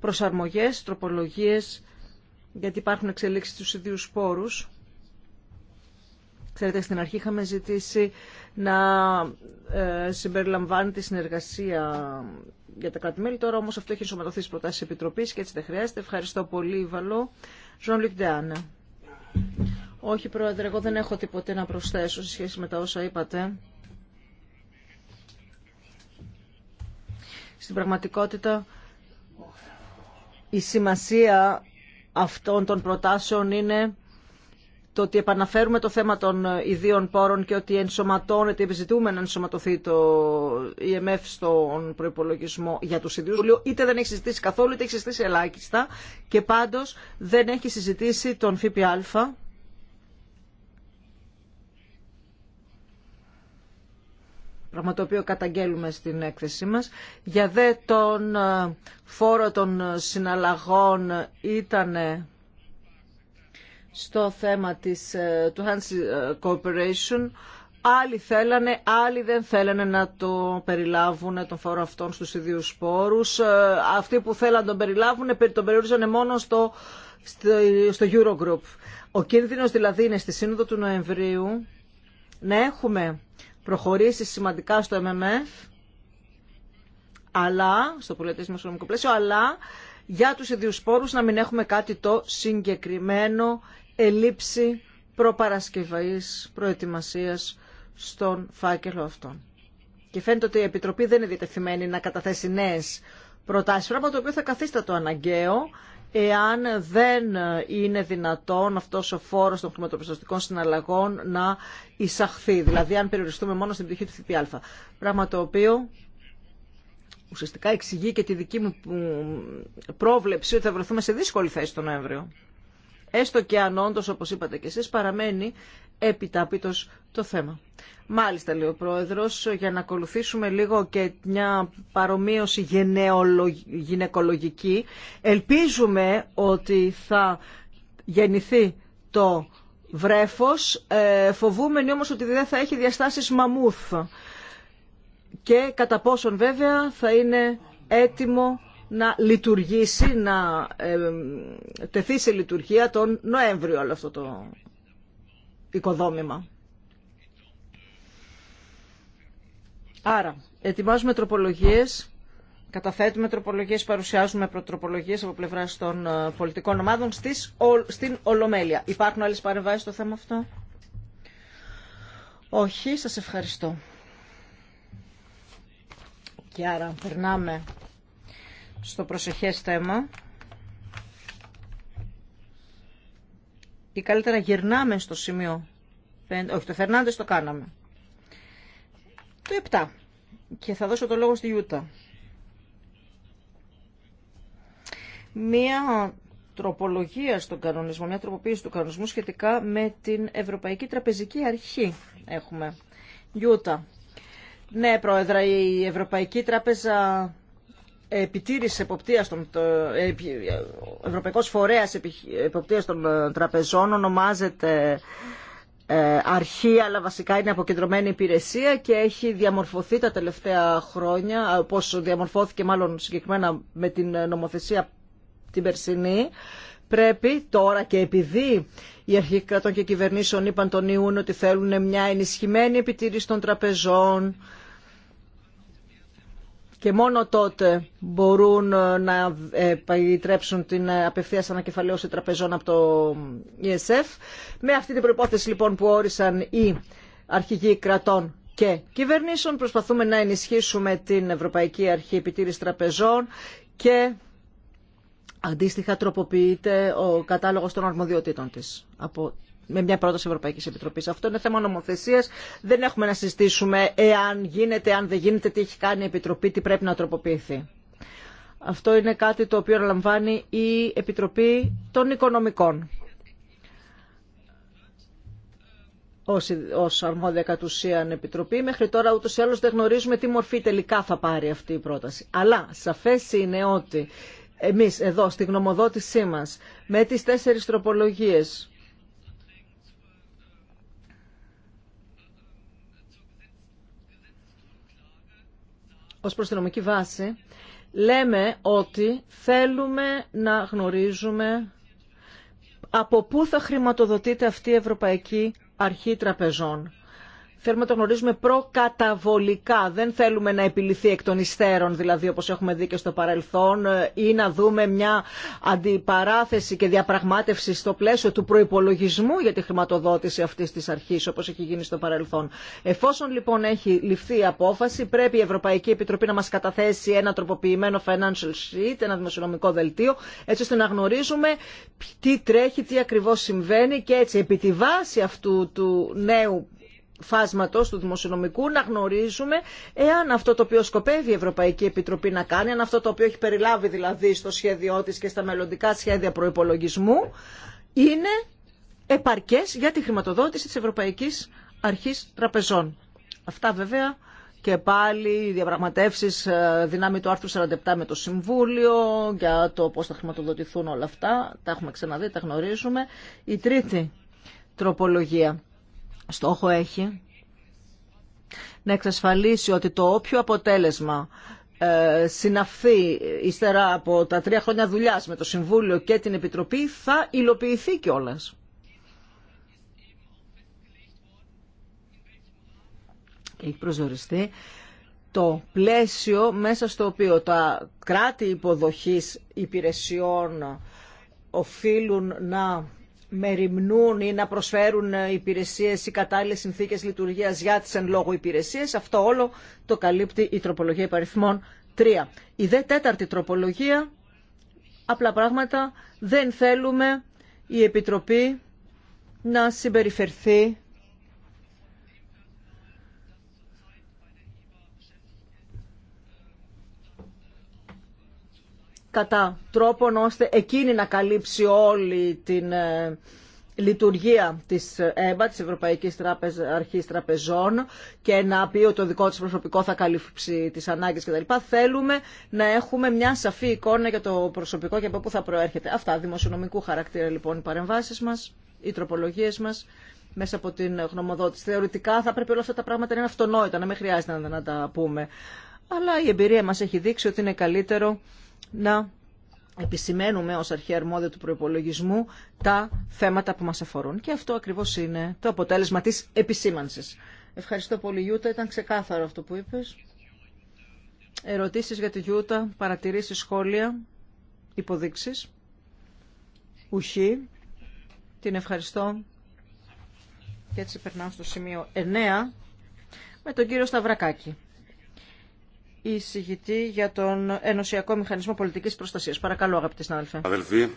προσαρμογές, τροπολογίες, γιατί υπάρχουν εξελίξεις στους ιδίου σπόρους. Ξέρετε, στην αρχή είχαμε ζητήσει να ε, συμπεριλαμβάνει τη συνεργασία για τα κρατη Τώρα όμως αυτό έχει ενσωματωθεί στις προτάσεις της Επιτροπής και έτσι δεν χρειάζεται. Ευχαριστώ πολύ, Βαλό. Ζων Όχι, Πρόεδρε, εγώ δεν έχω τίποτε να προσθέσω σε σχέση με τα όσα είπατε. Στην πραγματικότητα, η σημασία αυτών των προτάσεων είναι το ότι επαναφέρουμε το θέμα των ε, ιδίων πόρων και ότι ενσωματώνεται, επιζητούμε να ενσωματωθεί το EMF στον προπολογισμό για του ιδίου σχολείου, είτε δεν έχει συζητήσει καθόλου, είτε έχει συζητήσει ελάχιστα και πάντω δεν έχει συζητήσει τον ΦΠΑ. πράγμα το οποίο καταγγέλουμε στην έκθεσή μας. Για δε τον ε, φόρο των ε, συναλλαγών ήταν στο θέμα της, ε, του Hans ε, Corporation. Άλλοι θέλανε, άλλοι δεν θέλανε να το περιλάβουν τον φόρο αυτόν στους ιδίους πόρους. Ε, αυτοί που θέλαν τον περιλάβουν τον περιορίζανε μόνο στο, στο, Eurogroup. Ο κίνδυνος δηλαδή είναι στη Σύνοδο του Νοεμβρίου να έχουμε προχωρήσει σημαντικά στο MMF, αλλά, στο πολιτισμό οικονομικό πλαίσιο, αλλά για τους ιδιούς πόρους να μην έχουμε κάτι το συγκεκριμένο Ελήψη προπαρασκευής προετοιμασίας στον φάκελο αυτόν. Και φαίνεται ότι η Επιτροπή δεν είναι διατεθειμένη να καταθέσει νέε προτάσει πράγμα το οποίο θα καθίστατο το αναγκαίο, εάν δεν είναι δυνατόν αυτό ο φόρο των χρηματοπιστωτικών συναλλαγών να εισαχθεί, δηλαδή αν περιοριστούμε μόνο στην πτυχή του ΦΠΑ. Πράγμα το οποίο ουσιαστικά εξηγεί και τη δική μου πρόβλεψη ότι θα βρεθούμε σε δύσκολη θέση τον Νοέμβριο έστω και αν όντω, όπως είπατε και εσείς, παραμένει επιτάπητος το θέμα. Μάλιστα, λέει ο Πρόεδρος, για να ακολουθήσουμε λίγο και μια παρομοίωση γυναικολογική, ελπίζουμε ότι θα γεννηθεί το βρέφος, ε, φοβούμενοι όμως ότι δεν θα έχει διαστάσεις μαμούθ και κατά πόσον βέβαια θα είναι έτοιμο να λειτουργήσει, να τεθεί σε λειτουργία τον Νοέμβριο όλο αυτό το οικοδόμημα. Άρα, ετοιμάζουμε τροπολογίες, καταθέτουμε τροπολογίες, παρουσιάζουμε προτροπολογίες από πλευρά των ε, πολιτικών ομάδων στις, στην Ολομέλεια. Υπάρχουν άλλες παρεμβάσεις στο θέμα αυτό? Όχι, σας ευχαριστώ. Και άρα περνάμε στο προσεχές θέμα ή καλύτερα γυρνάμε στο σημείο όχι το Φερνάντες το κάναμε το 7 και θα δώσω το λόγο στη Ιούτα μία τροπολογία στον κανονισμό, μια τροποποίηση του κανονισμού σχετικά με την Ευρωπαϊκή Τραπεζική Αρχή έχουμε Ιούτα ναι, Πρόεδρα, η Ευρωπαϊκή Τράπεζα επιτήρηση εποπτείας των, το, Ευρωπαϊκός Φορέας Εποπτείας των ε, Τραπεζών ονομάζεται ε, αρχή αλλά βασικά είναι αποκεντρωμένη υπηρεσία και έχει διαμορφωθεί τα τελευταία χρόνια όπως ε, διαμορφώθηκε μάλλον συγκεκριμένα με την νομοθεσία την περσινή πρέπει τώρα και επειδή οι αρχικοί κρατών και κυβερνήσεων είπαν τον Ιούνιο ότι θέλουν μια ενισχυμένη επιτήρηση των τραπεζών και μόνο τότε μπορούν ε, να ε, επιτρέψουν την ε, απευθείας ανακεφαλαίωση τραπεζών από το ESF. Με αυτή την προϋπόθεση λοιπόν που όρισαν οι αρχηγοί κρατών και κυβερνήσεων προσπαθούμε να ενισχύσουμε την Ευρωπαϊκή Αρχή Επιτήρηση Τραπεζών και αντίστοιχα τροποποιείται ο κατάλογος των αρμοδιοτήτων της από με μια πρόταση Ευρωπαϊκή Επιτροπή. Αυτό είναι θέμα νομοθεσία. Δεν έχουμε να συζητήσουμε εάν γίνεται, αν δεν γίνεται, τι έχει κάνει η Επιτροπή, τι πρέπει να τροποποιηθεί. Αυτό είναι κάτι το οποίο λαμβάνει η Επιτροπή των Οικονομικών. Ω αρμόδια κατ' ουσίαν Επιτροπή, μέχρι τώρα ούτω ή άλλω δεν γνωρίζουμε τι μορφή τελικά θα πάρει αυτή η πρόταση. Αλλά σαφέ είναι ότι εμεί εδώ στη γνωμοδότησή μα με τι τέσσερι τροπολογίε ως προς τη νομική βάση, λέμε ότι θέλουμε να γνωρίζουμε από πού θα χρηματοδοτείται αυτή η Ευρωπαϊκή Αρχή Τραπεζών. Θέλουμε να το γνωρίζουμε προκαταβολικά. Δεν θέλουμε να επιληθεί εκ των υστέρων, δηλαδή όπως έχουμε δει και στο παρελθόν, ή να δούμε μια αντιπαράθεση και διαπραγμάτευση στο πλαίσιο του προϋπολογισμού για τη χρηματοδότηση αυτής της αρχής, όπως έχει γίνει στο παρελθόν. Εφόσον λοιπόν έχει ληφθεί η απόφαση, πρέπει η Ευρωπαϊκή Επιτροπή να μας καταθέσει ένα τροποποιημένο financial sheet, ένα δημοσιονομικό δελτίο, έτσι ώστε να γνωρίζουμε τι τρέχει, τι ακριβώς συμβαίνει και έτσι επί τη βάση αυτού του νέου φάσματος του δημοσιονομικού να γνωρίζουμε εάν αυτό το οποίο σκοπεύει η Ευρωπαϊκή Επιτροπή να κάνει, αν αυτό το οποίο έχει περιλάβει δηλαδή στο σχέδιό της και στα μελλοντικά σχέδια προϋπολογισμού είναι επαρκές για τη χρηματοδότηση της Ευρωπαϊκής Αρχής Τραπεζών. Αυτά βέβαια και πάλι οι διαπραγματεύσεις ε, δυνάμει του άρθρου 47 με το Συμβούλιο για το πώς θα χρηματοδοτηθούν όλα αυτά. Τα έχουμε ξαναδεί, τα γνωρίζουμε. Η τρίτη τροπολογία στόχο έχει να εξασφαλίσει ότι το όποιο αποτέλεσμα ε, συναυθεί ύστερα από τα τρία χρόνια δουλειάς με το Συμβούλιο και την Επιτροπή θα υλοποιηθεί κιόλα. έχει προσδοριστεί το πλαίσιο μέσα στο οποίο τα κράτη υποδοχής υπηρεσιών οφείλουν να μεριμνούν ή να προσφέρουν ε, υπηρεσίες ή κατάλληλες συνθήκες λειτουργίας για τις εν λόγω υπηρεσίες. Αυτό όλο το καλύπτει η τροπολογία υπαριθμών 3. Η δε τέταρτη τροπολογία, απλά πράγματα, δεν θέλουμε η Επιτροπή να συμπεριφερθεί κατά τρόπον ώστε εκείνη να καλύψει όλη την ε, λειτουργία της ΕΜΠΑ, της Ευρωπαϊκής Τράπεζα, Αρχής Τραπεζών και να πει ότι το δικό της προσωπικό θα καλύψει τις ανάγκες κτλ. Θέλουμε να έχουμε μια σαφή εικόνα για το προσωπικό και από πού θα προέρχεται. Αυτά δημοσιονομικού χαρακτήρα λοιπόν οι παρεμβάσεις μας, οι τροπολογίες μας μέσα από την γνωμοδότηση. Θεωρητικά θα πρέπει όλα αυτά τα πράγματα να είναι αυτονόητα, να μην χρειάζεται να τα πούμε. Αλλά η εμπειρία μας έχει δείξει ότι είναι καλύτερο να επισημαίνουμε ως αρχαία αρμόδια του προϋπολογισμού τα θέματα που μας αφορούν. Και αυτό ακριβώς είναι το αποτέλεσμα της επισήμανσης. Ευχαριστώ πολύ Γιούτα, ήταν ξεκάθαρο αυτό που είπες. Ερωτήσεις για τη Γιούτα, παρατηρήσεις, σχόλια, υποδείξεις. Ουχή, την ευχαριστώ. Και έτσι περνάω στο σημείο 9 με τον κύριο Σταυρακάκη. Η εισηγητή για τον Ενωσιακό Μηχανισμό πολιτική Προστασία. Παρακαλώ αγαπητοί συνάδελφε.
Αδελφοί,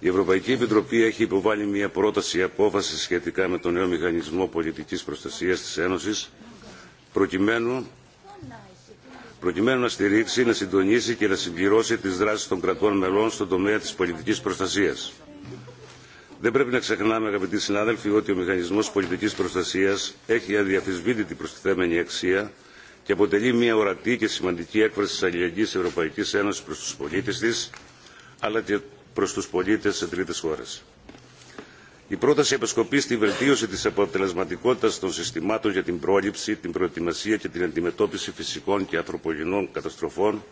η Ευρωπαϊκή Επιτροπή έχει υποβάλει μια πρόταση απόφαση σχετικά με τον νέο Μηχανισμό Πολιτική Προστασία τη Ένωση, προκειμένου, προκειμένου να στηρίξει, να συντονίσει και να συμπληρώσει τι δράσει των κρατών μελών στον τομέα τη πολιτική Προστασία. Δεν πρέπει να ξεχνάμε, αγαπητοί συνάδελφοι, ότι ο μηχανισμό Πολιτική Προστασία έχει αδιαφυσβήτητη προστιθέμενη αξία και αποτελεί μια ορατή και σημαντική έκφραση της αλληλεγγύης Ευρωπαϊκής Ένωσης προς τους πολίτες της, αλλά και προς τους πολίτες σε τρίτες χώρες. Η πρόταση επισκοπεί στη βελτίωση της αποτελεσματικότητας των συστημάτων για την πρόληψη, την προετοιμασία και την αντιμετώπιση φυσικών και ανθρωπογενών καταστροφών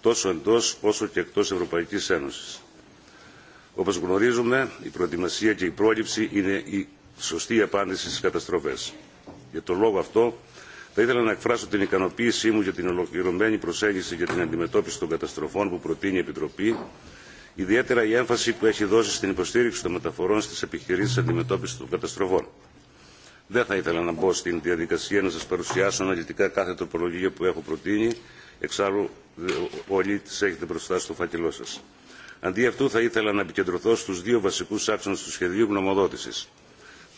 τόσο εντός όσο και εκτός Ευρωπαϊκής Ένωσης. Όπως γνωρίζουμε, η προετοιμασία και η πρόληψη είναι η σωστή απάντηση στις καταστροφές. Για τον λόγο αυτό, θα ήθελα να εκφράσω την ικανοποίησή μου για την ολοκληρωμένη προσέγγιση για την αντιμετώπιση των καταστροφών που προτείνει η επιτροπή ιδιαίτερα η έμφαση που έχει δώσει στην υποστήριξη των μεταφορών στι επιχειρήσει αντιμετώπιση των καταστροφών. δεν θα ήθελα να μπω στην διαδικασία να σα παρουσιάσω αναλυτικά κάθε τροπολογία που έχω προτείνει εξάλλου όλοι τι έχετε μπροστά στο φάκελό σα. αντί αυτού θα ήθελα να επικεντρωθώ στου δύο βασικού άξονε του σχεδίου γνωμοδότηση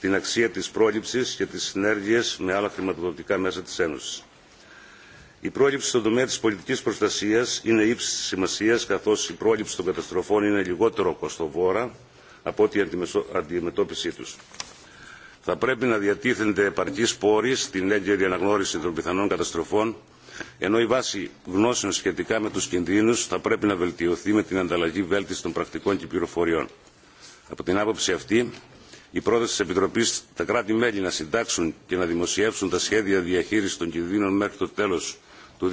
την αξία της πρόληψης και της συνέργειας με άλλα χρηματοδοτικά μέσα της Ένωσης. Η πρόληψη στον τομέα της πολιτικής προστασίας είναι ύψης σημασίας, καθώς η πρόληψη των καταστροφών είναι λιγότερο κοστοβόρα από ό,τι η αντιμετώπιση τους. Θα πρέπει να διατίθενται επαρκείς πόροι στην έγκαιρη αναγνώριση των πιθανών καταστροφών, ενώ η βάση γνώσεων σχετικά με τους κινδύνους θα πρέπει να βελτιωθεί με την ανταλλαγή βέλτιστων πρακτικών και πληροφοριών. Από την άποψη αυτή, η πρόταση της Επιτροπής τα κράτη-μέλη να συντάξουν και να δημοσιεύσουν τα σχέδια διαχείρισης των κινδύνων μέχρι το τέλος του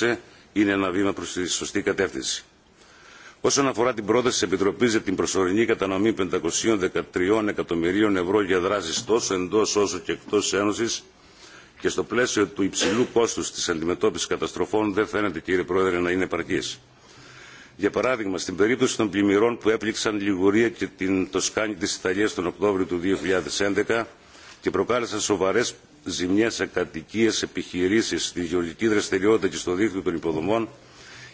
2016 είναι ένα βήμα προς τη σωστή κατεύθυνση. Όσον αφορά την πρόταση της Επιτροπής για την προσωρινή κατανομή 513 εκατομμυρίων ευρώ για δράσεις τόσο εντός όσο και εκτός Ένωση, και στο πλαίσιο του υψηλού κόστους της αντιμετώπισης καταστροφών δεν φαίνεται κύριε Πρόεδρε να είναι επαρκής για παράδειγμα στην περίπτωση των πλημμυρών που έπληξαν λιγουρία και την τοσκάνη της ιταλίας τον οκτώβριο του 2011 και προκάλεσαν σοβαρές ζημιές σε κατοικίες επιχειρήσεις στη γεωργική δραστηριότητα και στο δίκτυο των υποδομών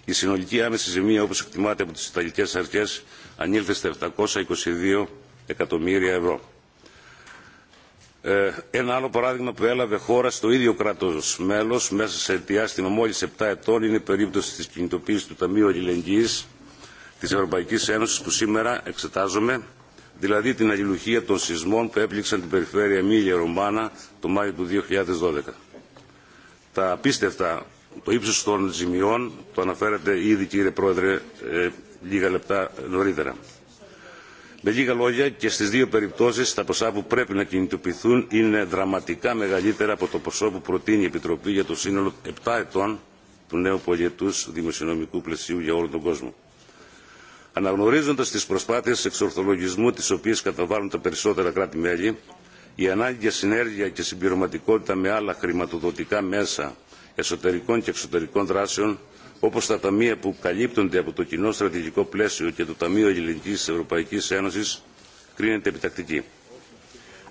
η συνολική άμεση ζημία όπως εκτιμάται από τις ιταλικές αρχές ανήλθε στα 722 εκατομμύρια ευρώ. Ε, ένα άλλο παράδειγμα που έλαβε χώρα στο ίδιο κράτος μέλος μέσα σε στην μόλι 7 ετών είναι η περίπτωση της κινητοποίηση του Ταμείου Αλληλεγγύη της Ευρωπαϊκής Ένωσης που σήμερα εξετάζομαι, δηλαδή την αλληλουχία των σεισμών που έπληξαν την περιφέρεια μίλια Ρωμάνα το Μάιο του 2012. Τα απίστευτα, το ύψο των ζημιών, το αναφέρατε ήδη κύριε Πρόεδρε ε, λίγα λεπτά νωρίτερα. Με λίγα λόγια και στις δύο περιπτώσεις τα ποσά που πρέπει να κινητοποιηθούν είναι δραματικά μεγαλύτερα από το ποσό που προτείνει η Επιτροπή για το σύνολο 7 ετών του νέου πολιετούς δημοσιονομικού πλαισίου για όλο τον κόσμο. Αναγνωρίζοντας τις προσπάθειες εξορθολογισμού τις οποίες καταβάλουν τα περισσότερα κράτη-μέλη, η ανάγκη για συνέργεια και συμπληρωματικότητα με άλλα χρηματοδοτικά μέσα εσωτερικών και εξωτερικών δράσεων όπως τα ταμεία που καλύπτονται από το κοινό στρατηγικό πλαίσιο και το Ταμείο Ελληνικής Ευρωπαϊκής Ένωσης κρίνεται επιτακτική.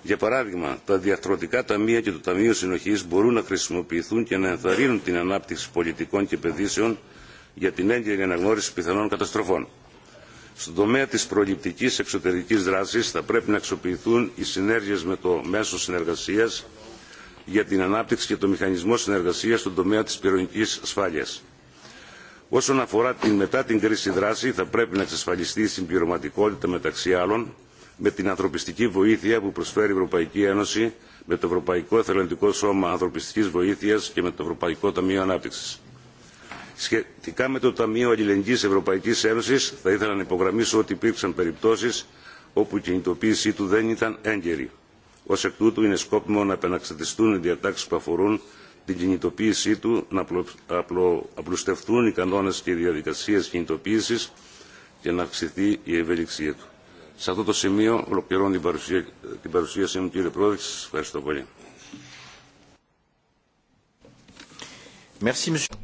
Για παράδειγμα, τα διαρθρωτικά ταμεία και το Ταμείο Συνοχής μπορούν να χρησιμοποιηθούν και να ενθαρρύνουν την ανάπτυξη πολιτικών και παιδίσεων για την έγκαιρη αναγνώριση πιθανών καταστροφών. Στον τομέα της προληπτικής εξωτερικής δράσης θα πρέπει να αξιοποιηθούν οι συνέργειες με το μέσο συνεργασίας για την ανάπτυξη και το μηχανισμό συνεργασίας στον τομέα της πυρονικής ασφάλειας Όσον αφορά την μετά την κρίση δράση, θα πρέπει να εξασφαλιστεί η συμπληρωματικότητα μεταξύ άλλων με την ανθρωπιστική βοήθεια που προσφέρει η Ευρωπαϊκή Ένωση, με το Ευρωπαϊκό Εθελοντικό Σώμα Ανθρωπιστικής Βοήθειας και με το Ευρωπαϊκό Ταμείο Ανάπτυξης. Σχετικά με το Ταμείο Αλληλεγγύης Ευρωπαϊκής Ένωσης, θα ήθελα να υπογραμμίσω ότι υπήρξαν περιπτώσεις όπου η κινητοποίησή του δεν ήταν έγκαιρη. Ω εκ τούτου, είναι σκόπιμο να επαναξετιστούν οι διατάξεις που αφορούν την κινητοποίησή του να απλουστευτούν οι κανόνες και οι διαδικασίες κινητοποίησης και να αυξηθεί η ευελιξία του. Σε αυτό το σημείο ολοκληρώνω την, παρουσία, την παρουσίασή μου κύριε Πρόεδρε. Σας ευχαριστώ πολύ.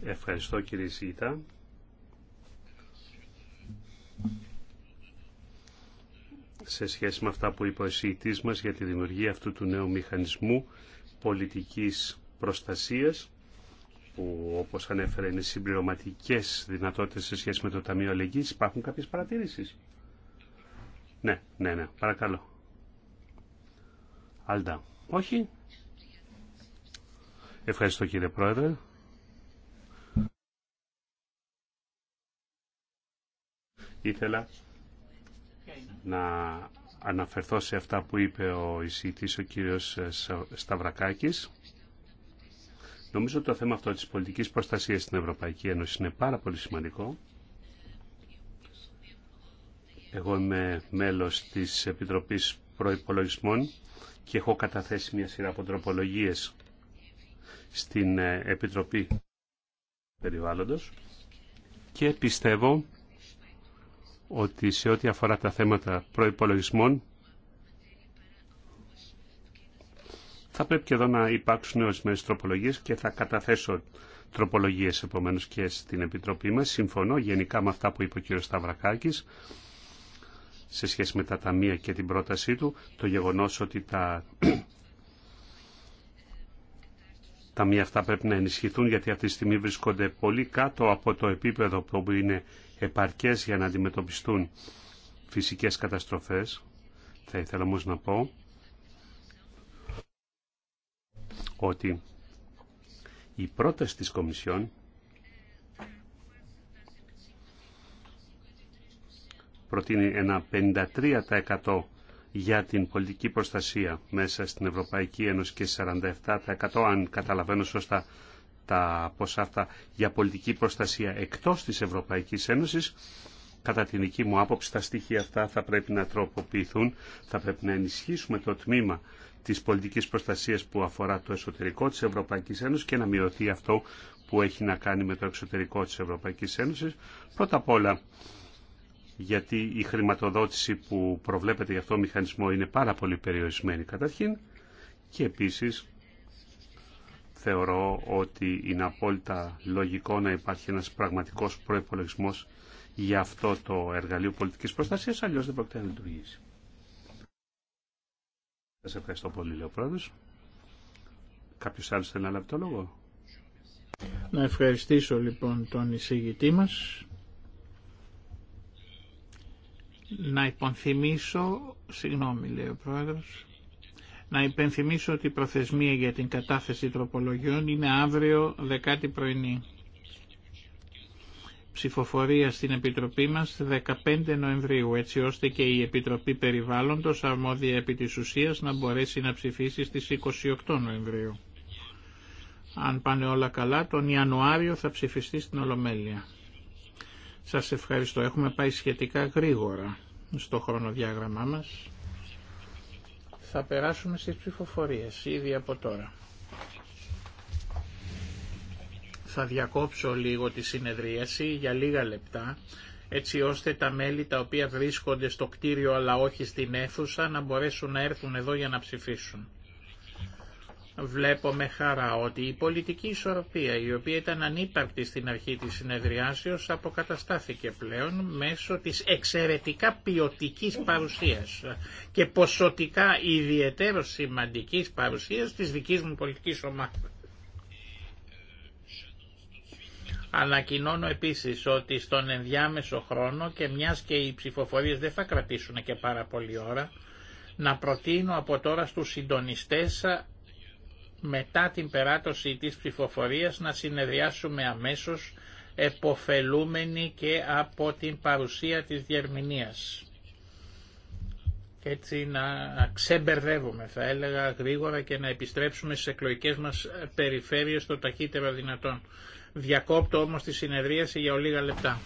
Ευχαριστώ κύριε Σίτα. σε σχέση με αυτά που είπε ο εισηγητής μας για τη δημιουργία αυτού του νέου μηχανισμού πολιτικής προστασίας που όπως ανέφερε είναι συμπληρωματικέ δυνατότητες σε σχέση με το Ταμείο Αλληλεγγύης. Υπάρχουν κάποιες παρατηρήσεις. Ναι, ναι, ναι. Παρακαλώ. Άλτα, Όχι. Ευχαριστώ κύριε Πρόεδρε. Ήθελα να αναφερθώ σε αυτά που είπε ο εισηγητής ο κύριος Σταυρακάκης Νομίζω ότι το θέμα αυτό της πολιτικής προστασίας στην Ευρωπαϊκή Ένωση είναι πάρα πολύ σημαντικό. Εγώ είμαι μέλος της Επιτροπής Προϋπολογισμών και έχω καταθέσει μια σειρά από τροπολογίες στην ε, Επιτροπή Περιβάλλοντος και πιστεύω ότι σε ό,τι αφορά τα θέματα προϋπολογισμών Θα πρέπει και εδώ να υπάρξουν μέρε τροπολογίε και θα καταθέσω τροπολογίε επομένω και στην Επιτροπή μα. Συμφωνώ γενικά με αυτά που είπε ο κ. Σταυρακάκη σε σχέση με τα ταμεία και την πρότασή του. Το γεγονό ότι τα ταμεία αυτά πρέπει να ενισχυθούν γιατί αυτή τη στιγμή βρίσκονται πολύ κάτω από το επίπεδο που είναι επαρκέ για να αντιμετωπιστούν φυσικέ καταστροφέ. Θα ήθελα όμω να πω ότι η πρόταση της Κομισιόν προτείνει ένα 53% για την πολιτική προστασία μέσα στην Ευρωπαϊκή Ένωση και 47% αν καταλαβαίνω σωστά τα ποσά αυτά για πολιτική προστασία εκτός της Ευρωπαϊκής Ένωσης. Κατά την δική μου άποψη τα στοιχεία αυτά θα πρέπει να τροποποιηθούν, θα πρέπει να ενισχύσουμε το τμήμα της πολιτικής προστασίας που αφορά το εσωτερικό της Ευρωπαϊκής Ένωσης και να μειωθεί αυτό που έχει να κάνει με το εξωτερικό της Ευρωπαϊκής Ένωσης. Πρώτα απ' όλα, γιατί η χρηματοδότηση που προβλέπεται για αυτό το μηχανισμό είναι πάρα πολύ περιορισμένη καταρχήν και επίσης θεωρώ ότι είναι απόλυτα λογικό να υπάρχει ένας πραγματικός προϋπολογισμός για αυτό το εργαλείο πολιτικής προστασίας, αλλιώς δεν πρόκειται να λειτουργήσει. Σας ευχαριστώ πολύ, λέει ο πρόεδρος. Κάποιος άλλος θέλει να λάβει το λόγο.
Να ευχαριστήσω λοιπόν τον εισηγητή μας. Να υπενθυμίσω, συγγνώμη λέει ο πρόεδρος, να υπενθυμίσω ότι η προθεσμία για την κατάθεση τροπολογιών είναι αύριο δεκάτη πρωινή ψηφοφορία στην Επιτροπή μας 15 Νοεμβρίου, έτσι ώστε και η Επιτροπή Περιβάλλοντος, αρμόδια επί της ουσίας, να μπορέσει να ψηφίσει στις 28 Νοεμβρίου. Αν πάνε όλα καλά, τον Ιανουάριο θα ψηφιστεί στην Ολομέλεια. Σας ευχαριστώ. Έχουμε πάει σχετικά γρήγορα στο χρονοδιάγραμμά μας. Θα περάσουμε στις ψηφοφορίες ήδη από τώρα. θα διακόψω λίγο τη συνεδρίαση για λίγα λεπτά, έτσι ώστε τα μέλη τα οποία βρίσκονται στο κτίριο αλλά όχι στην αίθουσα να μπορέσουν να έρθουν εδώ για να ψηφίσουν. Βλέπω με χαρά ότι η πολιτική ισορροπία η οποία ήταν ανύπαρκτη στην αρχή της συνεδριάσεως αποκαταστάθηκε πλέον μέσω της εξαιρετικά ποιοτική παρουσίας και ποσοτικά ιδιαίτερο σημαντικής παρουσίας της δικής μου πολιτικής ομάδας. Ανακοινώνω επίσης ότι στον ενδιάμεσο χρόνο και μιας και οι ψηφοφορίες δεν θα κρατήσουν και πάρα πολλή ώρα, να προτείνω από τώρα στους συντονιστές μετά την περάτωση της ψηφοφορίας να συνεδριάσουμε αμέσως εποφελούμενοι και από την παρουσία της διερμηνίας. Έτσι να ξεμπερδεύουμε θα έλεγα γρήγορα και να επιστρέψουμε στις εκλογικές μας περιφέρειες το ταχύτερο δυνατόν. Διακόπτω όμως τη συνεδρίαση για λίγα λεπτά.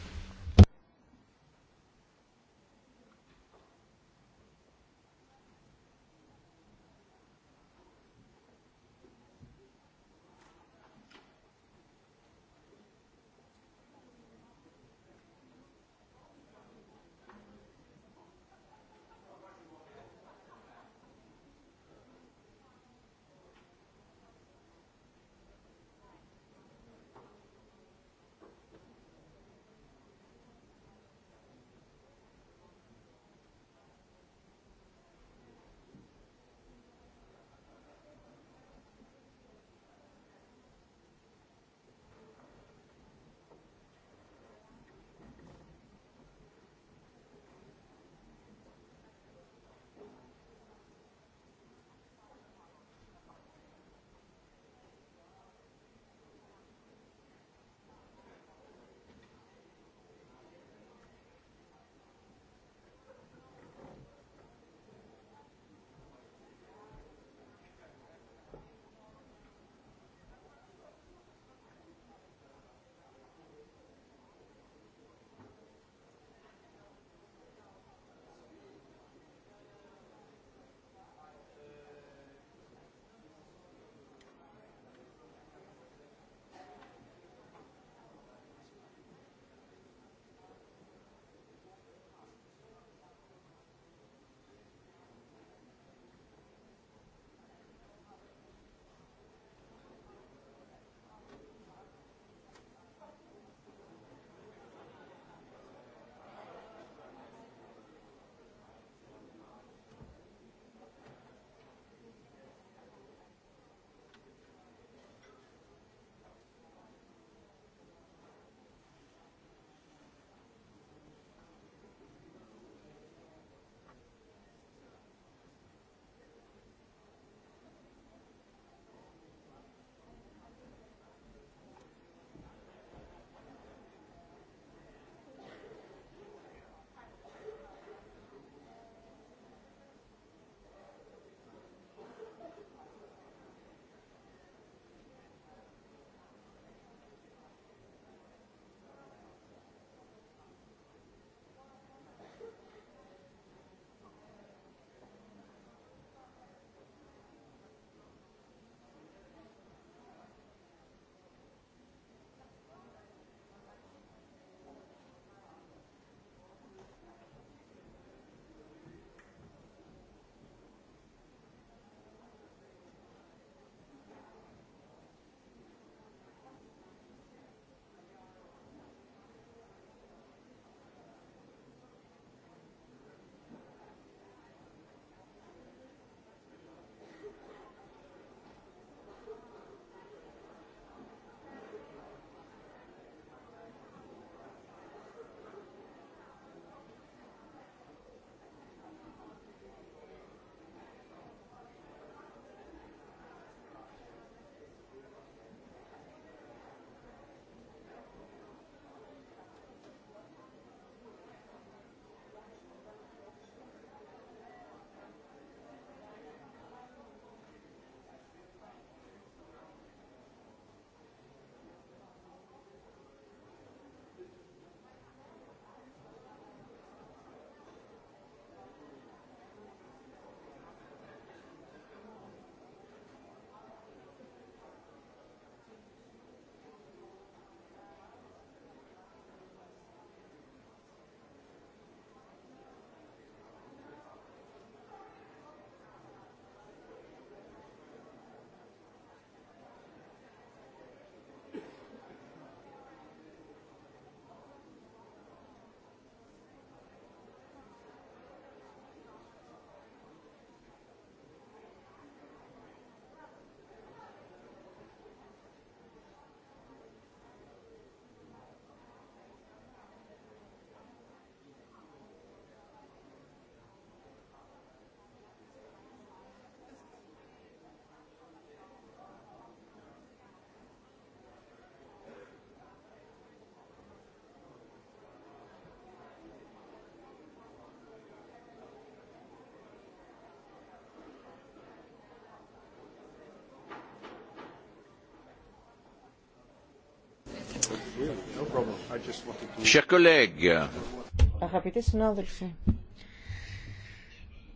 Αγαπητοί συνάδελφοι,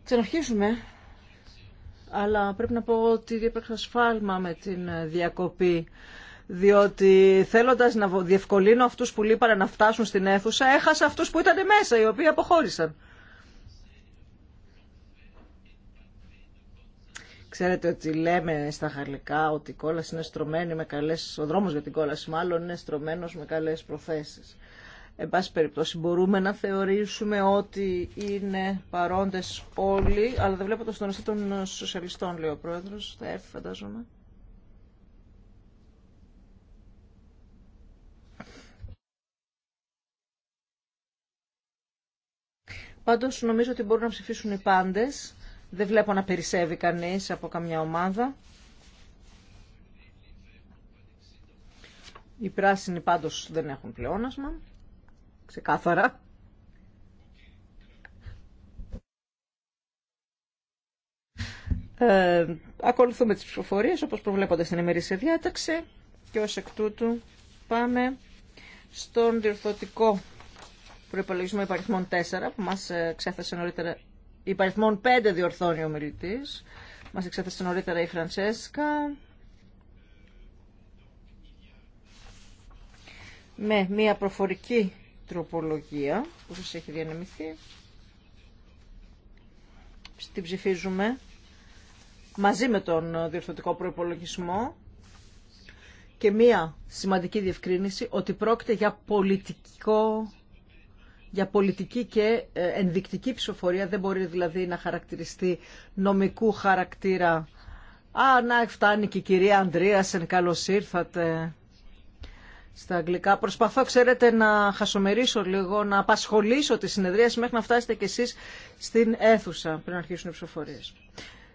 ξαναρχίζουμε, αλλά πρέπει να πω ότι έπαιξα σφάλμα με την διακοπή, διότι θέλοντας να διευκολύνω αυτούς που λείπανε να φτάσουν στην αίθουσα, έχασα αυτούς που ήταν μέσα, οι οποίοι αποχώρησαν. Ξέρετε ότι λέμε στα χαρλικά ότι η κόλαση είναι στρωμένη με καλές, ο δρόμος για την κόλαση μάλλον είναι στρωμένος με καλές προθέσεις. Εν πάση περιπτώσει μπορούμε να θεωρήσουμε ότι είναι παρόντες όλοι, αλλά δεν βλέπω το στον των σοσιαλιστών, λέει ο πρόεδρος, θα έρθει φαντάζομαι. Πάντως νομίζω ότι μπορούν να ψηφίσουν οι πάντες δεν βλέπω να περισσεύει κανείς από καμιά ομάδα. Οι πράσινοι πάντως δεν έχουν πλεόνασμα. Ξεκάθαρα. Ε, ακολουθούμε τις ψηφοφορίες όπως προβλέπονται στην ημερήσια διάταξη και ως εκ τούτου πάμε στον διορθωτικό προϋπολογισμό υπαριθμών 4 που μας ε, ξέθεσε νωρίτερα υπαριθμών 5 διορθώνει ο μιλητή. Μας εξέθεσε νωρίτερα η Φρανσέσκα Με μια προφορική τροπολογία που σας έχει διανεμηθεί. Την ψηφίζουμε μαζί με τον διορθωτικό προϋπολογισμό και μία σημαντική διευκρίνηση ότι πρόκειται για πολιτικό για πολιτική και ε, ενδεικτική ψηφοφορία. Δεν μπορεί δηλαδή να χαρακτηριστεί νομικού χαρακτήρα. Α, να φτάνει και η κυρία Ανδρίασεν, καλώ ήρθατε στα αγγλικά. Προσπαθώ, ξέρετε, να χασομερίσω λίγο, να απασχολήσω τη συνεδρίαση μέχρι να φτάσετε κι εσείς στην αίθουσα πριν αρχίσουν οι ψηφοφορίες.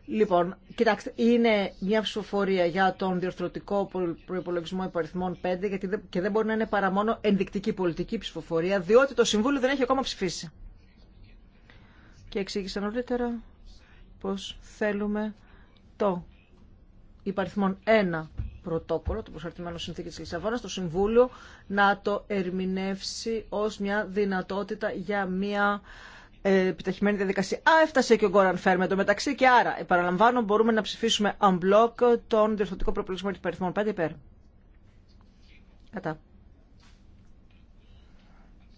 Λοιπόν, κοιτάξτε, είναι μια ψηφοφορία για τον διορθωτικό προπολογισμό υπαριθμών 5 γιατί και δεν μπορεί να είναι παρά μόνο ενδεικτική πολιτική ψηφοφορία, διότι το Συμβούλιο δεν έχει ακόμα ψηφίσει. Και εξήγησα νωρίτερα πως θέλουμε το υπαριθμόν 1 πρωτόκολλο, το προσαρτημένο συνθήκη τη Λισαβόνα, το Συμβούλιο να το ερμηνεύσει ως μια δυνατότητα για μια επιταχυμένη διαδικασία. Α, έφτασε και ο Γκόραν Φέρμε μεταξύ και άρα, επαναλαμβάνω, μπορούμε να ψηφίσουμε unblock τον διορθωτικό προπολογισμό του περιθμών. Πέντε υπέρ. Κατά.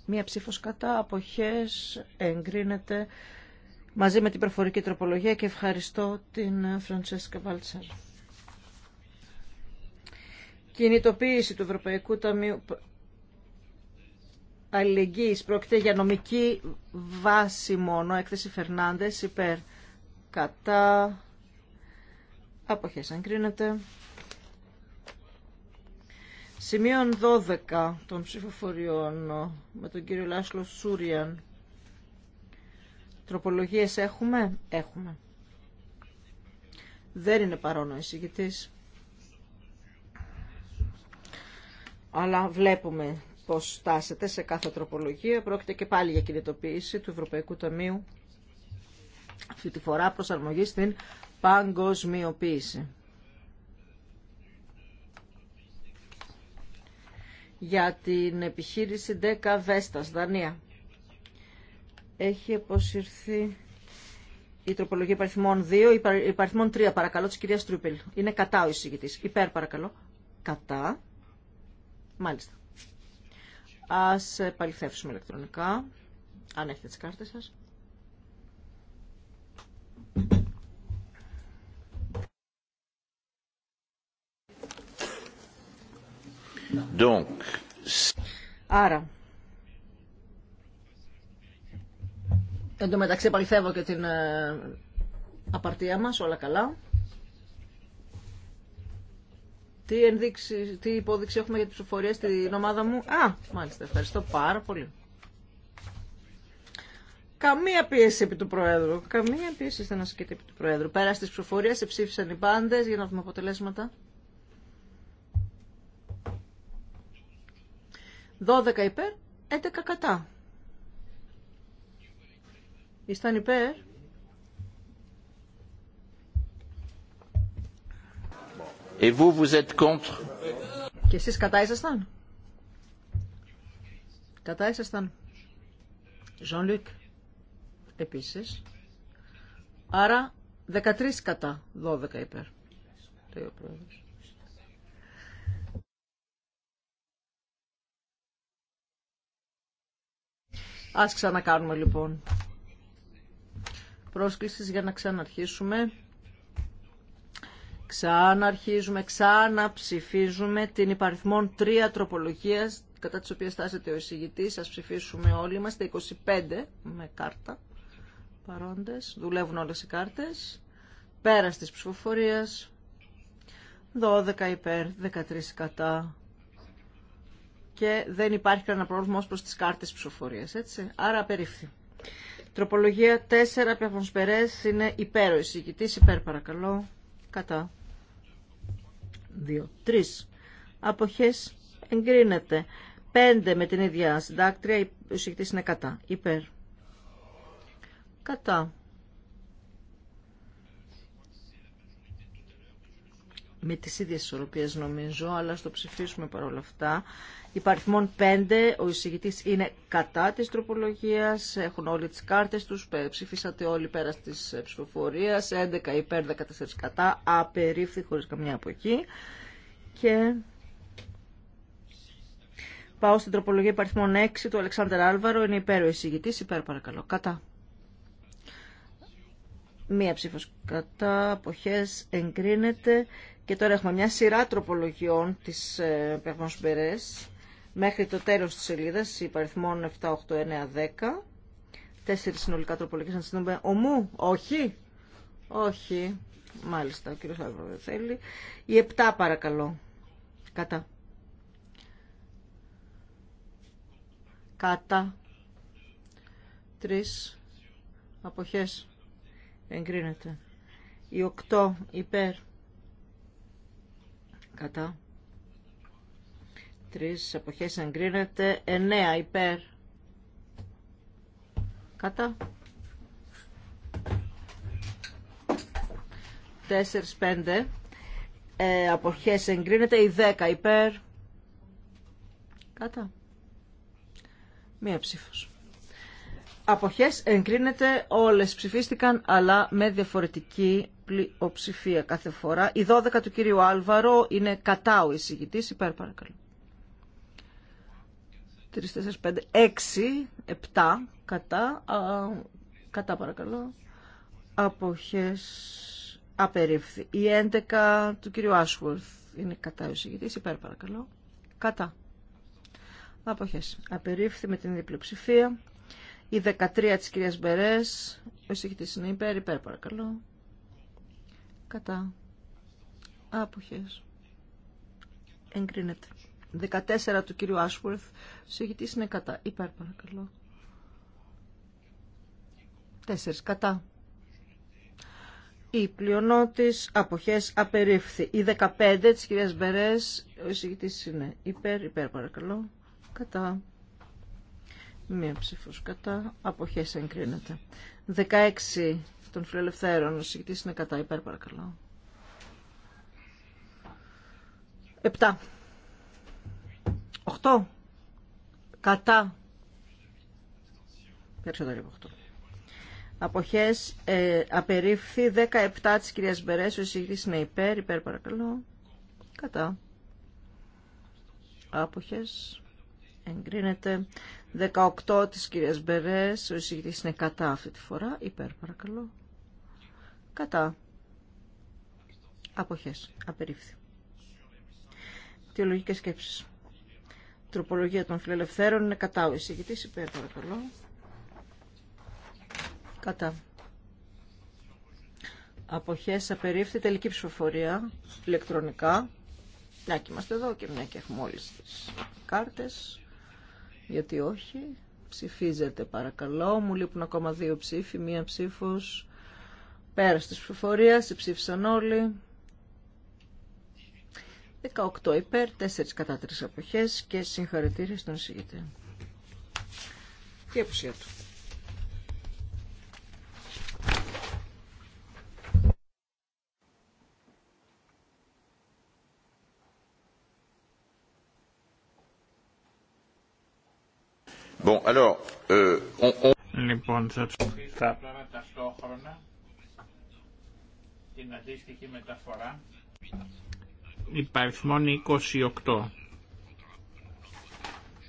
Μία ψήφος κατά, αποχές, εγκρίνεται μαζί με την προφορική τροπολογία και ευχαριστώ την Φραντσέσκα Βάλτσαρ. Κινητοποίηση του Ευρωπαϊκού Ταμείου αλληλεγγύης πρόκειται για νομική βάση μόνο, έκθεση Φερνάντες υπέρ κατά αποχές αν κρίνεται. Σημείων 12 των ψηφοφοριών με τον κύριο Λάσλο Σούριαν. Τροπολογίες έχουμε? Έχουμε. Δεν είναι παρόν ο εισηγητής. Αλλά βλέπουμε σε κάθε τροπολογία. Πρόκειται και πάλι για κινητοποίηση του Ευρωπαϊκού Ταμείου αυτή τη φορά προσαρμογή στην παγκοσμιοποίηση. για την επιχείρηση 10 Βέστα. Δανία. Έχει αποσυρθεί η τροπολογία υπαριθμών 2, υπαριθμών 3 παρακαλώ της κυρία Τρούπελ. Είναι κατά ο εισηγητής. Υπέρ παρακαλώ. Κατά. Μάλιστα. Ας επαληθεύσουμε ηλεκτρονικά, αν έχετε τις κάρτες σας. Άρα, εν τω και την ε, απαρτία μας, όλα καλά. Τι, ενδείξη, τι υπόδειξη έχουμε για την ψηφοφορία στην ομάδα μου. Α, μάλιστα, ευχαριστώ πάρα πολύ. Καμία πίεση επί του Προέδρου. Καμία πίεση στην ασκήτη επί του Προέδρου. Πέρα τη ψηφοφορία, ψήφισαν οι πάντε για να δούμε αποτελέσματα. 12 υπέρ, 11 κατά. Ήσταν υπέρ.
Et vous, vous êtes contre.
Και εσείς κατά ήσασταν. Κατά ήσασταν. Ζων Λουκ. Επίσης. Άρα 13 κατά, 12 υπέρ. Α Ας ξανακάνουμε λοιπόν πρόσκλησης για να ξαναρχίσουμε. Ξανά αρχίζουμε, ξανά ψηφίζουμε την υπαριθμόν τρία τροπολογίας κατά τις οποίες στάσετε ο εισηγητής. Α ψηφίσουμε όλοι Είμαστε 25 με κάρτα παρόντες. Δουλεύουν όλες οι κάρτες. Πέρα της ψηφοφορία 12 υπέρ, 13 κατά. Και δεν υπάρχει κανένα πρόβλημα ως προς τις κάρτες ψηφοφορίας, έτσι. Άρα απερίφθη. Τροπολογία 4, Πεφονσπερές, είναι υπέρ ο εισηγητής, υπέρ παρακαλώ, κατά. 2, 3. Αποχές εγκρίνεται. 5 με την ίδια συντάκτρια, ο συγκεκριτής είναι κατά. Υπέρ. Κατά. με τις ίδιες ισορροπίες νομίζω, αλλά στο ψηφίσουμε παρόλα αυτά. Υπαριθμών 5, ο εισηγητής είναι κατά της τροπολογίας, έχουν όλοι τις κάρτες τους, ψηφίσατε όλοι πέρα της ε, ψηφοφορία. 11 υπέρ, 14 κατά, απερίφθη χωρίς καμιά από εκεί. Και πάω στην τροπολογία υπαριθμών 6 του Αλεξάνδρ Άλβαρο, είναι υπέρ ο εισηγητής, υπέρ παρακαλώ, κατά. Μία ψήφος κατά, αποχές, εγκρίνεται. Και τώρα έχουμε μια σειρά τροπολογιών της ε, Μπερές μέχρι το τέλος της σελίδας, υπαριθμών 7, 8, 9, 10. Τέσσερις συνολικά τροπολογίες να τις δούμε. Ομού, όχι, όχι. Μάλιστα, ο κύριος Άβρο δεν θέλει. Η 7 παρακαλώ. Κατά. Κατά. Τρεις. Αποχές. Εγκρίνεται. Η 8 υπέρ Κατά. Τρεις αποχές εγκρίνεται. Εννέα υπέρ. Κατά. Τέσσερις πέντε. Ε, αποχές εγκρίνεται. Η δέκα υπέρ. Κατά. Μία ψήφος. Αποχές εγκρίνεται όλες ψηφίστηκαν αλλά με διαφορετική πλειοψηφία κάθε φορά. Η 12 του κυρίου Άλβαρο είναι κατά ο εισηγητής. Υπέρ παρακαλώ. 3, 4, 5, 6, 7 κατά. Α, κατά παρακαλώ. Αποχές απερίφθη. Η 11 του κυρίου Άσχουρθ είναι κατά ο εισηγητής. Υπέρ παρακαλώ. Κατά. Αποχές. Απερίφθη με την διπλή ψηφία. Η 13 της κυρίας Μπερές, ο εισηγητής είναι υπέρ, υπέρ παρακαλώ κατά άποχες εγκρίνεται 14 του κύριου ο συγητής είναι κατά υπέρ παρακαλώ 4 κατά η πλειονότης αποχές απερίφθη. Η 15 της κυρίας Μπερές, ο συγητής είναι υπέρ, υπέρ παρακαλώ, κατά. Μία ψήφος κατά, αποχές εγκρίνεται. 16 των φιλελευθέρων. Ο συγκητής είναι κατά υπέρ παρακαλώ. επτά Οχτώ. Κατά. Περισσότερο από οχτώ. Αποχές ε, απερίφθη 17 της κυρίας Μπερές. Ο συγκητής είναι υπέρ. Υπέρ παρακαλώ. Κατά. Άποχες. Εγκρίνεται. 18 της κυρίας Μπερές. Ο εισηγητής είναι κατά αυτή τη φορά. Υπέρ παρακαλώ κατά αποχές απερίφθη Τιολογικές σκέψεις Τροπολογία των φιλελευθέρων είναι κατά ο εισηγητής υπέρ παρακαλώ κατά Αποχές απερίφθη τελική ψηφοφορία ηλεκτρονικά να και είμαστε εδώ και μια και έχουμε όλες τις κάρτες γιατί όχι ψηφίζετε παρακαλώ μου λείπουν ακόμα δύο ψήφοι μία ψήφος Πέρας τη ψηφοφορία, ψήφισαν όλοι. 18 υπέρ, 4 κατά 3 αποχές και συγχαρητήρια στον εισηγητή. Και απουσία του.
Bon, alors, euh, on, on... Λοιπόν, θα, θα την αντίστοιχη μεταφορά υπαριθμών 28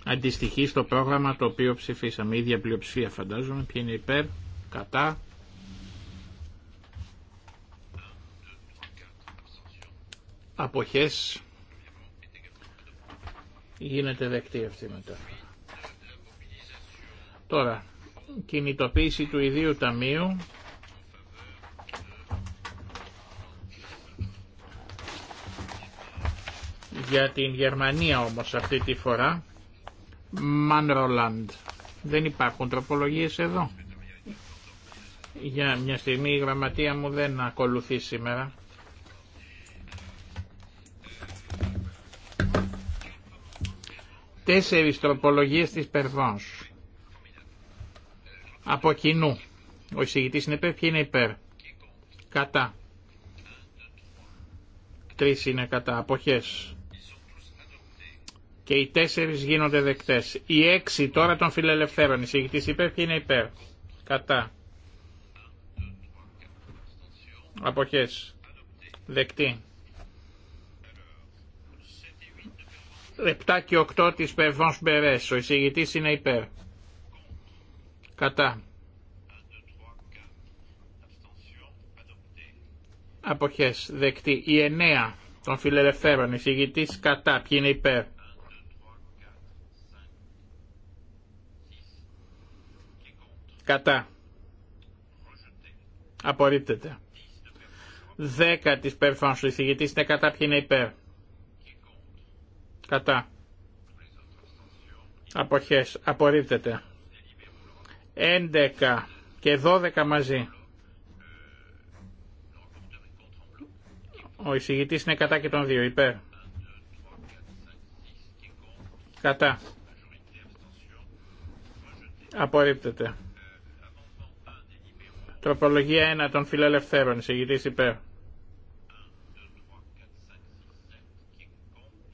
αντιστοιχεί στο πρόγραμμα το οποίο ψηφίσαμε. Η ίδια πλειοψηφία φαντάζομαι. Ποιοι είναι υπέρ, κατά. Αποχές. Γίνεται δεκτή αυτή μετά. Τώρα, κινητοποίηση του ιδίου ταμείου Για την Γερμανία όμως αυτή τη φορά, Μανρολάντ. Δεν υπάρχουν τροπολογίες εδώ. Για μια στιγμή η γραμματεία μου δεν ακολουθεί σήμερα. Τέσσερις τροπολογίες της Περβάνς. Από κοινού. Ο εισηγητής είναι υπέρ, ποιοι είναι υπέρ. Κατά. Τρεις είναι κατά. Αποχές και οι τέσσερις γίνονται δεκτές. Οι έξι τώρα των φιλελευθέρων, εισηγητής υπέρ Ποιοι είναι υπέρ. Κατά. Αποχές. Δεκτή. επτά και οκτώ της Περβόνς Μπερές. Ο εισηγητής είναι υπέρ. Κατά. Αποχές. Δεκτή. Οι εννέα των φιλελευθέρων. Εισηγητής κατά. Ποιοι είναι υπέρ. Κατά. Απορρίπτεται. 10 της Περφάνς του εισηγητής είναι κατά ποιοι είναι υπέρ. Κατά. Αποχές. Απορρίπτεται. 11 και 12 μαζί. Ο εισηγητής είναι κατά και των δύο υπέρ. Κατά. Απορρίπτεται. Τροπολογία 1 των φιλελευθέρων, σε υπέρ.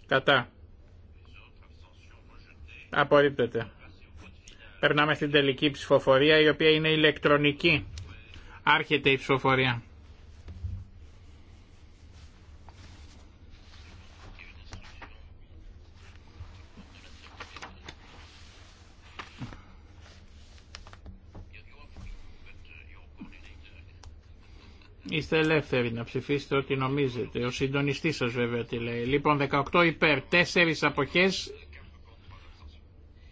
Κατά. Απορρίπτεται. Περνάμε στην τελική ψηφοφορία η οποία είναι ηλεκτρονική. Άρχεται η ψηφοφορία. Είστε ελεύθεροι να ψηφίσετε ό,τι νομίζετε. Ο συντονιστή σας βέβαια τι λέει. Λοιπόν 18 υπέρ, 4 αποχές,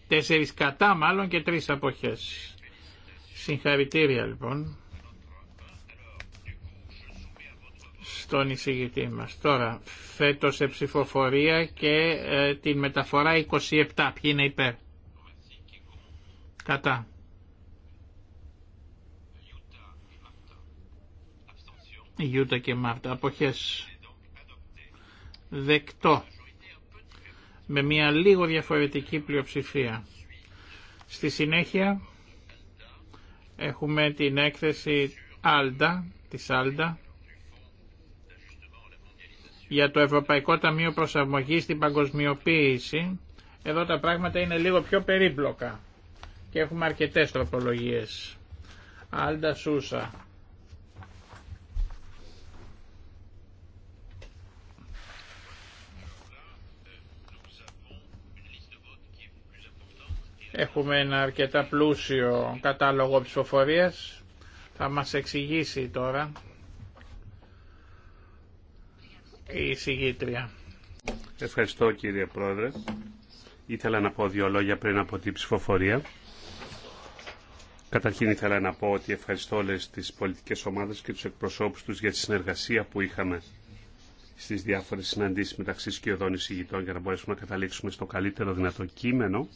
4 κατά μάλλον και 3 αποχές. Συγχαρητήρια λοιπόν. Στον εισηγητή μα. Τώρα φέτο σε ψηφοφορία και ε, την μεταφορά 27. Ποιοι είναι υπέρ. Κατά. Ιούτα και Μάρτα. Αποχές. Δεκτό. Με μια λίγο διαφορετική πλειοψηφία. Στη συνέχεια έχουμε την έκθεση Άλντα, της Άλντα, για το Ευρωπαϊκό Ταμείο Προσαρμογής στην Παγκοσμιοποίηση. Εδώ τα πράγματα είναι λίγο πιο περίπλοκα και έχουμε αρκετές τροπολογίες. Άλντα Σούσα. Έχουμε ένα αρκετά πλούσιο κατάλογο ψηφοφορίας. Θα μας εξηγήσει τώρα η συγγήτρια.
Ευχαριστώ κύριε Πρόεδρε. Ήθελα να πω δύο λόγια πριν από την ψηφοφορία. Καταρχήν ήθελα να πω ότι ευχαριστώ όλες τις πολιτικές ομάδες και τους εκπροσώπους τους για τη συνεργασία που είχαμε στις διάφορες συναντήσεις μεταξύ σκιωδών εισηγητών για να μπορέσουμε να καταλήξουμε στο καλύτερο δυνατό κείμενο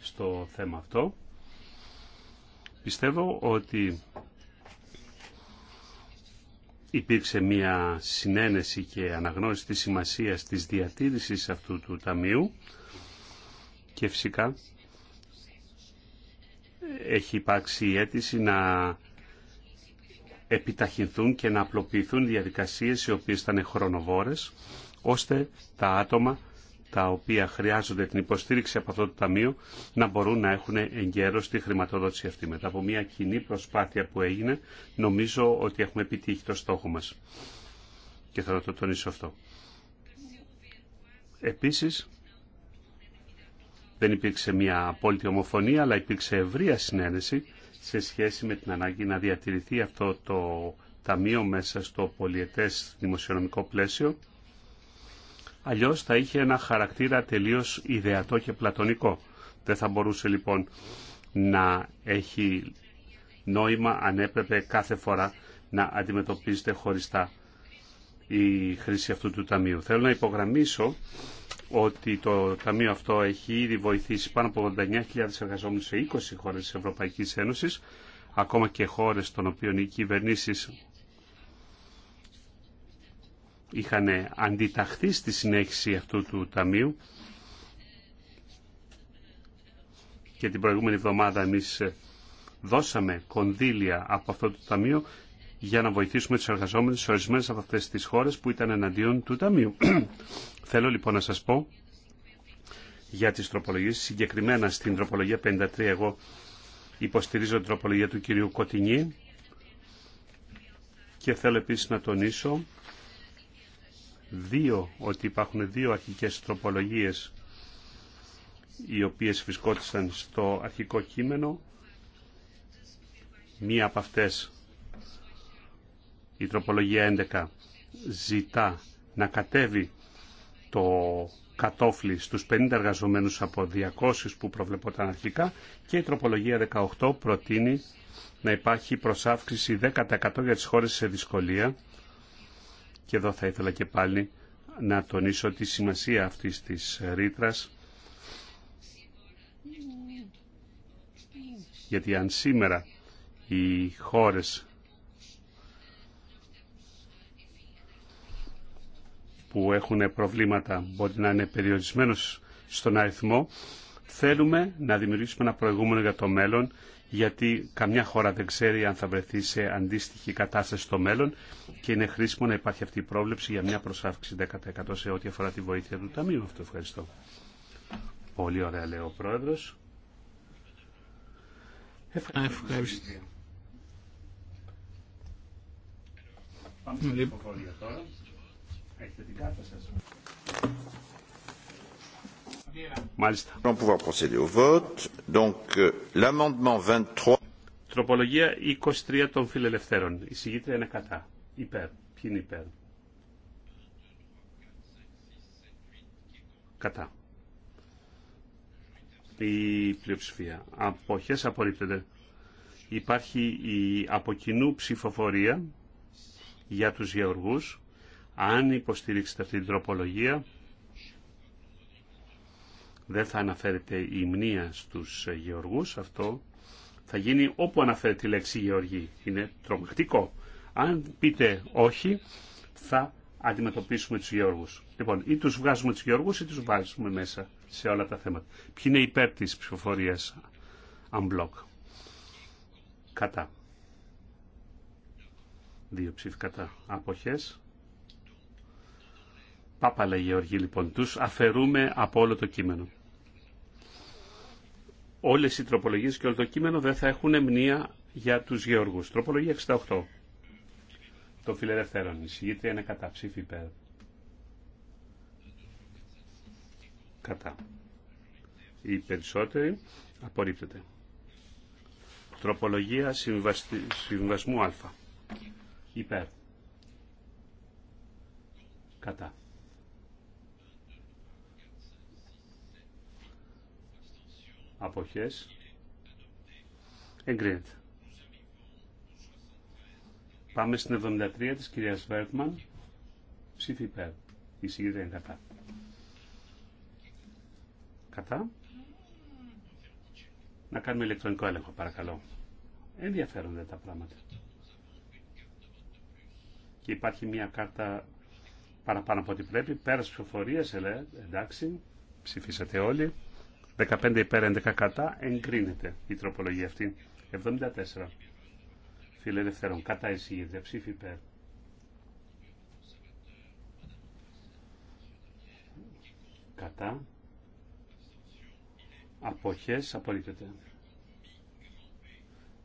στο θέμα αυτό. Πιστεύω ότι υπήρξε μια συνένεση και αναγνώριση της σημασίας της διατήρησης αυτού του ταμείου και φυσικά έχει υπάρξει η αίτηση να επιταχυνθούν και να απλοποιηθούν διαδικασίες οι οποίες ήταν χρονοβόρες ώστε τα άτομα τα οποία χρειάζονται την υποστήριξη από αυτό το Ταμείο να μπορούν να έχουν εγκαίρω τη χρηματοδότηση αυτή. Μετά από μια κοινή προσπάθεια που έγινε, νομίζω ότι έχουμε επιτύχει το στόχο μας. Και θα το τονίσω αυτό. Επίσης, δεν υπήρξε μια απόλυτη ομοφωνία, αλλά υπήρξε ευρεία συνένεση σε σχέση με την ανάγκη να διατηρηθεί αυτό το ταμείο μέσα στο πολιετές δημοσιονομικό πλαίσιο αλλιώς θα είχε ένα χαρακτήρα τελείως ιδεατό και πλατωνικό. Δεν θα μπορούσε λοιπόν να έχει νόημα αν έπρεπε κάθε φορά να αντιμετωπίζεται χωριστά η χρήση αυτού του ταμείου. Θέλω να υπογραμμίσω ότι το ταμείο αυτό έχει ήδη βοηθήσει πάνω από 89.000 εργαζόμενους σε 20 χώρες της Ευρωπαϊκής Ένωσης, ακόμα και χώρες των οποίων οι κυβερνήσεις είχαν αντιταχθεί στη συνέχιση αυτού του ταμείου και την προηγούμενη εβδομάδα εμείς δώσαμε κονδύλια από αυτό το ταμείο για να βοηθήσουμε τους εργαζόμενους σε ορισμένες από αυτές τις χώρες που ήταν εναντίον του ταμείου. Θέλω λοιπόν να σας πω για τις τροπολογίες, συγκεκριμένα στην τροπολογία 53 εγώ υποστηρίζω την τροπολογία του κυρίου Κοτινή και θέλω επίσης να τονίσω δύο, ότι υπάρχουν δύο αρχικές τροπολογίες οι οποίες βρισκόντουσαν στο αρχικό κείμενο. Μία από αυτές, η τροπολογία 11, ζητά να κατέβει το κατόφλι στους 50 εργαζομένους από 200 που προβλεπόταν αρχικά και η τροπολογία 18 προτείνει να υπάρχει προσάυξηση 10% για τις χώρες σε δυσκολία και εδώ θα ήθελα και πάλι να τονίσω τη σημασία αυτής της ρήτρα. Γιατί αν σήμερα οι χώρες που έχουν προβλήματα μπορεί να είναι περιορισμένος στον αριθμό Θέλουμε να δημιουργήσουμε ένα προηγούμενο για το μέλλον, γιατί καμιά χώρα δεν ξέρει αν θα βρεθεί σε αντίστοιχη κατάσταση στο μέλλον και είναι χρήσιμο να υπάρχει αυτή η πρόβλεψη για μια προσάυξη 10% σε ό,τι αφορά τη βοήθεια του Ταμείου. Αυτό ευχαριστώ. Πολύ ωραία λέει ο Πρόεδρος.
Ευχαριστώ. Πάμε στην λοιπόν.
τώρα. Έχετε την κάρτα σας. Μάλιστα. Euh, τροπολογία 23 των φιλελευθέρων. Η συγκίτρια είναι κατά. Υπέρ. Ποιοι είναι υπέρ. Κατά. Η πλειοψηφία. Αποχές απορρίπτεται. Υπάρχει η αποκοινού ψηφοφορία για τους γεωργούς. Αν υποστηρίξετε αυτή την τροπολογία, δεν θα αναφέρεται η μνήα στους γεωργούς, αυτό θα γίνει όπου αναφέρεται η λέξη γεωργή. Είναι τρομακτικό. Αν πείτε όχι, θα αντιμετωπίσουμε τους γεωργούς. Λοιπόν, ή τους βγάζουμε τους γεωργούς ή τους βάζουμε μέσα σε όλα τα θέματα. Ποιοι είναι υπέρ της ψηφοφορίας unblock. Κατά. Δύο ψήφοι κατά. Αποχές. Πάπα λέει Γεωργή λοιπόν, τους αφαιρούμε από όλο το κείμενο όλες οι τροπολογίες και όλο το κείμενο δεν θα έχουν μνήα για τους γεωργούς. Τροπολογία 68. Το φιλελευθέρων εισηγείται είναι κατά ψήφι υπέρ. Κατά. Οι περισσότεροι απορρίπτεται. Τροπολογία συμβασμού α. Υπέρ. Κατά. αποχές εγκρίνεται. Πάμε στην 73 της κυρίας Βέρτμαν. Ψήφι υπέρ. Η συγκεκριμένη είναι κατά. Κατά. Να κάνουμε ηλεκτρονικό έλεγχο παρακαλώ. Ενδιαφέρονται τα πράγματα. Και υπάρχει μια κάρτα παραπάνω από ό,τι πρέπει. Πέρας ψηφοφορίας, ελέ, εντάξει, ψηφίσατε όλοι. 15 υπέρ 11 κατά εγκρίνεται η τροπολογία αυτή. 74. Φιλελευθερών. Κατά εισηγήτρια. Ψήφι υπέρ. Κατά. Αποχές. Απορρίπτεται.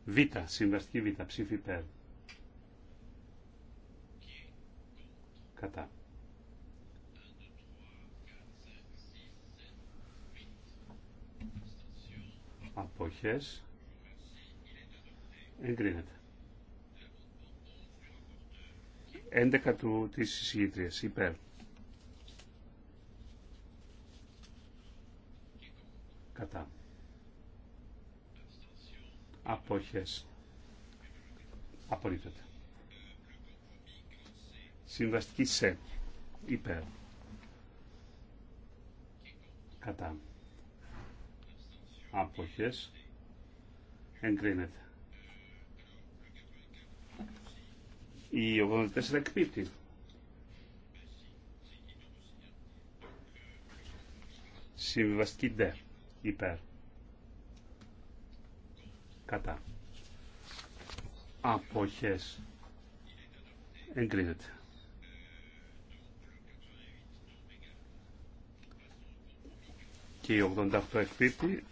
Β. Συμβαστική Β. Ψήφι υπέρ. Κατά. αποχές εγκρίνεται. 11 του της συγγήτριας υπέρ. Κατά. Αποχές. Απορρίπτεται. Συμβαστική σε. Υπέρ. Κατά αποχές εγκρίνεται. Η 84 εκπίπτει. Συμβιβαστική ντε, υπέρ. Κατά. Αποχές. Εγκρίνεται. Και η 88 εκπίπτει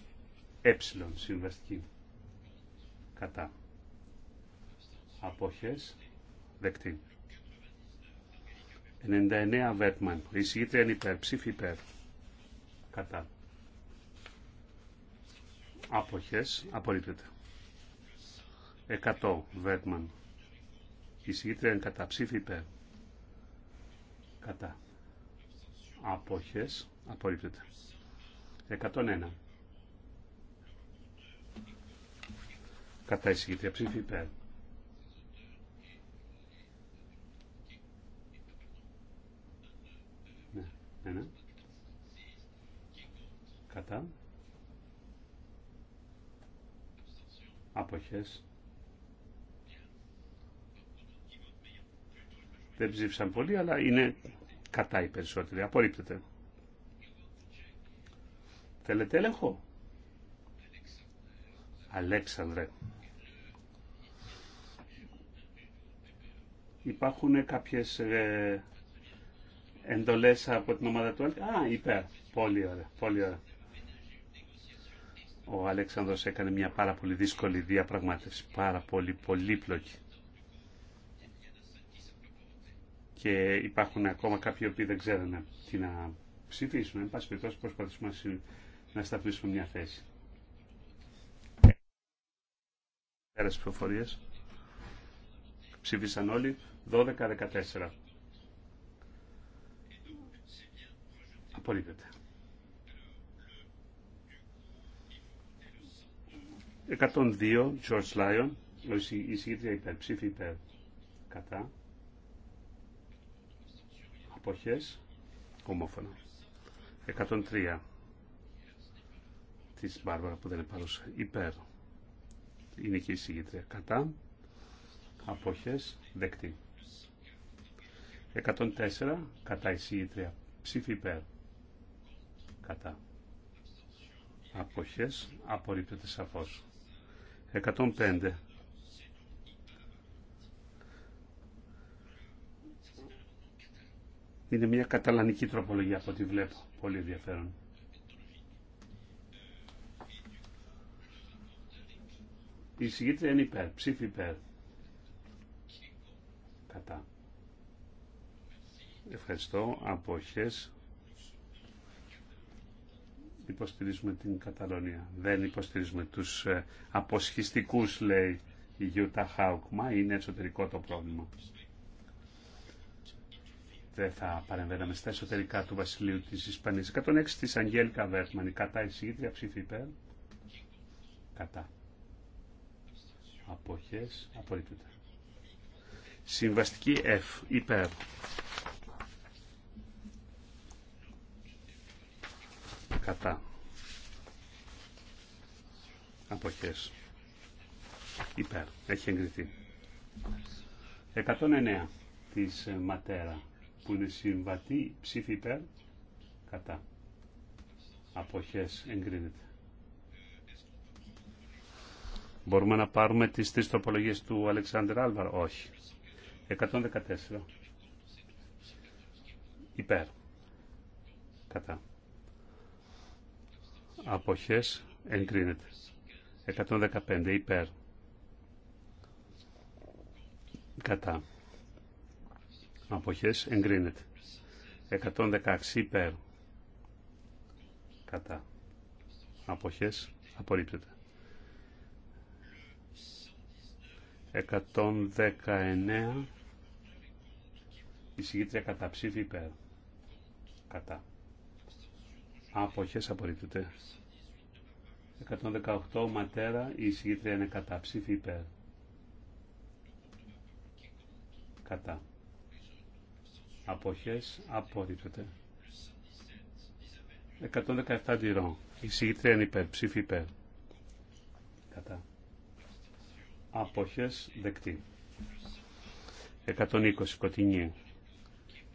ε συμβαστική κατά αποχές δεκτή 99 Βέρτμαν η εν υπέρ ψήφι υπέρ κατά αποχές απορρίπτεται 100 Βέρτμαν η εν κατά ψήφι υπέρ κατά αποχές απορρίπτεται 101 Κατά εισηγητρία ψήφι υπέρ. Ναι, ναι, ναι, Κατά. Αποχές. Δεν ψήφισαν πολύ, αλλά είναι κατά οι περισσότεροι. Απορρίπτεται. Θέλετε έλεγχο. Αλέξανδρε. Υπάρχουν κάποιες ε, εντολές από την ομάδα του Α, υπέρ. Πολύ ωραία, πολύ Ο Αλέξανδρος έκανε μια πάρα πολύ δύσκολη διαπραγμάτευση, πάρα πολύ πολύπλοκη. Και υπάρχουν ακόμα κάποιοι οποίοι δεν ξέρουν τι να ψηφίσουν. Εν πάση περιπτώσει προσπαθήσουμε να σταθμίσουμε μια θέση. Πέρασε πληροφορίες. Ψήφισαν όλοι. 12-14. Απολύτω. 102, George Lyon, η εισηγήτρια υπέρ, ψήφι υπέρ, κατά, αποχές, ομόφωνα. 103, της Μπάρβαρα που δεν είναι παρούσα, υπέρ, είναι και η κατά, αποχές, δεκτή. 104 κατά εισηγήτρια. Ψήφι υπέρ. Κατά. Αποχές απορρίπτεται σαφώς. 105. Είναι μια καταλανική τροπολογία από ό,τι βλέπω. Πολύ ενδιαφέρον. Η εισηγήτρια είναι υπέρ. Ψήφι υπέρ. Κατά. Ευχαριστώ. Αποχές. Υποστηρίζουμε την Καταλωνία. Δεν υποστηρίζουμε τους ε, αποσχιστικούς, λέει η Γιούτα Χάουκ. είναι εσωτερικό το πρόβλημα. Δεν θα παρεμβαίναμε στα εσωτερικά του βασιλείου της Ισπανίας. 106 της Αγγέλικα Βέρτμαν. Κατά εισηγήτρια ψήφι υπέρ. Κατά. Αποχές. Απορρίπτεται. Συμβαστική F. Υπέρ. κατά αποχές υπέρ έχει εγκριθεί 109 της ε, ματέρα που είναι συμβατή ψήφι υπέρ κατά αποχές εγκρίνεται Μπορούμε να πάρουμε τις τρεις τροπολογίες του Αλεξάνδρ Άλβαρ. Όχι. 114. Υπέρ. Κατά αποχές εγκρίνεται. 115 υπέρ κατά αποχές εγκρίνεται. 116 υπέρ κατά αποχές απορρίπτεται. 119 Εισηγήτρια. Κατά. Ψήφι. υπέρ κατά Αποχές απορρίπτεται. 118 ματέρα, η εισηγήτρια είναι κατά. Ψήφι υπέρ. Κατά. Αποχές απορρίπτεται. 117 Διρό Η εισηγήτρια είναι υπέρ. Ψήφι υπέρ. Κατά. Αποχές δεκτή. 120 κοτεινή. Η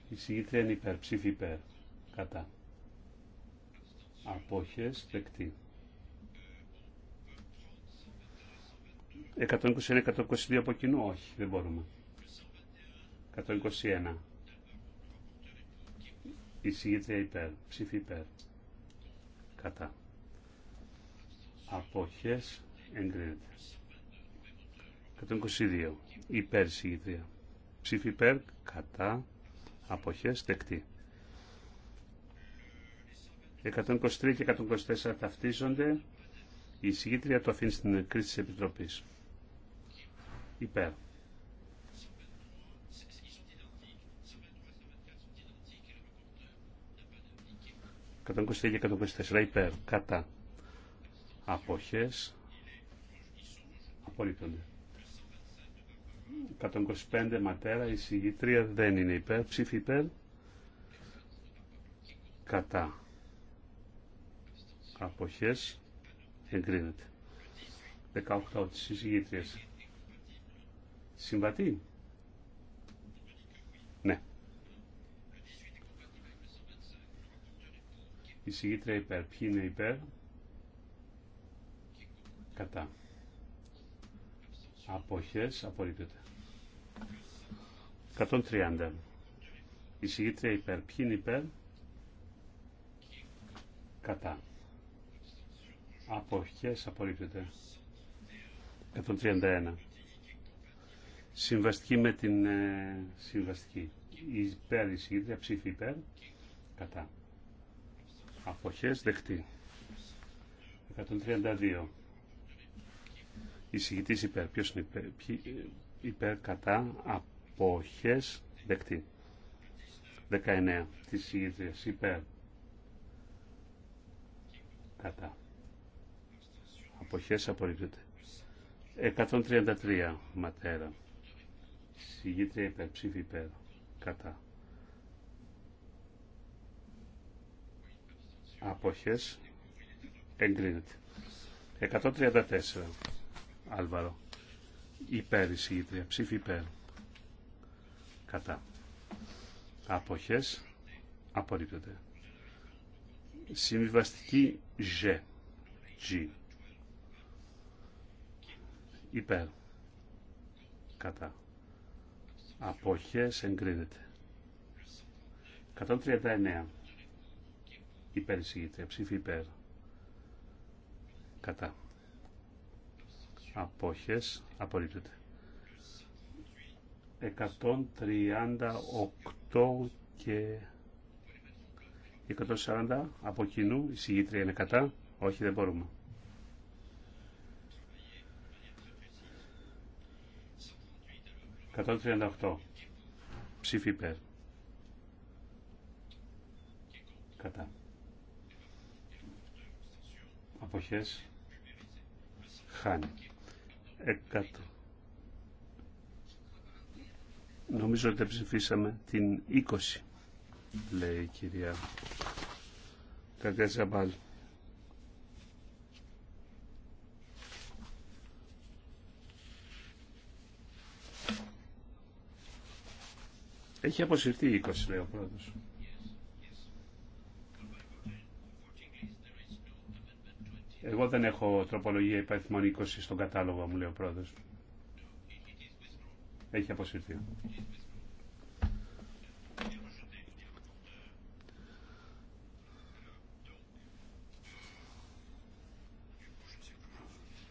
εισηγήτρια είναι υπέρ. Ψήφι υπέρ. Κατά αποχές δεκτή. 121-122 από κοινού, όχι, δεν μπορούμε. 121. Εισηγήτρια υπέρ, ψήφι υπέρ. Κατά. Αποχές εγκρίνεται. 122. Υπέρ εισηγήτρια. εισηγειται υπερ ψηφι υπέρ, κατά. εισηγειται ψηφι υπερ δεκτή. 123 και 124 ταυτίζονται. Η εισηγήτρια το αφήνει στην κρίση της Επιτροπής. Υπέρ. ...123 και 124 υπέρ, κατά αποχές, Απολύτωνε. 125 ματέρα, η συγγήτρια δεν είναι υπέρ, ψήφι υπέρ, κατά αποχές εγκρίνεται. 18 της εισηγήτριας. Συμβατή. Ναι. Η εισηγήτρια υπέρ. Ποιοι είναι υπέρ. Κατά. Αποχές απορρίπτεται. 130. Η συγγήτρια υπέρ. Ποιοι είναι υπέρ. Κατά αποχές απορρίπτεται. 131. Συμβαστική με την ε, συμβαστική. Υπέρ η συγκίτρια. ψήφι υπέρ. Κατά. Αποχές δεκτή. 132. Εισηγητής υπέρ. Ποιος είναι υπέρ, ποι, ε, υπέρ κατά αποχές δεκτή. 19. Της εισηγητρίας υπέρ. Κατά Αποχές απορρίπτεται. 133 ματέρα. Συγγήτρια υπέρ, ψήφι υπέρ. Κατά. Αποχές εγκρίνεται. 134 Άλβαρο. Υπέρ η συγγήτρια, ψήφι υπέρ. Κατά. Αποχές απορρίπτεται. Συμβιβαστική G. G υπέρ κατά αποχές εγκρίνεται 139 υπέρ εισηγείται ψήφι υπέρ κατά αποχές απορρίπτεται 138 και 140 από κοινού εισηγήτρια είναι κατά όχι δεν μπορούμε 138. Ψήφι υπέρ. Κατά. Αποχές. Χάνει. 100. Νομίζω ότι ψηφίσαμε την 20, λέει η κυρία Μπάλου. Έχει αποσυρθεί η 20, λέει ο Εγώ δεν έχω τροπολογία υπαριθμών 20 στον κατάλογο μου, λέει ο πρόεδρο. Έχει αποσυρθεί.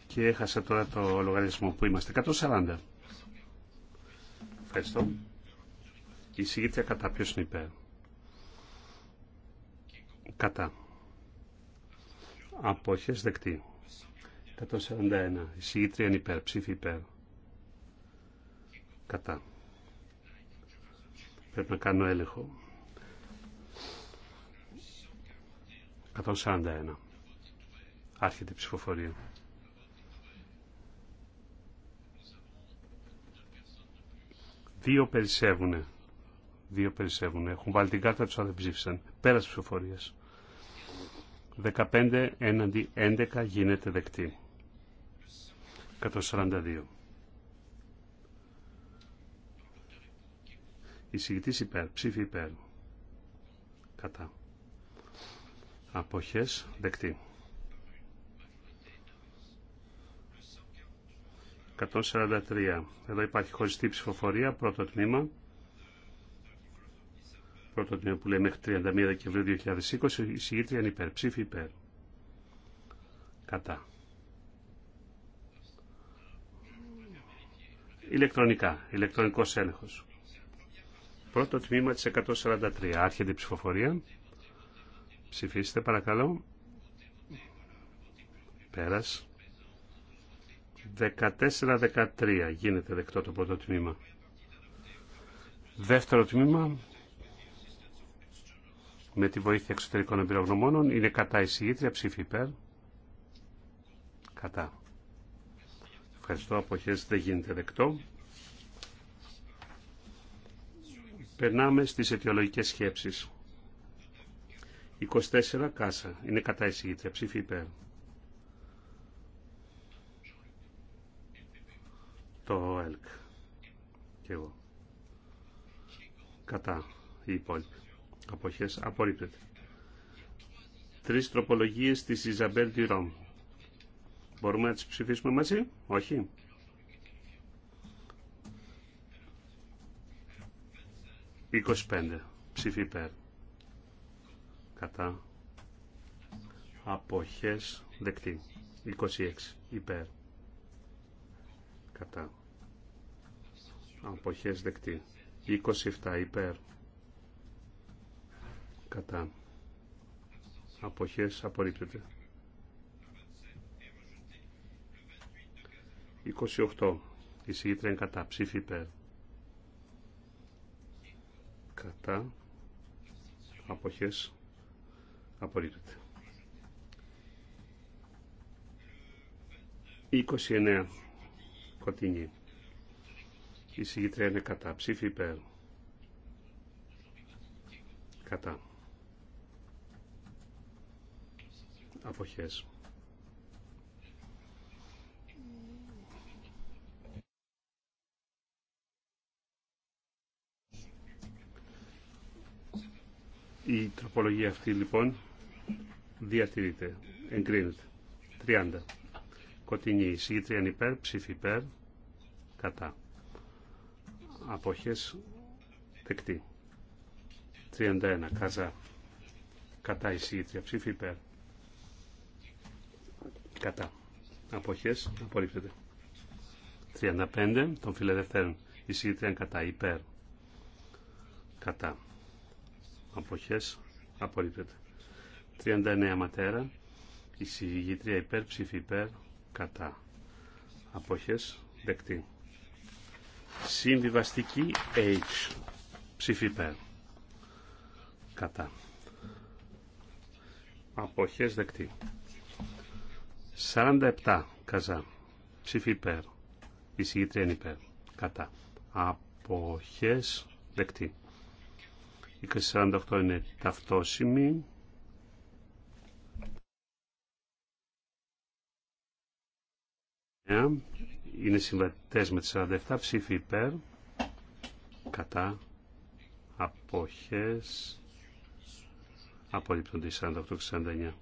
Και έχασα τώρα το λογαριασμό που είμαστε. 140. Ευχαριστώ. Η εισηγήτρια κατά ποιος είναι υπέρ. Κατά. Απόχε δεκτή. 141. Η εισηγήτρια είναι υπέρ. Ψήφι υπέρ. Κατά. Πρέπει να κάνω έλεγχο. 141. Άρχεται η ψηφοφορία. Δύο περισσεύουνε. Δύο περισσεύουν. Έχουν βάλει την κάρτα τους, αλλά δεν ψήφισαν. Πέρα ψηφοφορίες. 15 έναντι 11 γίνεται δεκτή. 142. Εισηγητής υπέρ, ψήφι υπέρ. Κατά. Αποχές δεκτή. 143. Εδώ υπάρχει χωριστή ψηφοφορία, πρώτο τμήμα πρώτο τμήμα που λέει μέχρι 31 Δεκεμβρίου 2020, η είναι υπέρ. Ψήφι υπέρ. Κατά. Ηλεκτρονικά. Ηλεκτρονικός έλεγχος. Πρώτο τμήμα της 143. Άρχεται η ψηφοφορία. Ψηφίστε παρακαλώ. Πέρας. 14-13 γίνεται δεκτό το πρώτο τμήμα. Δεύτερο τμήμα με τη βοήθεια εξωτερικών εμπειρογνωμόνων. Είναι κατά εισηγήτρια, ψήφι υπέρ. Κατά. Ευχαριστώ, αποχές δεν γίνεται δεκτό. Περνάμε στις αιτιολογικές σκέψεις. 24 κάσα. Είναι κατά εισηγήτρια, ψήφι υπέρ. Το ΕΛΚ. Και εγώ. Κατά οι υπόλοιποι. Αποχές απορρίπτεται. Τρεις τροπολογίες της Ιζαμπέλ Τυρόμ. Μπορούμε να τις ψηφίσουμε μαζί, όχι. Είκοσι Ψήφι υπέρ. Κατά. Αποχές δεκτή. 26 υπέρ. Κατά. Αποχές δεκτή. 27 υπέρ κατά αποχές απορρίπτεται 28 η συγκίτρια είναι κατά ψήφι υπέρ κατά αποχές απορρίπτεται 29 Κοτίνι. η συγκίτρια είναι κατά ψήφι υπέρ κατά αποχές. Η τροπολογία αυτή λοιπόν διατηρείται, εγκρίνεται. 30. Κοτεινή εισηγήτρια υπέρ, ψήφι υπέρ, κατά. Αποχές δεκτή. 31. Καζά. Κατά εισηγήτρια, ψήφι υπέρ κατά αποχές απορρίπτεται 35 των φιλελευθέρων σύγκριτρια κατά υπέρ κατά αποχές απορρίπτεται 39 ματέρα σύγκριτρια υπέρ ψήφι υπέρ κατά αποχές δεκτή συμβιβαστική H ψήφι υπέρ κατά αποχές δεκτή 47 καζά. Ψήφι υπέρ. Η είναι υπέρ. Κατά. Αποχές δεκτή. Η 48 είναι ταυτόσιμη. Είναι συμβατές με τι 47 ψήφι υπέρ. Κατά. Αποχές. Απόλυπτον οι 48 και 49.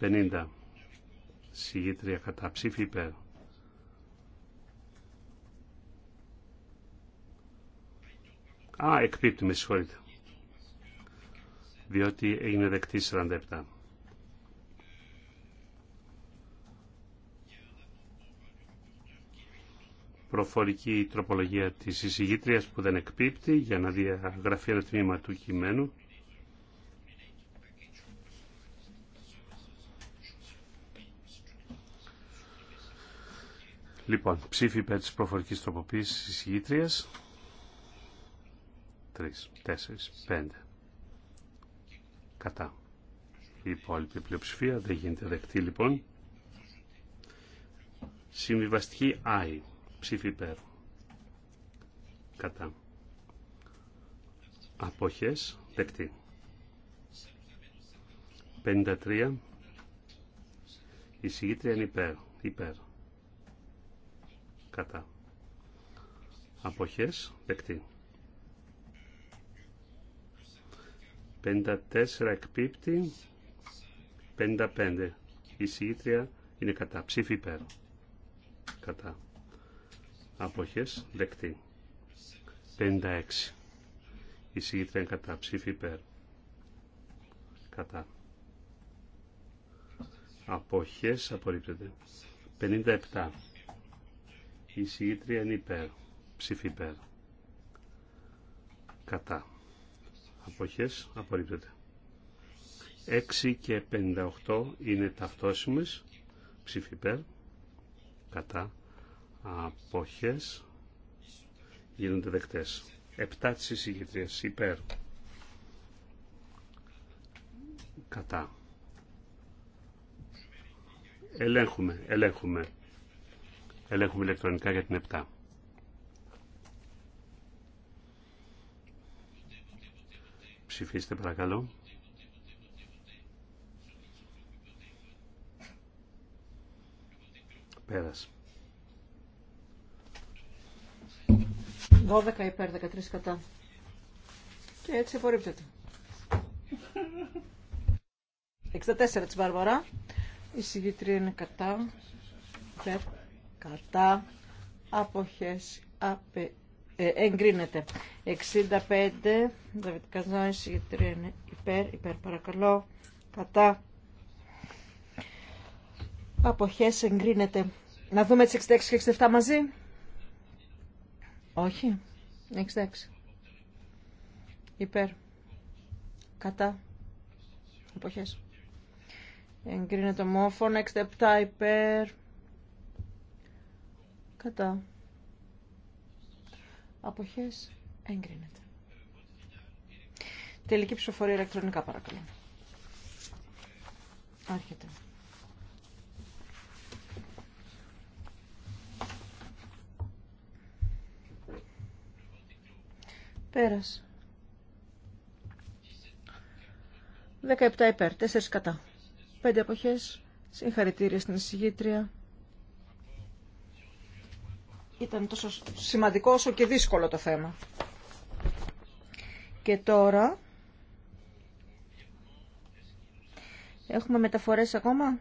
50 Συγήτρια κατά ψήφι υπέρ. Α, εκπίπτει, με συγχωρείτε. Διότι έγινε δεκτή 47. Προφορική τροπολογία της εισηγήτριας που δεν εκπίπτει για να διαγραφεί ένα τμήμα του κειμένου. Λοιπόν, ψήφι υπέρ της προφορικής τροποποίησης της ηγήτριας. Τρει, τέσσερι, πέντε. Κατά. Η υπόλοιπη πλειοψηφία δεν γίνεται δεκτή λοιπόν. Συμβιβαστική I. Ψήφι υπέρ. Κατά. Απόχες. Δεκτή. 53. Η συγγήτρια είναι υπέρ. Υπέρ κατά αποχές δεκτή 54 εκπίπτει 55 η συγήτρια είναι κατά ψήφι υπέρ κατά αποχές δεκτή 56 η συγήτρια είναι κατά ψήφι υπέρ κατά αποχές απορρίπτεται 57 η εισηγήτρια είναι υπέρ. Ψήφι υπέρ. Κατά. Αποχές απορρίπτεται. 6 και 58 είναι ταυτόσιμες. Ψήφι υπέρ. Κατά. Αποχές γίνονται δεκτές. 7 της εισηγητρίας υπέρ. Κατά. Ελέγχουμε, ελέγχουμε. Ελέγχουμε ηλεκτρονικά για την 7. Ψηφίστε παρακαλώ. Πέρασε.
12 υπέρ, 13 κατά. Και έτσι απορρίπτεται. 64 της Βαρβαρά. Η συγγήτρια είναι κατά. Υπέρ κατά αποχές απε, ε, εγκρίνεται 65 δαβητικά είναι υπέρ υπέρ παρακαλώ κατά αποχές εγκρίνεται να δούμε τις 66 και 67 μαζί όχι 66 υπέρ κατά αποχές εγκρίνεται ομόφωνα 67 υπέρ κατά αποχές εγκρίνεται. Τελική ψηφοφορία ηλεκτρονικά παρακαλώ. Άρχεται. Πέρας. 17 υπέρ, 4 κατά. 5 εποχές. Συγχαρητήρια στην εισηγήτρια ήταν τόσο σημαντικό όσο και δύσκολο το θέμα. Και τώρα έχουμε μεταφορές ακόμα.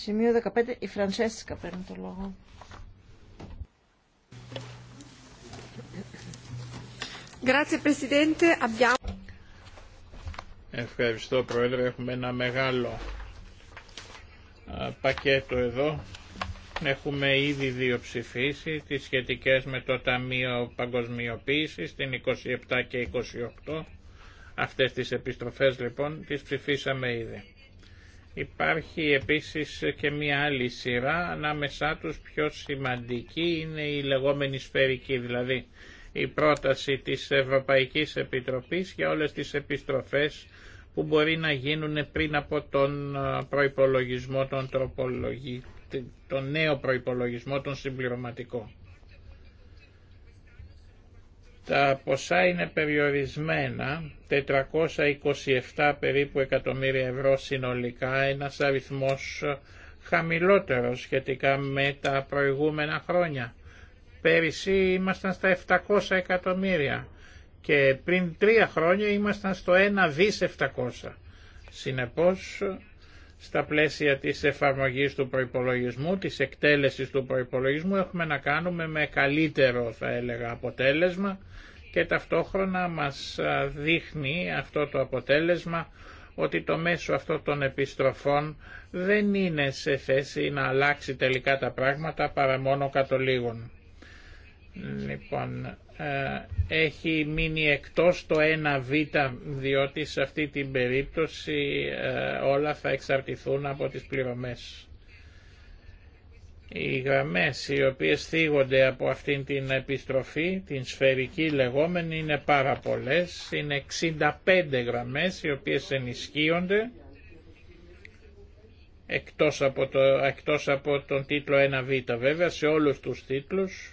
Σημείο 15, η Φρανσέσικα παίρνει το λόγο.
Ευχαριστώ Πρόεδρε, έχουμε ένα μεγάλο πακέτο εδώ έχουμε ήδη δύο ψηφίσει τις σχετικές με το Ταμείο Παγκοσμιοποίησης την 27 και 28 αυτές τις επιστροφές λοιπόν τις ψηφίσαμε ήδη υπάρχει επίσης και μια άλλη σειρά ανάμεσά τους πιο σημαντική είναι η λεγόμενη σφαιρική δηλαδή η πρόταση της Ευρωπαϊκής Επιτροπής για όλες τις επιστροφές που μπορεί να γίνουν πριν από τον ε, προϋπολογισμό τον τροπολογι... τον νέο προϋπολογισμό τον συμπληρωματικό. Τα ποσά είναι περιορισμένα, 427 περίπου εκατομμύρια ευρώ συνολικά, ένας αριθμός ε, χαμηλότερο σχετικά με τα προηγούμενα χρόνια. Πέρυσι ήμασταν στα 700 εκατομμύρια και πριν τρία χρόνια ήμασταν στο 1 δις 700. Συνεπώς, στα πλαίσια της εφαρμογής του προϋπολογισμού, της εκτέλεσης του προϋπολογισμού, έχουμε να κάνουμε με καλύτερο, θα έλεγα, αποτέλεσμα και ταυτόχρονα μας δείχνει αυτό το αποτέλεσμα ότι το μέσο αυτό των επιστροφών δεν είναι σε θέση να αλλάξει τελικά τα πράγματα παρά μόνο κατ' ολίγων. Λοιπόν, ε, έχει μείνει εκτός το 1β διότι σε αυτή την περίπτωση ε, όλα θα εξαρτηθούν από τις πληρωμές. Οι γραμμές οι οποίες θίγονται από αυτήν την επιστροφή, την σφαιρική λεγόμενη, είναι πάρα πολλές. Είναι 65 γραμμές οι οποίες ενισχύονται εκτός από, το, εκτός από τον τίτλο 1β βέβαια σε όλους τους τίτλους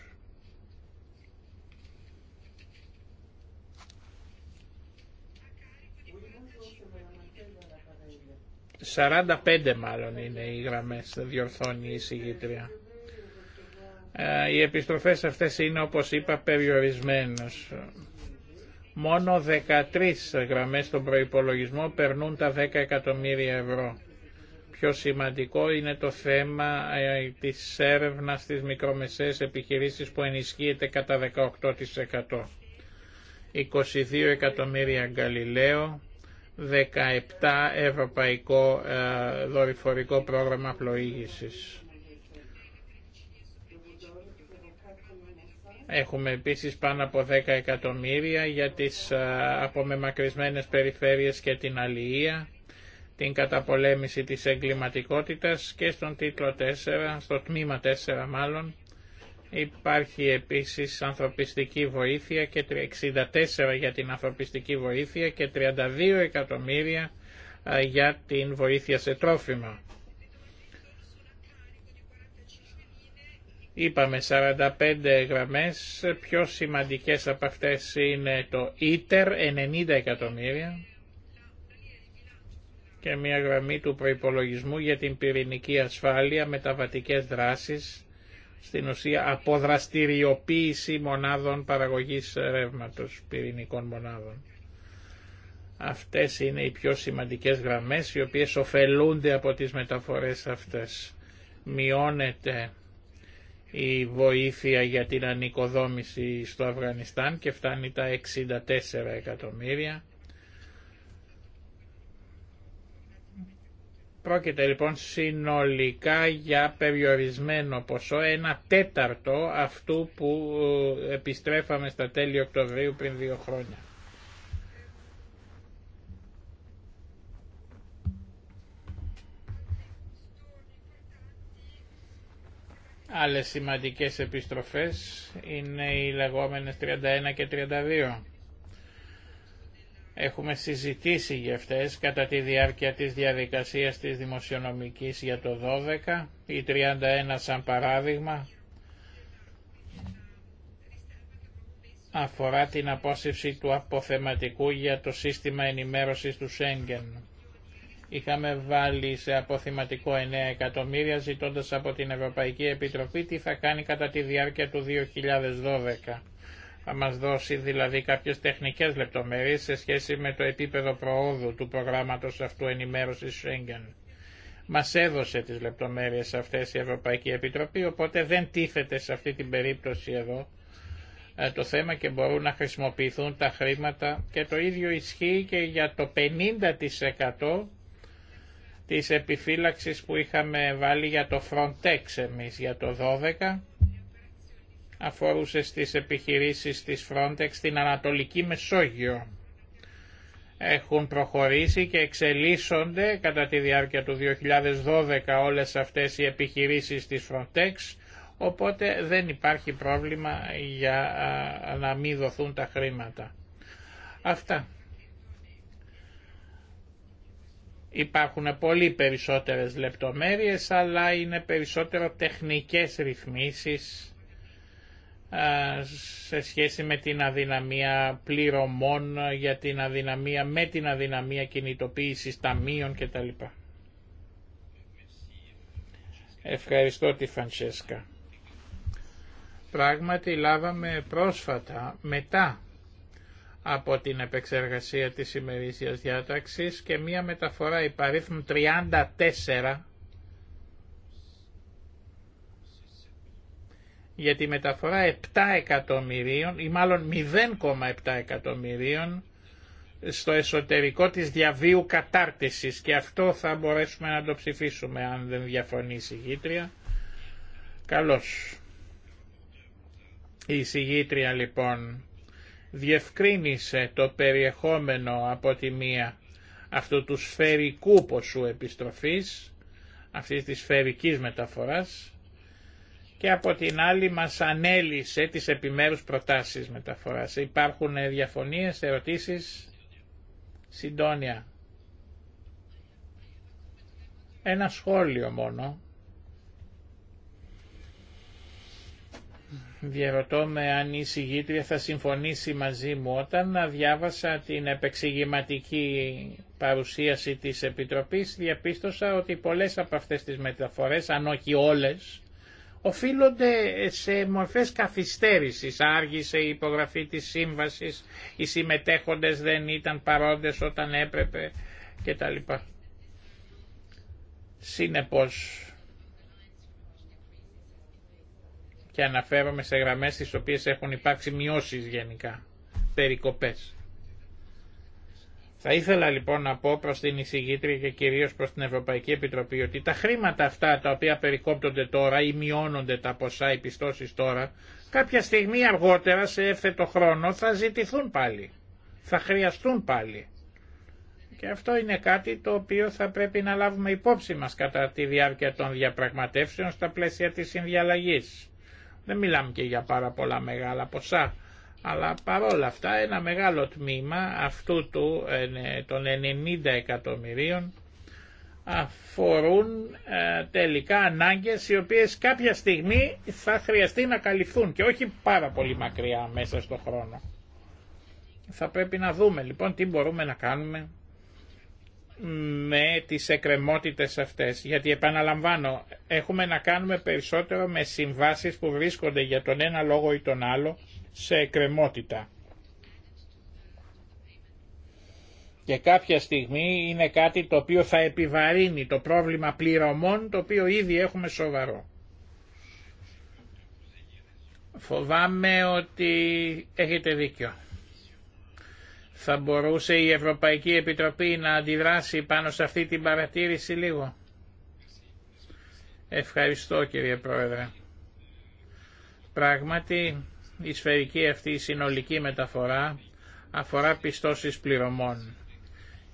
45 μάλλον είναι οι γραμμές, διορθώνει η συγγήτρια. Ε, οι επιστροφές αυτές είναι όπως είπα περιορισμένες. Μόνο 13 γραμμές στον προϋπολογισμό περνούν τα 10 εκατομμύρια ευρώ. Πιο σημαντικό είναι το θέμα ε, της έρευνας στις μικρομεσαίες επιχειρήσεις που ενισχύεται κατά 18%. 22 εκατομμύρια Γκαλιλαίο, 17 Ευρωπαϊκό ε, Δορυφορικό Πρόγραμμα Πλοήγησης. Έχουμε επίσης πάνω από 10 εκατομμύρια για τις ε, απομεμακρυσμένες περιφέρειες και την αλληλεία, την καταπολέμηση της εγκληματικότητας και στον τίτλο 4, στο τμήμα 4 μάλλον, Υπάρχει επίσης ανθρωπιστική βοήθεια και 64 για την ανθρωπιστική βοήθεια και 32 εκατομμύρια για την βοήθεια σε τρόφιμα. Είπαμε 45 γραμμές, πιο σημαντικές από αυτές είναι το ίτερ 90 εκατομμύρια και μια γραμμή του προϋπολογισμού για την πυρηνική ασφάλεια, μεταβατικές δράσεις στην ουσία αποδραστηριοποίηση μονάδων παραγωγής ρεύματος, πυρηνικών μονάδων. Αυτές είναι οι πιο σημαντικές γραμμές οι οποίες ωφελούνται από τις μεταφορές αυτές. Μειώνεται η βοήθεια για την ανοικοδόμηση στο Αφγανιστάν και φτάνει τα 64 εκατομμύρια Πρόκειται λοιπόν συνολικά για περιορισμένο ποσό, ένα τέταρτο αυτού που ε, επιστρέφαμε στα τέλη Οκτωβρίου πριν δύο χρόνια. Άλλες σημαντικές επιστροφές είναι οι λεγόμενες 31 και 32. Έχουμε συζητήσει για αυτές κατά τη διάρκεια της διαδικασίας της δημοσιονομικής για το 12 ή 31 σαν παράδειγμα αφορά την απόσυρση του αποθεματικού για το σύστημα ενημέρωσης του Σέγγεν. Είχαμε βάλει σε αποθεματικό 9 εκατομμύρια ζητώντας από την Ευρωπαϊκή Επιτροπή τι θα κάνει κατά τη διάρκεια του 2012. Θα μας δώσει δηλαδή κάποιες τεχνικές λεπτομέρειες σε σχέση με το επίπεδο προόδου του προγράμματος αυτού ενημέρωσης Schengen. Μας έδωσε τις λεπτομέρειες αυτές η Ευρωπαϊκή Επιτροπή, οπότε δεν τίθεται σε αυτή την περίπτωση εδώ ε, το θέμα και μπορούν να χρησιμοποιηθούν τα χρήματα και το ίδιο ισχύει και για το 50% της επιφύλαξης που είχαμε βάλει για το Frontex εμείς για το 12 αφορούσε στις επιχειρήσεις της Frontex στην Ανατολική Μεσόγειο. Έχουν προχωρήσει και εξελίσσονται κατά τη διάρκεια του 2012 όλες αυτές οι επιχειρήσεις της Frontex, οπότε δεν υπάρχει πρόβλημα για να μην δοθούν τα χρήματα. Αυτά. Υπάρχουν πολύ περισσότερες λεπτομέρειες, αλλά είναι περισσότερο τεχνικές ρυθμίσεις σε σχέση με την αδυναμία πληρωμών, για την αδυναμία, με την αδυναμία κινητοποίησης ταμείων κτλ. Ευχαριστώ τη Φαντσέσκα. Πράγματι λάβαμε πρόσφατα, μετά από την επεξεργασία της ημερήσιας διάταξης και μία μεταφορά υπαρίθμου 34 για τη μεταφορά 7 εκατομμυρίων ή μάλλον 0,7 εκατομμυρίων στο εσωτερικό της διαβίου κατάρτισης και αυτό θα μπορέσουμε να το ψηφίσουμε αν δεν διαφωνεί η συγγήτρια. Καλώς. Η συγγήτρια λοιπόν διευκρίνησε το περιεχόμενο από τη μία αυτού του σφαιρικού ποσού επιστροφής, αυτής της σφαιρικής μεταφοράς και από την άλλη μας ανέλησε τις επιμέρους προτάσεις μεταφοράς. Υπάρχουν διαφωνίες, ερωτήσεις, συντόνια. Ένα σχόλιο μόνο. Διαρωτώ με αν η συγγήτρια θα συμφωνήσει μαζί μου όταν διάβασα την επεξηγηματική παρουσίαση της Επιτροπής διαπίστωσα ότι πολλές από αυτές τις μεταφορές, αν όχι όλες, οφείλονται σε μορφές καθυστέρησης. Άργησε η υπογραφή της σύμβασης, οι συμμετέχοντες δεν ήταν παρόντες όταν έπρεπε κτλ. Συνεπώς, και αναφέρομαι σε γραμμές τις οποίες έχουν υπάρξει μειώσεις γενικά, περικοπές. Θα ήθελα λοιπόν να πω προς την εισηγήτρια και κυρίως προς την Ευρωπαϊκή Επιτροπή ότι τα χρήματα αυτά τα οποία περικόπτονται τώρα ή μειώνονται τα ποσά επιστώσεις τώρα, κάποια στιγμή αργότερα σε έφετο χρόνο θα ζητηθούν πάλι, θα χρειαστούν πάλι. Και αυτό είναι κάτι το οποίο θα πρέπει να λάβουμε υπόψη μας κατά τη διάρκεια των διαπραγματεύσεων στα πλαίσια της συνδιαλλαγής. Δεν μιλάμε και για πάρα πολλά μεγάλα ποσά αλλά παρόλα αυτά ένα μεγάλο τμήμα αυτού του, ε, των 90 εκατομμυρίων αφορούν ε, τελικά ανάγκες οι οποίες κάποια στιγμή θα χρειαστεί να καλυφθούν και όχι πάρα πολύ μακριά μέσα στο χρόνο. Θα πρέπει να δούμε λοιπόν τι μπορούμε να κάνουμε με τις εκκρεμότητες αυτές. Γιατί επαναλαμβάνω, έχουμε να κάνουμε περισσότερο με συμβάσεις που βρίσκονται για τον ένα λόγο ή τον άλλο σε εκκρεμότητα. Και κάποια στιγμή είναι κάτι το οποίο θα επιβαρύνει το πρόβλημα πληρωμών το οποίο ήδη έχουμε σοβαρό. Φοβάμαι ότι έχετε δίκιο. Θα μπορούσε η Ευρωπαϊκή Επιτροπή να αντιδράσει πάνω σε αυτή την παρατήρηση λίγο. Ευχαριστώ κύριε Πρόεδρε. Πράγματι η σφαιρική αυτή η συνολική μεταφορά αφορά πιστώσεις πληρωμών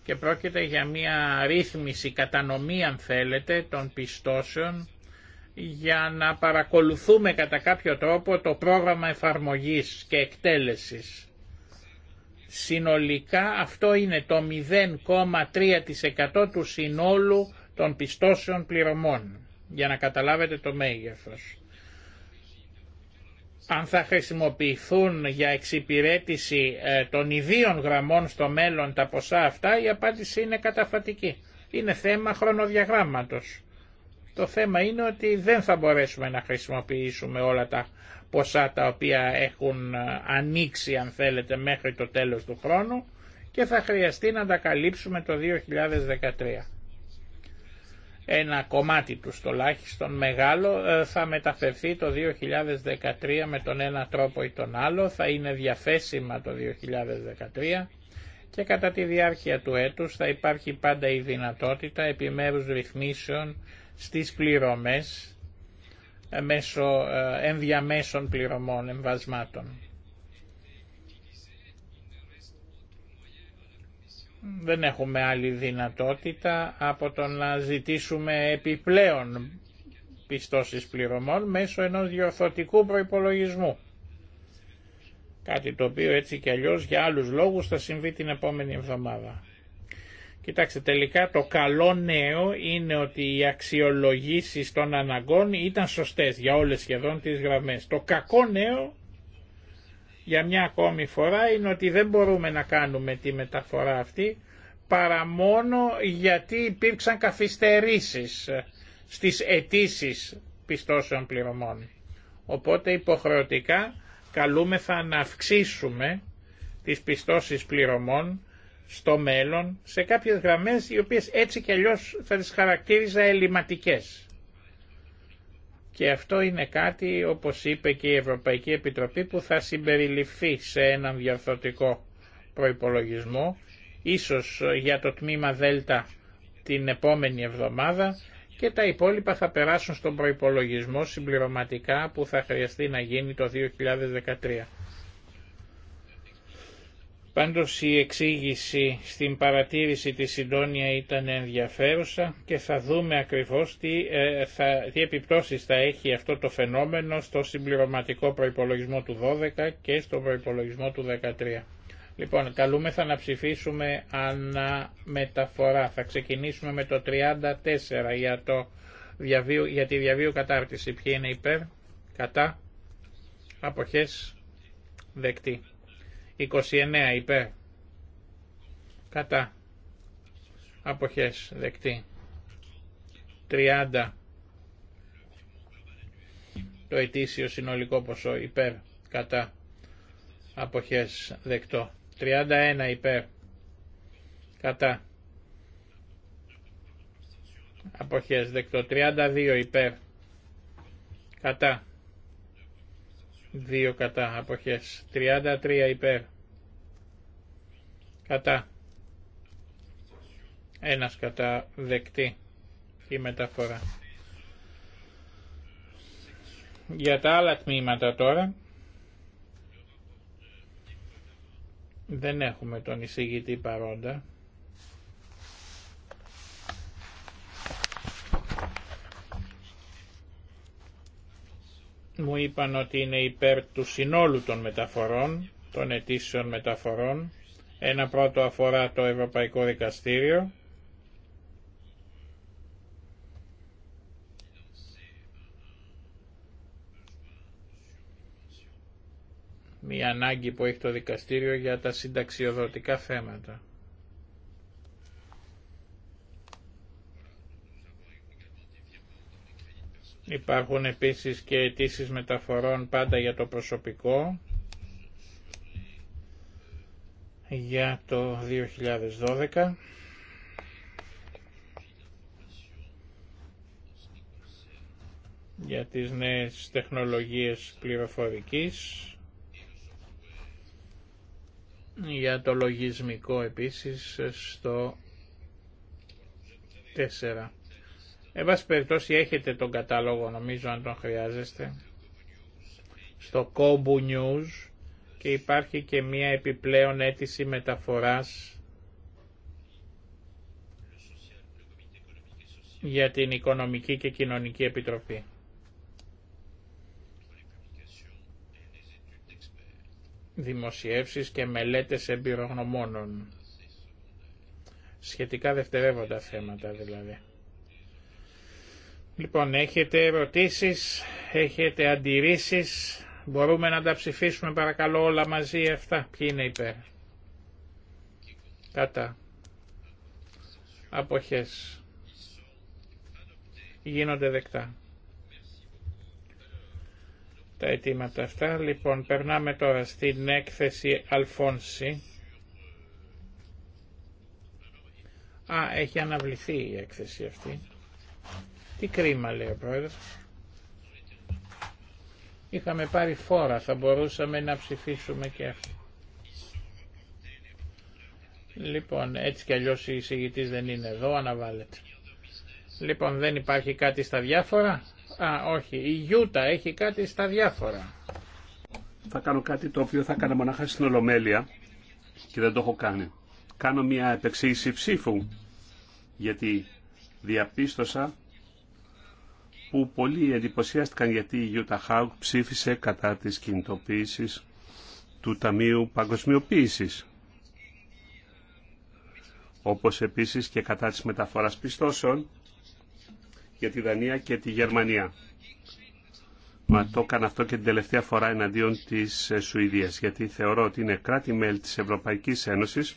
και πρόκειται για μια ρύθμιση, κατανομή αν θέλετε, των πιστώσεων για να παρακολουθούμε κατά κάποιο τρόπο το πρόγραμμα εφαρμογής και εκτέλεσης. Συνολικά αυτό είναι το 0,3% του συνόλου των πιστώσεων πληρωμών, για να καταλάβετε το μέγεθος αν θα χρησιμοποιηθούν για εξυπηρέτηση ε, των ιδίων γραμμών στο μέλλον τα ποσά αυτά, η απάντηση είναι καταφατική. Είναι θέμα χρονοδιαγράμματος. Το θέμα είναι ότι δεν θα μπορέσουμε να χρησιμοποιήσουμε όλα τα ποσά τα οποία έχουν ε, ανοίξει αν θέλετε μέχρι το τέλος του χρόνου και θα χρειαστεί να τα καλύψουμε το 2013 ένα κομμάτι του τουλάχιστον μεγάλο ε, θα μεταφερθεί το 2013 με τον ένα τρόπο ή τον άλλο, θα είναι διαθέσιμα το 2013 και κατά τη διάρκεια του έτους θα υπάρχει πάντα η δυνατότητα επιμέρους ρυθμίσεων στις πληρωμές ε, μέσω ε, ενδιαμέσων πληρωμών εμβασμάτων. δεν έχουμε άλλη δυνατότητα από το να ζητήσουμε επιπλέον πιστώσεις πληρωμών μέσω ενός διορθωτικού προϋπολογισμού. Κάτι το οποίο έτσι κι αλλιώς για άλλους λόγους θα συμβεί την επόμενη εβδομάδα. Κοιτάξτε, τελικά το καλό νέο είναι ότι οι αξιολογήσει των αναγκών ήταν σωστές για όλες σχεδόν τις γραμμές. Το κακό νέο για μια ακόμη φορά είναι ότι δεν μπορούμε να κάνουμε τη μεταφορά αυτή παρά μόνο γιατί υπήρξαν καθυστερήσεις στις αιτήσει πιστώσεων πληρωμών. Οπότε υποχρεωτικά καλούμεθα να αυξήσουμε τις πιστώσεις πληρωμών στο μέλλον σε κάποιες γραμμές οι οποίες έτσι κι αλλιώς θα τις χαρακτήριζα ελληματικές. Και αυτό είναι κάτι, όπως είπε και η Ευρωπαϊκή Επιτροπή, που θα συμπεριληφθεί σε έναν διαρθρωτικό προϋπολογισμό, ίσως για το τμήμα Δέλτα την επόμενη εβδομάδα και τα υπόλοιπα θα περάσουν στον προϋπολογισμό συμπληρωματικά που θα χρειαστεί να γίνει το 2013. Πάντως η εξήγηση στην παρατήρηση της συντόνια ήταν ενδιαφέρουσα και θα δούμε ακριβώς τι, ε, θα, επιπτώσεις θα έχει αυτό το φαινόμενο στο συμπληρωματικό προϋπολογισμό του 12 και στο προϋπολογισμό του 13. Λοιπόν, καλούμεθα να ψηφίσουμε αναμεταφορά. Θα ξεκινήσουμε με το 34 για, το διαβίου, για τη διαβίου κατάρτιση. Ποιοι είναι υπέρ, κατά, αποχές, δεκτή. 29 υπέρ. Κατά. Αποχές δεκτή. 30. Το ετήσιο συνολικό ποσό υπέρ. Κατά. Αποχές δεκτό. 31 υπέρ. Κατά. Αποχές δεκτό. 32 υπέρ. Κατά. 2 κατά αποχές 33 υπέρ κατά ένας κατά δεκτή η μεταφορά για τα άλλα τμήματα τώρα δεν έχουμε τον εισηγητή παρόντα μου είπαν ότι είναι υπέρ του συνόλου των μεταφορών, των αιτήσεων μεταφορών. Ένα πρώτο αφορά το Ευρωπαϊκό Δικαστήριο. Μια ανάγκη που έχει το δικαστήριο για τα συνταξιοδοτικά θέματα. Υπάρχουν επίσης και αιτήσει μεταφορών πάντα για το προσωπικό για το 2012. για τις νέες τεχνολογίες πληροφορικής, για το λογισμικό επίσης στο 4. Εν πάση περιπτώσει έχετε τον κατάλογο νομίζω αν τον χρειάζεστε στο Κόμπου News και υπάρχει και μία επιπλέον αίτηση μεταφοράς για την Οικονομική και Κοινωνική Επιτροπή. Δημοσιεύσεις και μελέτες εμπειρογνωμόνων. Σχετικά δευτερεύοντα θέματα δηλαδή. Λοιπόν, έχετε ερωτήσεις, έχετε αντιρρήσεις, μπορούμε να τα ψηφίσουμε παρακαλώ όλα μαζί αυτά. Ποιοι είναι υπέρ. Κατά. Αποχές. Γίνονται δεκτά. Τα αιτήματα αυτά. Λοιπόν, περνάμε τώρα στην έκθεση Αλφόνση. Α, έχει αναβληθεί η έκθεση αυτή. Τι κρίμα λέει ο πρόεδρος. Είχαμε πάρει φόρα, θα μπορούσαμε να ψηφίσουμε και αυτό. Λοιπόν, έτσι κι αλλιώς η εισηγητής δεν είναι εδώ, αναβάλλεται. Λοιπόν, δεν υπάρχει κάτι στα διάφορα. Α, όχι, η Γιούτα έχει κάτι στα διάφορα.
Θα κάνω κάτι το οποίο θα έκανα μονάχα στην Ολομέλεια και δεν το έχω κάνει. Κάνω μια επεξήγηση ψήφου, γιατί διαπίστωσα που πολλοί εντυπωσιάστηκαν γιατί η Γιούτα Χάουκ ψήφισε κατά της κινητοποίησης του Ταμείου Παγκοσμιοποίησης όπως επίσης και κατά της μεταφοράς πιστώσεων για τη Δανία και τη Γερμανία. Μα το έκανα αυτό και την τελευταία φορά εναντίον της Σουηδίας, γιατί θεωρώ ότι είναι κράτη-μέλη της Ευρωπαϊκής Ένωσης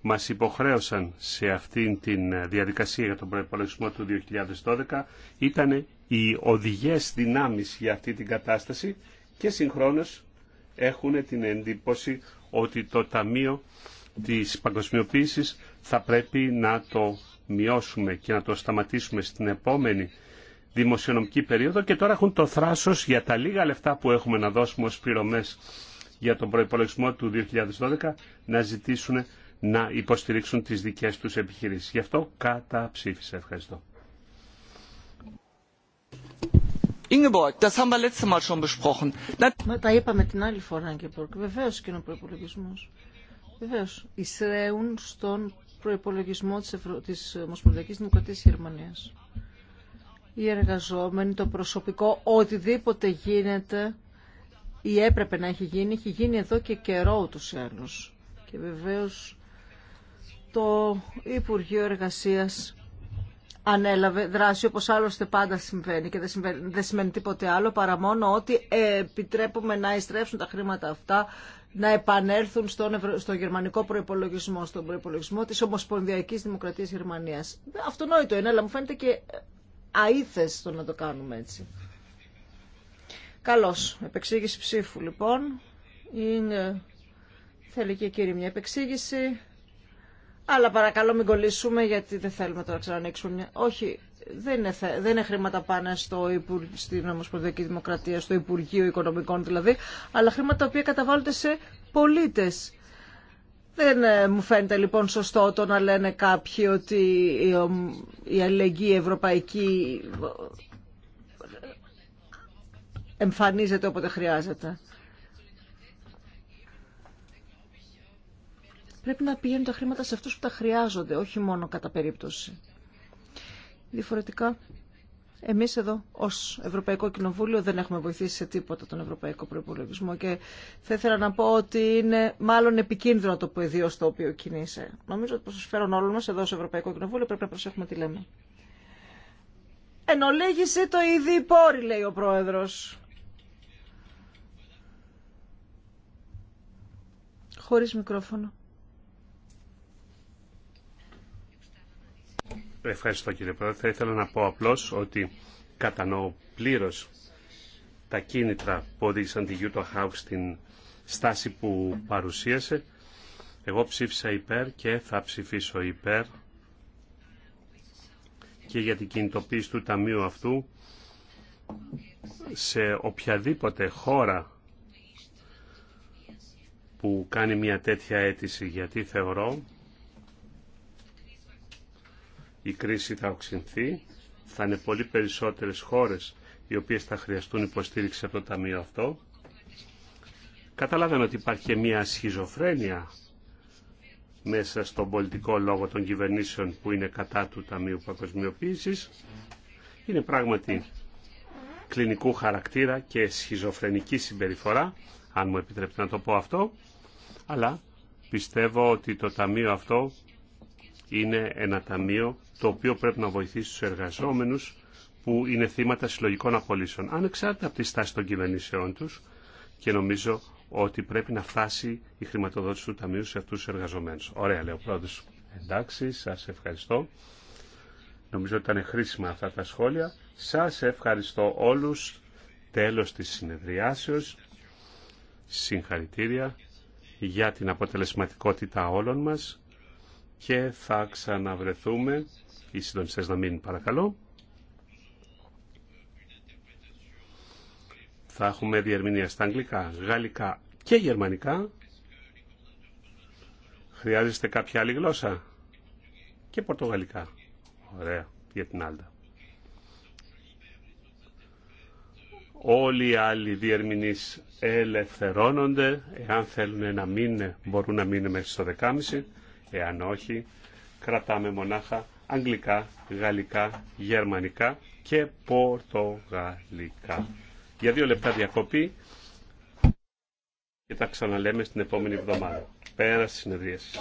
μας υποχρέωσαν σε αυτήν τη ε, διαδικασία για τον προϋπολογισμό του 2012 ήταν οι οδηγές δυνάμεις για αυτή την κατάσταση και συγχρόνως έχουν την εντύπωση ότι το Ταμείο της Παγκοσμιοποίησης θα πρέπει να το μειώσουμε και να το σταματήσουμε στην επόμενη δημοσιονομική περίοδο και τώρα έχουν το θράσος για τα λίγα λεφτά που έχουμε να δώσουμε ως πληρωμές για τον προϋπολογισμό του 2012 να ζητήσουν να υποστηρίξουν τις δικές τους επιχειρήσεις. Γι' αυτό καταψήφισε. Ευχαριστώ.
Ingeborg, das haben wir letzte Mal schon besprochen. Μα τα είπαμε την άλλη φορά, Ingeborg. Βεβαίω και είναι ο προπολογισμό. Βεβαίω. Ισραίουν στον προπολογισμό τη Ευρω... της Ομοσπονδιακή Δημοκρατία Γερμανία. Οι εργαζόμενοι, το προσωπικό, οτιδήποτε γίνεται ή έπρεπε να έχει γίνει, έχει γίνει εδώ και καιρό ούτω ή άλλω. Και βεβαίω το Υπουργείο Εργασίας ανέλαβε δράση όπως άλλωστε πάντα συμβαίνει και δεν, δεν σημαίνει τίποτε άλλο παρά μόνο ότι επιτρέπουμε να ειστρέψουν τα χρήματα αυτά να επανέλθουν στον, στο γερμανικό προϋπολογισμό, στον προϋπολογισμό της Ομοσπονδιακής Δημοκρατίας Γερμανίας. Αυτονόητο είναι, αλλά μου φαίνεται και αήθες το να το κάνουμε έτσι. Καλώς. Επεξήγηση ψήφου λοιπόν. Είναι... Θέλει και κύριε μια επεξήγηση. Αλλά παρακαλώ μην κολλήσουμε γιατί δεν θέλουμε τώρα να μια... Όχι, δεν είναι, δεν χρήματα πάνε στο στην Ομοσπονδιακή Δημοκρατία, στο Υπουργείο Οικονομικών δηλαδή, αλλά χρήματα τα οποία καταβάλλονται σε πολίτες. Δεν ε, μου φαίνεται λοιπόν σωστό το να λένε κάποιοι ότι η αλληλεγγύη ευρωπαϊκή ε, εμφανίζεται όποτε χρειάζεται. πρέπει να πηγαίνουν τα χρήματα σε αυτούς που τα χρειάζονται, όχι μόνο κατά περίπτωση. Διαφορετικά, εμείς εδώ ως Ευρωπαϊκό Κοινοβούλιο δεν έχουμε βοηθήσει σε τίποτα τον Ευρωπαϊκό Προϋπολογισμό και θα ήθελα να πω ότι είναι μάλλον επικίνδυνο το πεδίο στο οποίο κινείσαι. Νομίζω ότι προς φέρον όλων μας εδώ ως Ευρωπαϊκό Κοινοβούλιο πρέπει να προσέχουμε τι λέμε. Εν το ήδη πόρη, λέει ο Πρόεδρος. Χωρίς μικρόφωνο.
Ευχαριστώ κύριε Πρόεδρε. Θα ήθελα να πω απλώς ότι κατανοώ πλήρω τα κίνητρα που οδήγησαν τη Γιούτο Χάουκ στην στάση που παρουσίασε. Εγώ ψήφισα υπέρ και θα ψηφίσω υπέρ και για την κινητοποίηση του ταμείου αυτού σε οποιαδήποτε χώρα που κάνει μια τέτοια αίτηση γιατί θεωρώ η κρίση θα οξυνθεί, θα είναι πολύ περισσότερες χώρες οι οποίες θα χρειαστούν υποστήριξη από το Ταμείο αυτό. Καταλάβαμε ότι υπάρχει και μια σχιζοφρένεια μέσα στον πολιτικό λόγο των κυβερνήσεων που είναι κατά του Ταμείου Παγκοσμιοποίησης. Είναι πράγματι κλινικού χαρακτήρα και σχιζοφρενική συμπεριφορά, αν μου επιτρέπετε να το πω αυτό, αλλά πιστεύω ότι το Ταμείο αυτό είναι ένα ταμείο το οποίο πρέπει να βοηθήσει τους εργαζόμενους που είναι θύματα συλλογικών απολύσεων, ανεξάρτητα από τη στάση των κυβερνήσεών τους και νομίζω ότι πρέπει να φτάσει η χρηματοδότηση του Ταμείου σε αυτούς τους εργαζομένους. Ωραία, λέει ο πρόεδρος. Εντάξει, σας ευχαριστώ. Νομίζω ότι ήταν χρήσιμα αυτά τα σχόλια. Σας ευχαριστώ όλους. Τέλος της συνεδριάσεως. Συγχαρητήρια για την αποτελεσματικότητα όλων μας και θα ξαναβρεθούμε, οι συντονιστέ να μείνουν παρακαλώ, θα έχουμε διερμηνία στα αγγλικά, γαλλικά και γερμανικά. Χρειάζεστε κάποια άλλη γλώσσα και πορτογαλικά. Ωραία, για την άλλη. Όλοι οι άλλοι διερμηνείς ελευθερώνονται. Εάν θέλουν να μείνουν, μπορούν να μείνουν μέχρι στο 10.30. Εάν όχι, κρατάμε μονάχα αγγλικά, γαλλικά, γερμανικά και πορτογαλικά. Για δύο λεπτά διακοπή και τα ξαναλέμε στην επόμενη εβδομάδα. Πέρα στις συνεδρίες.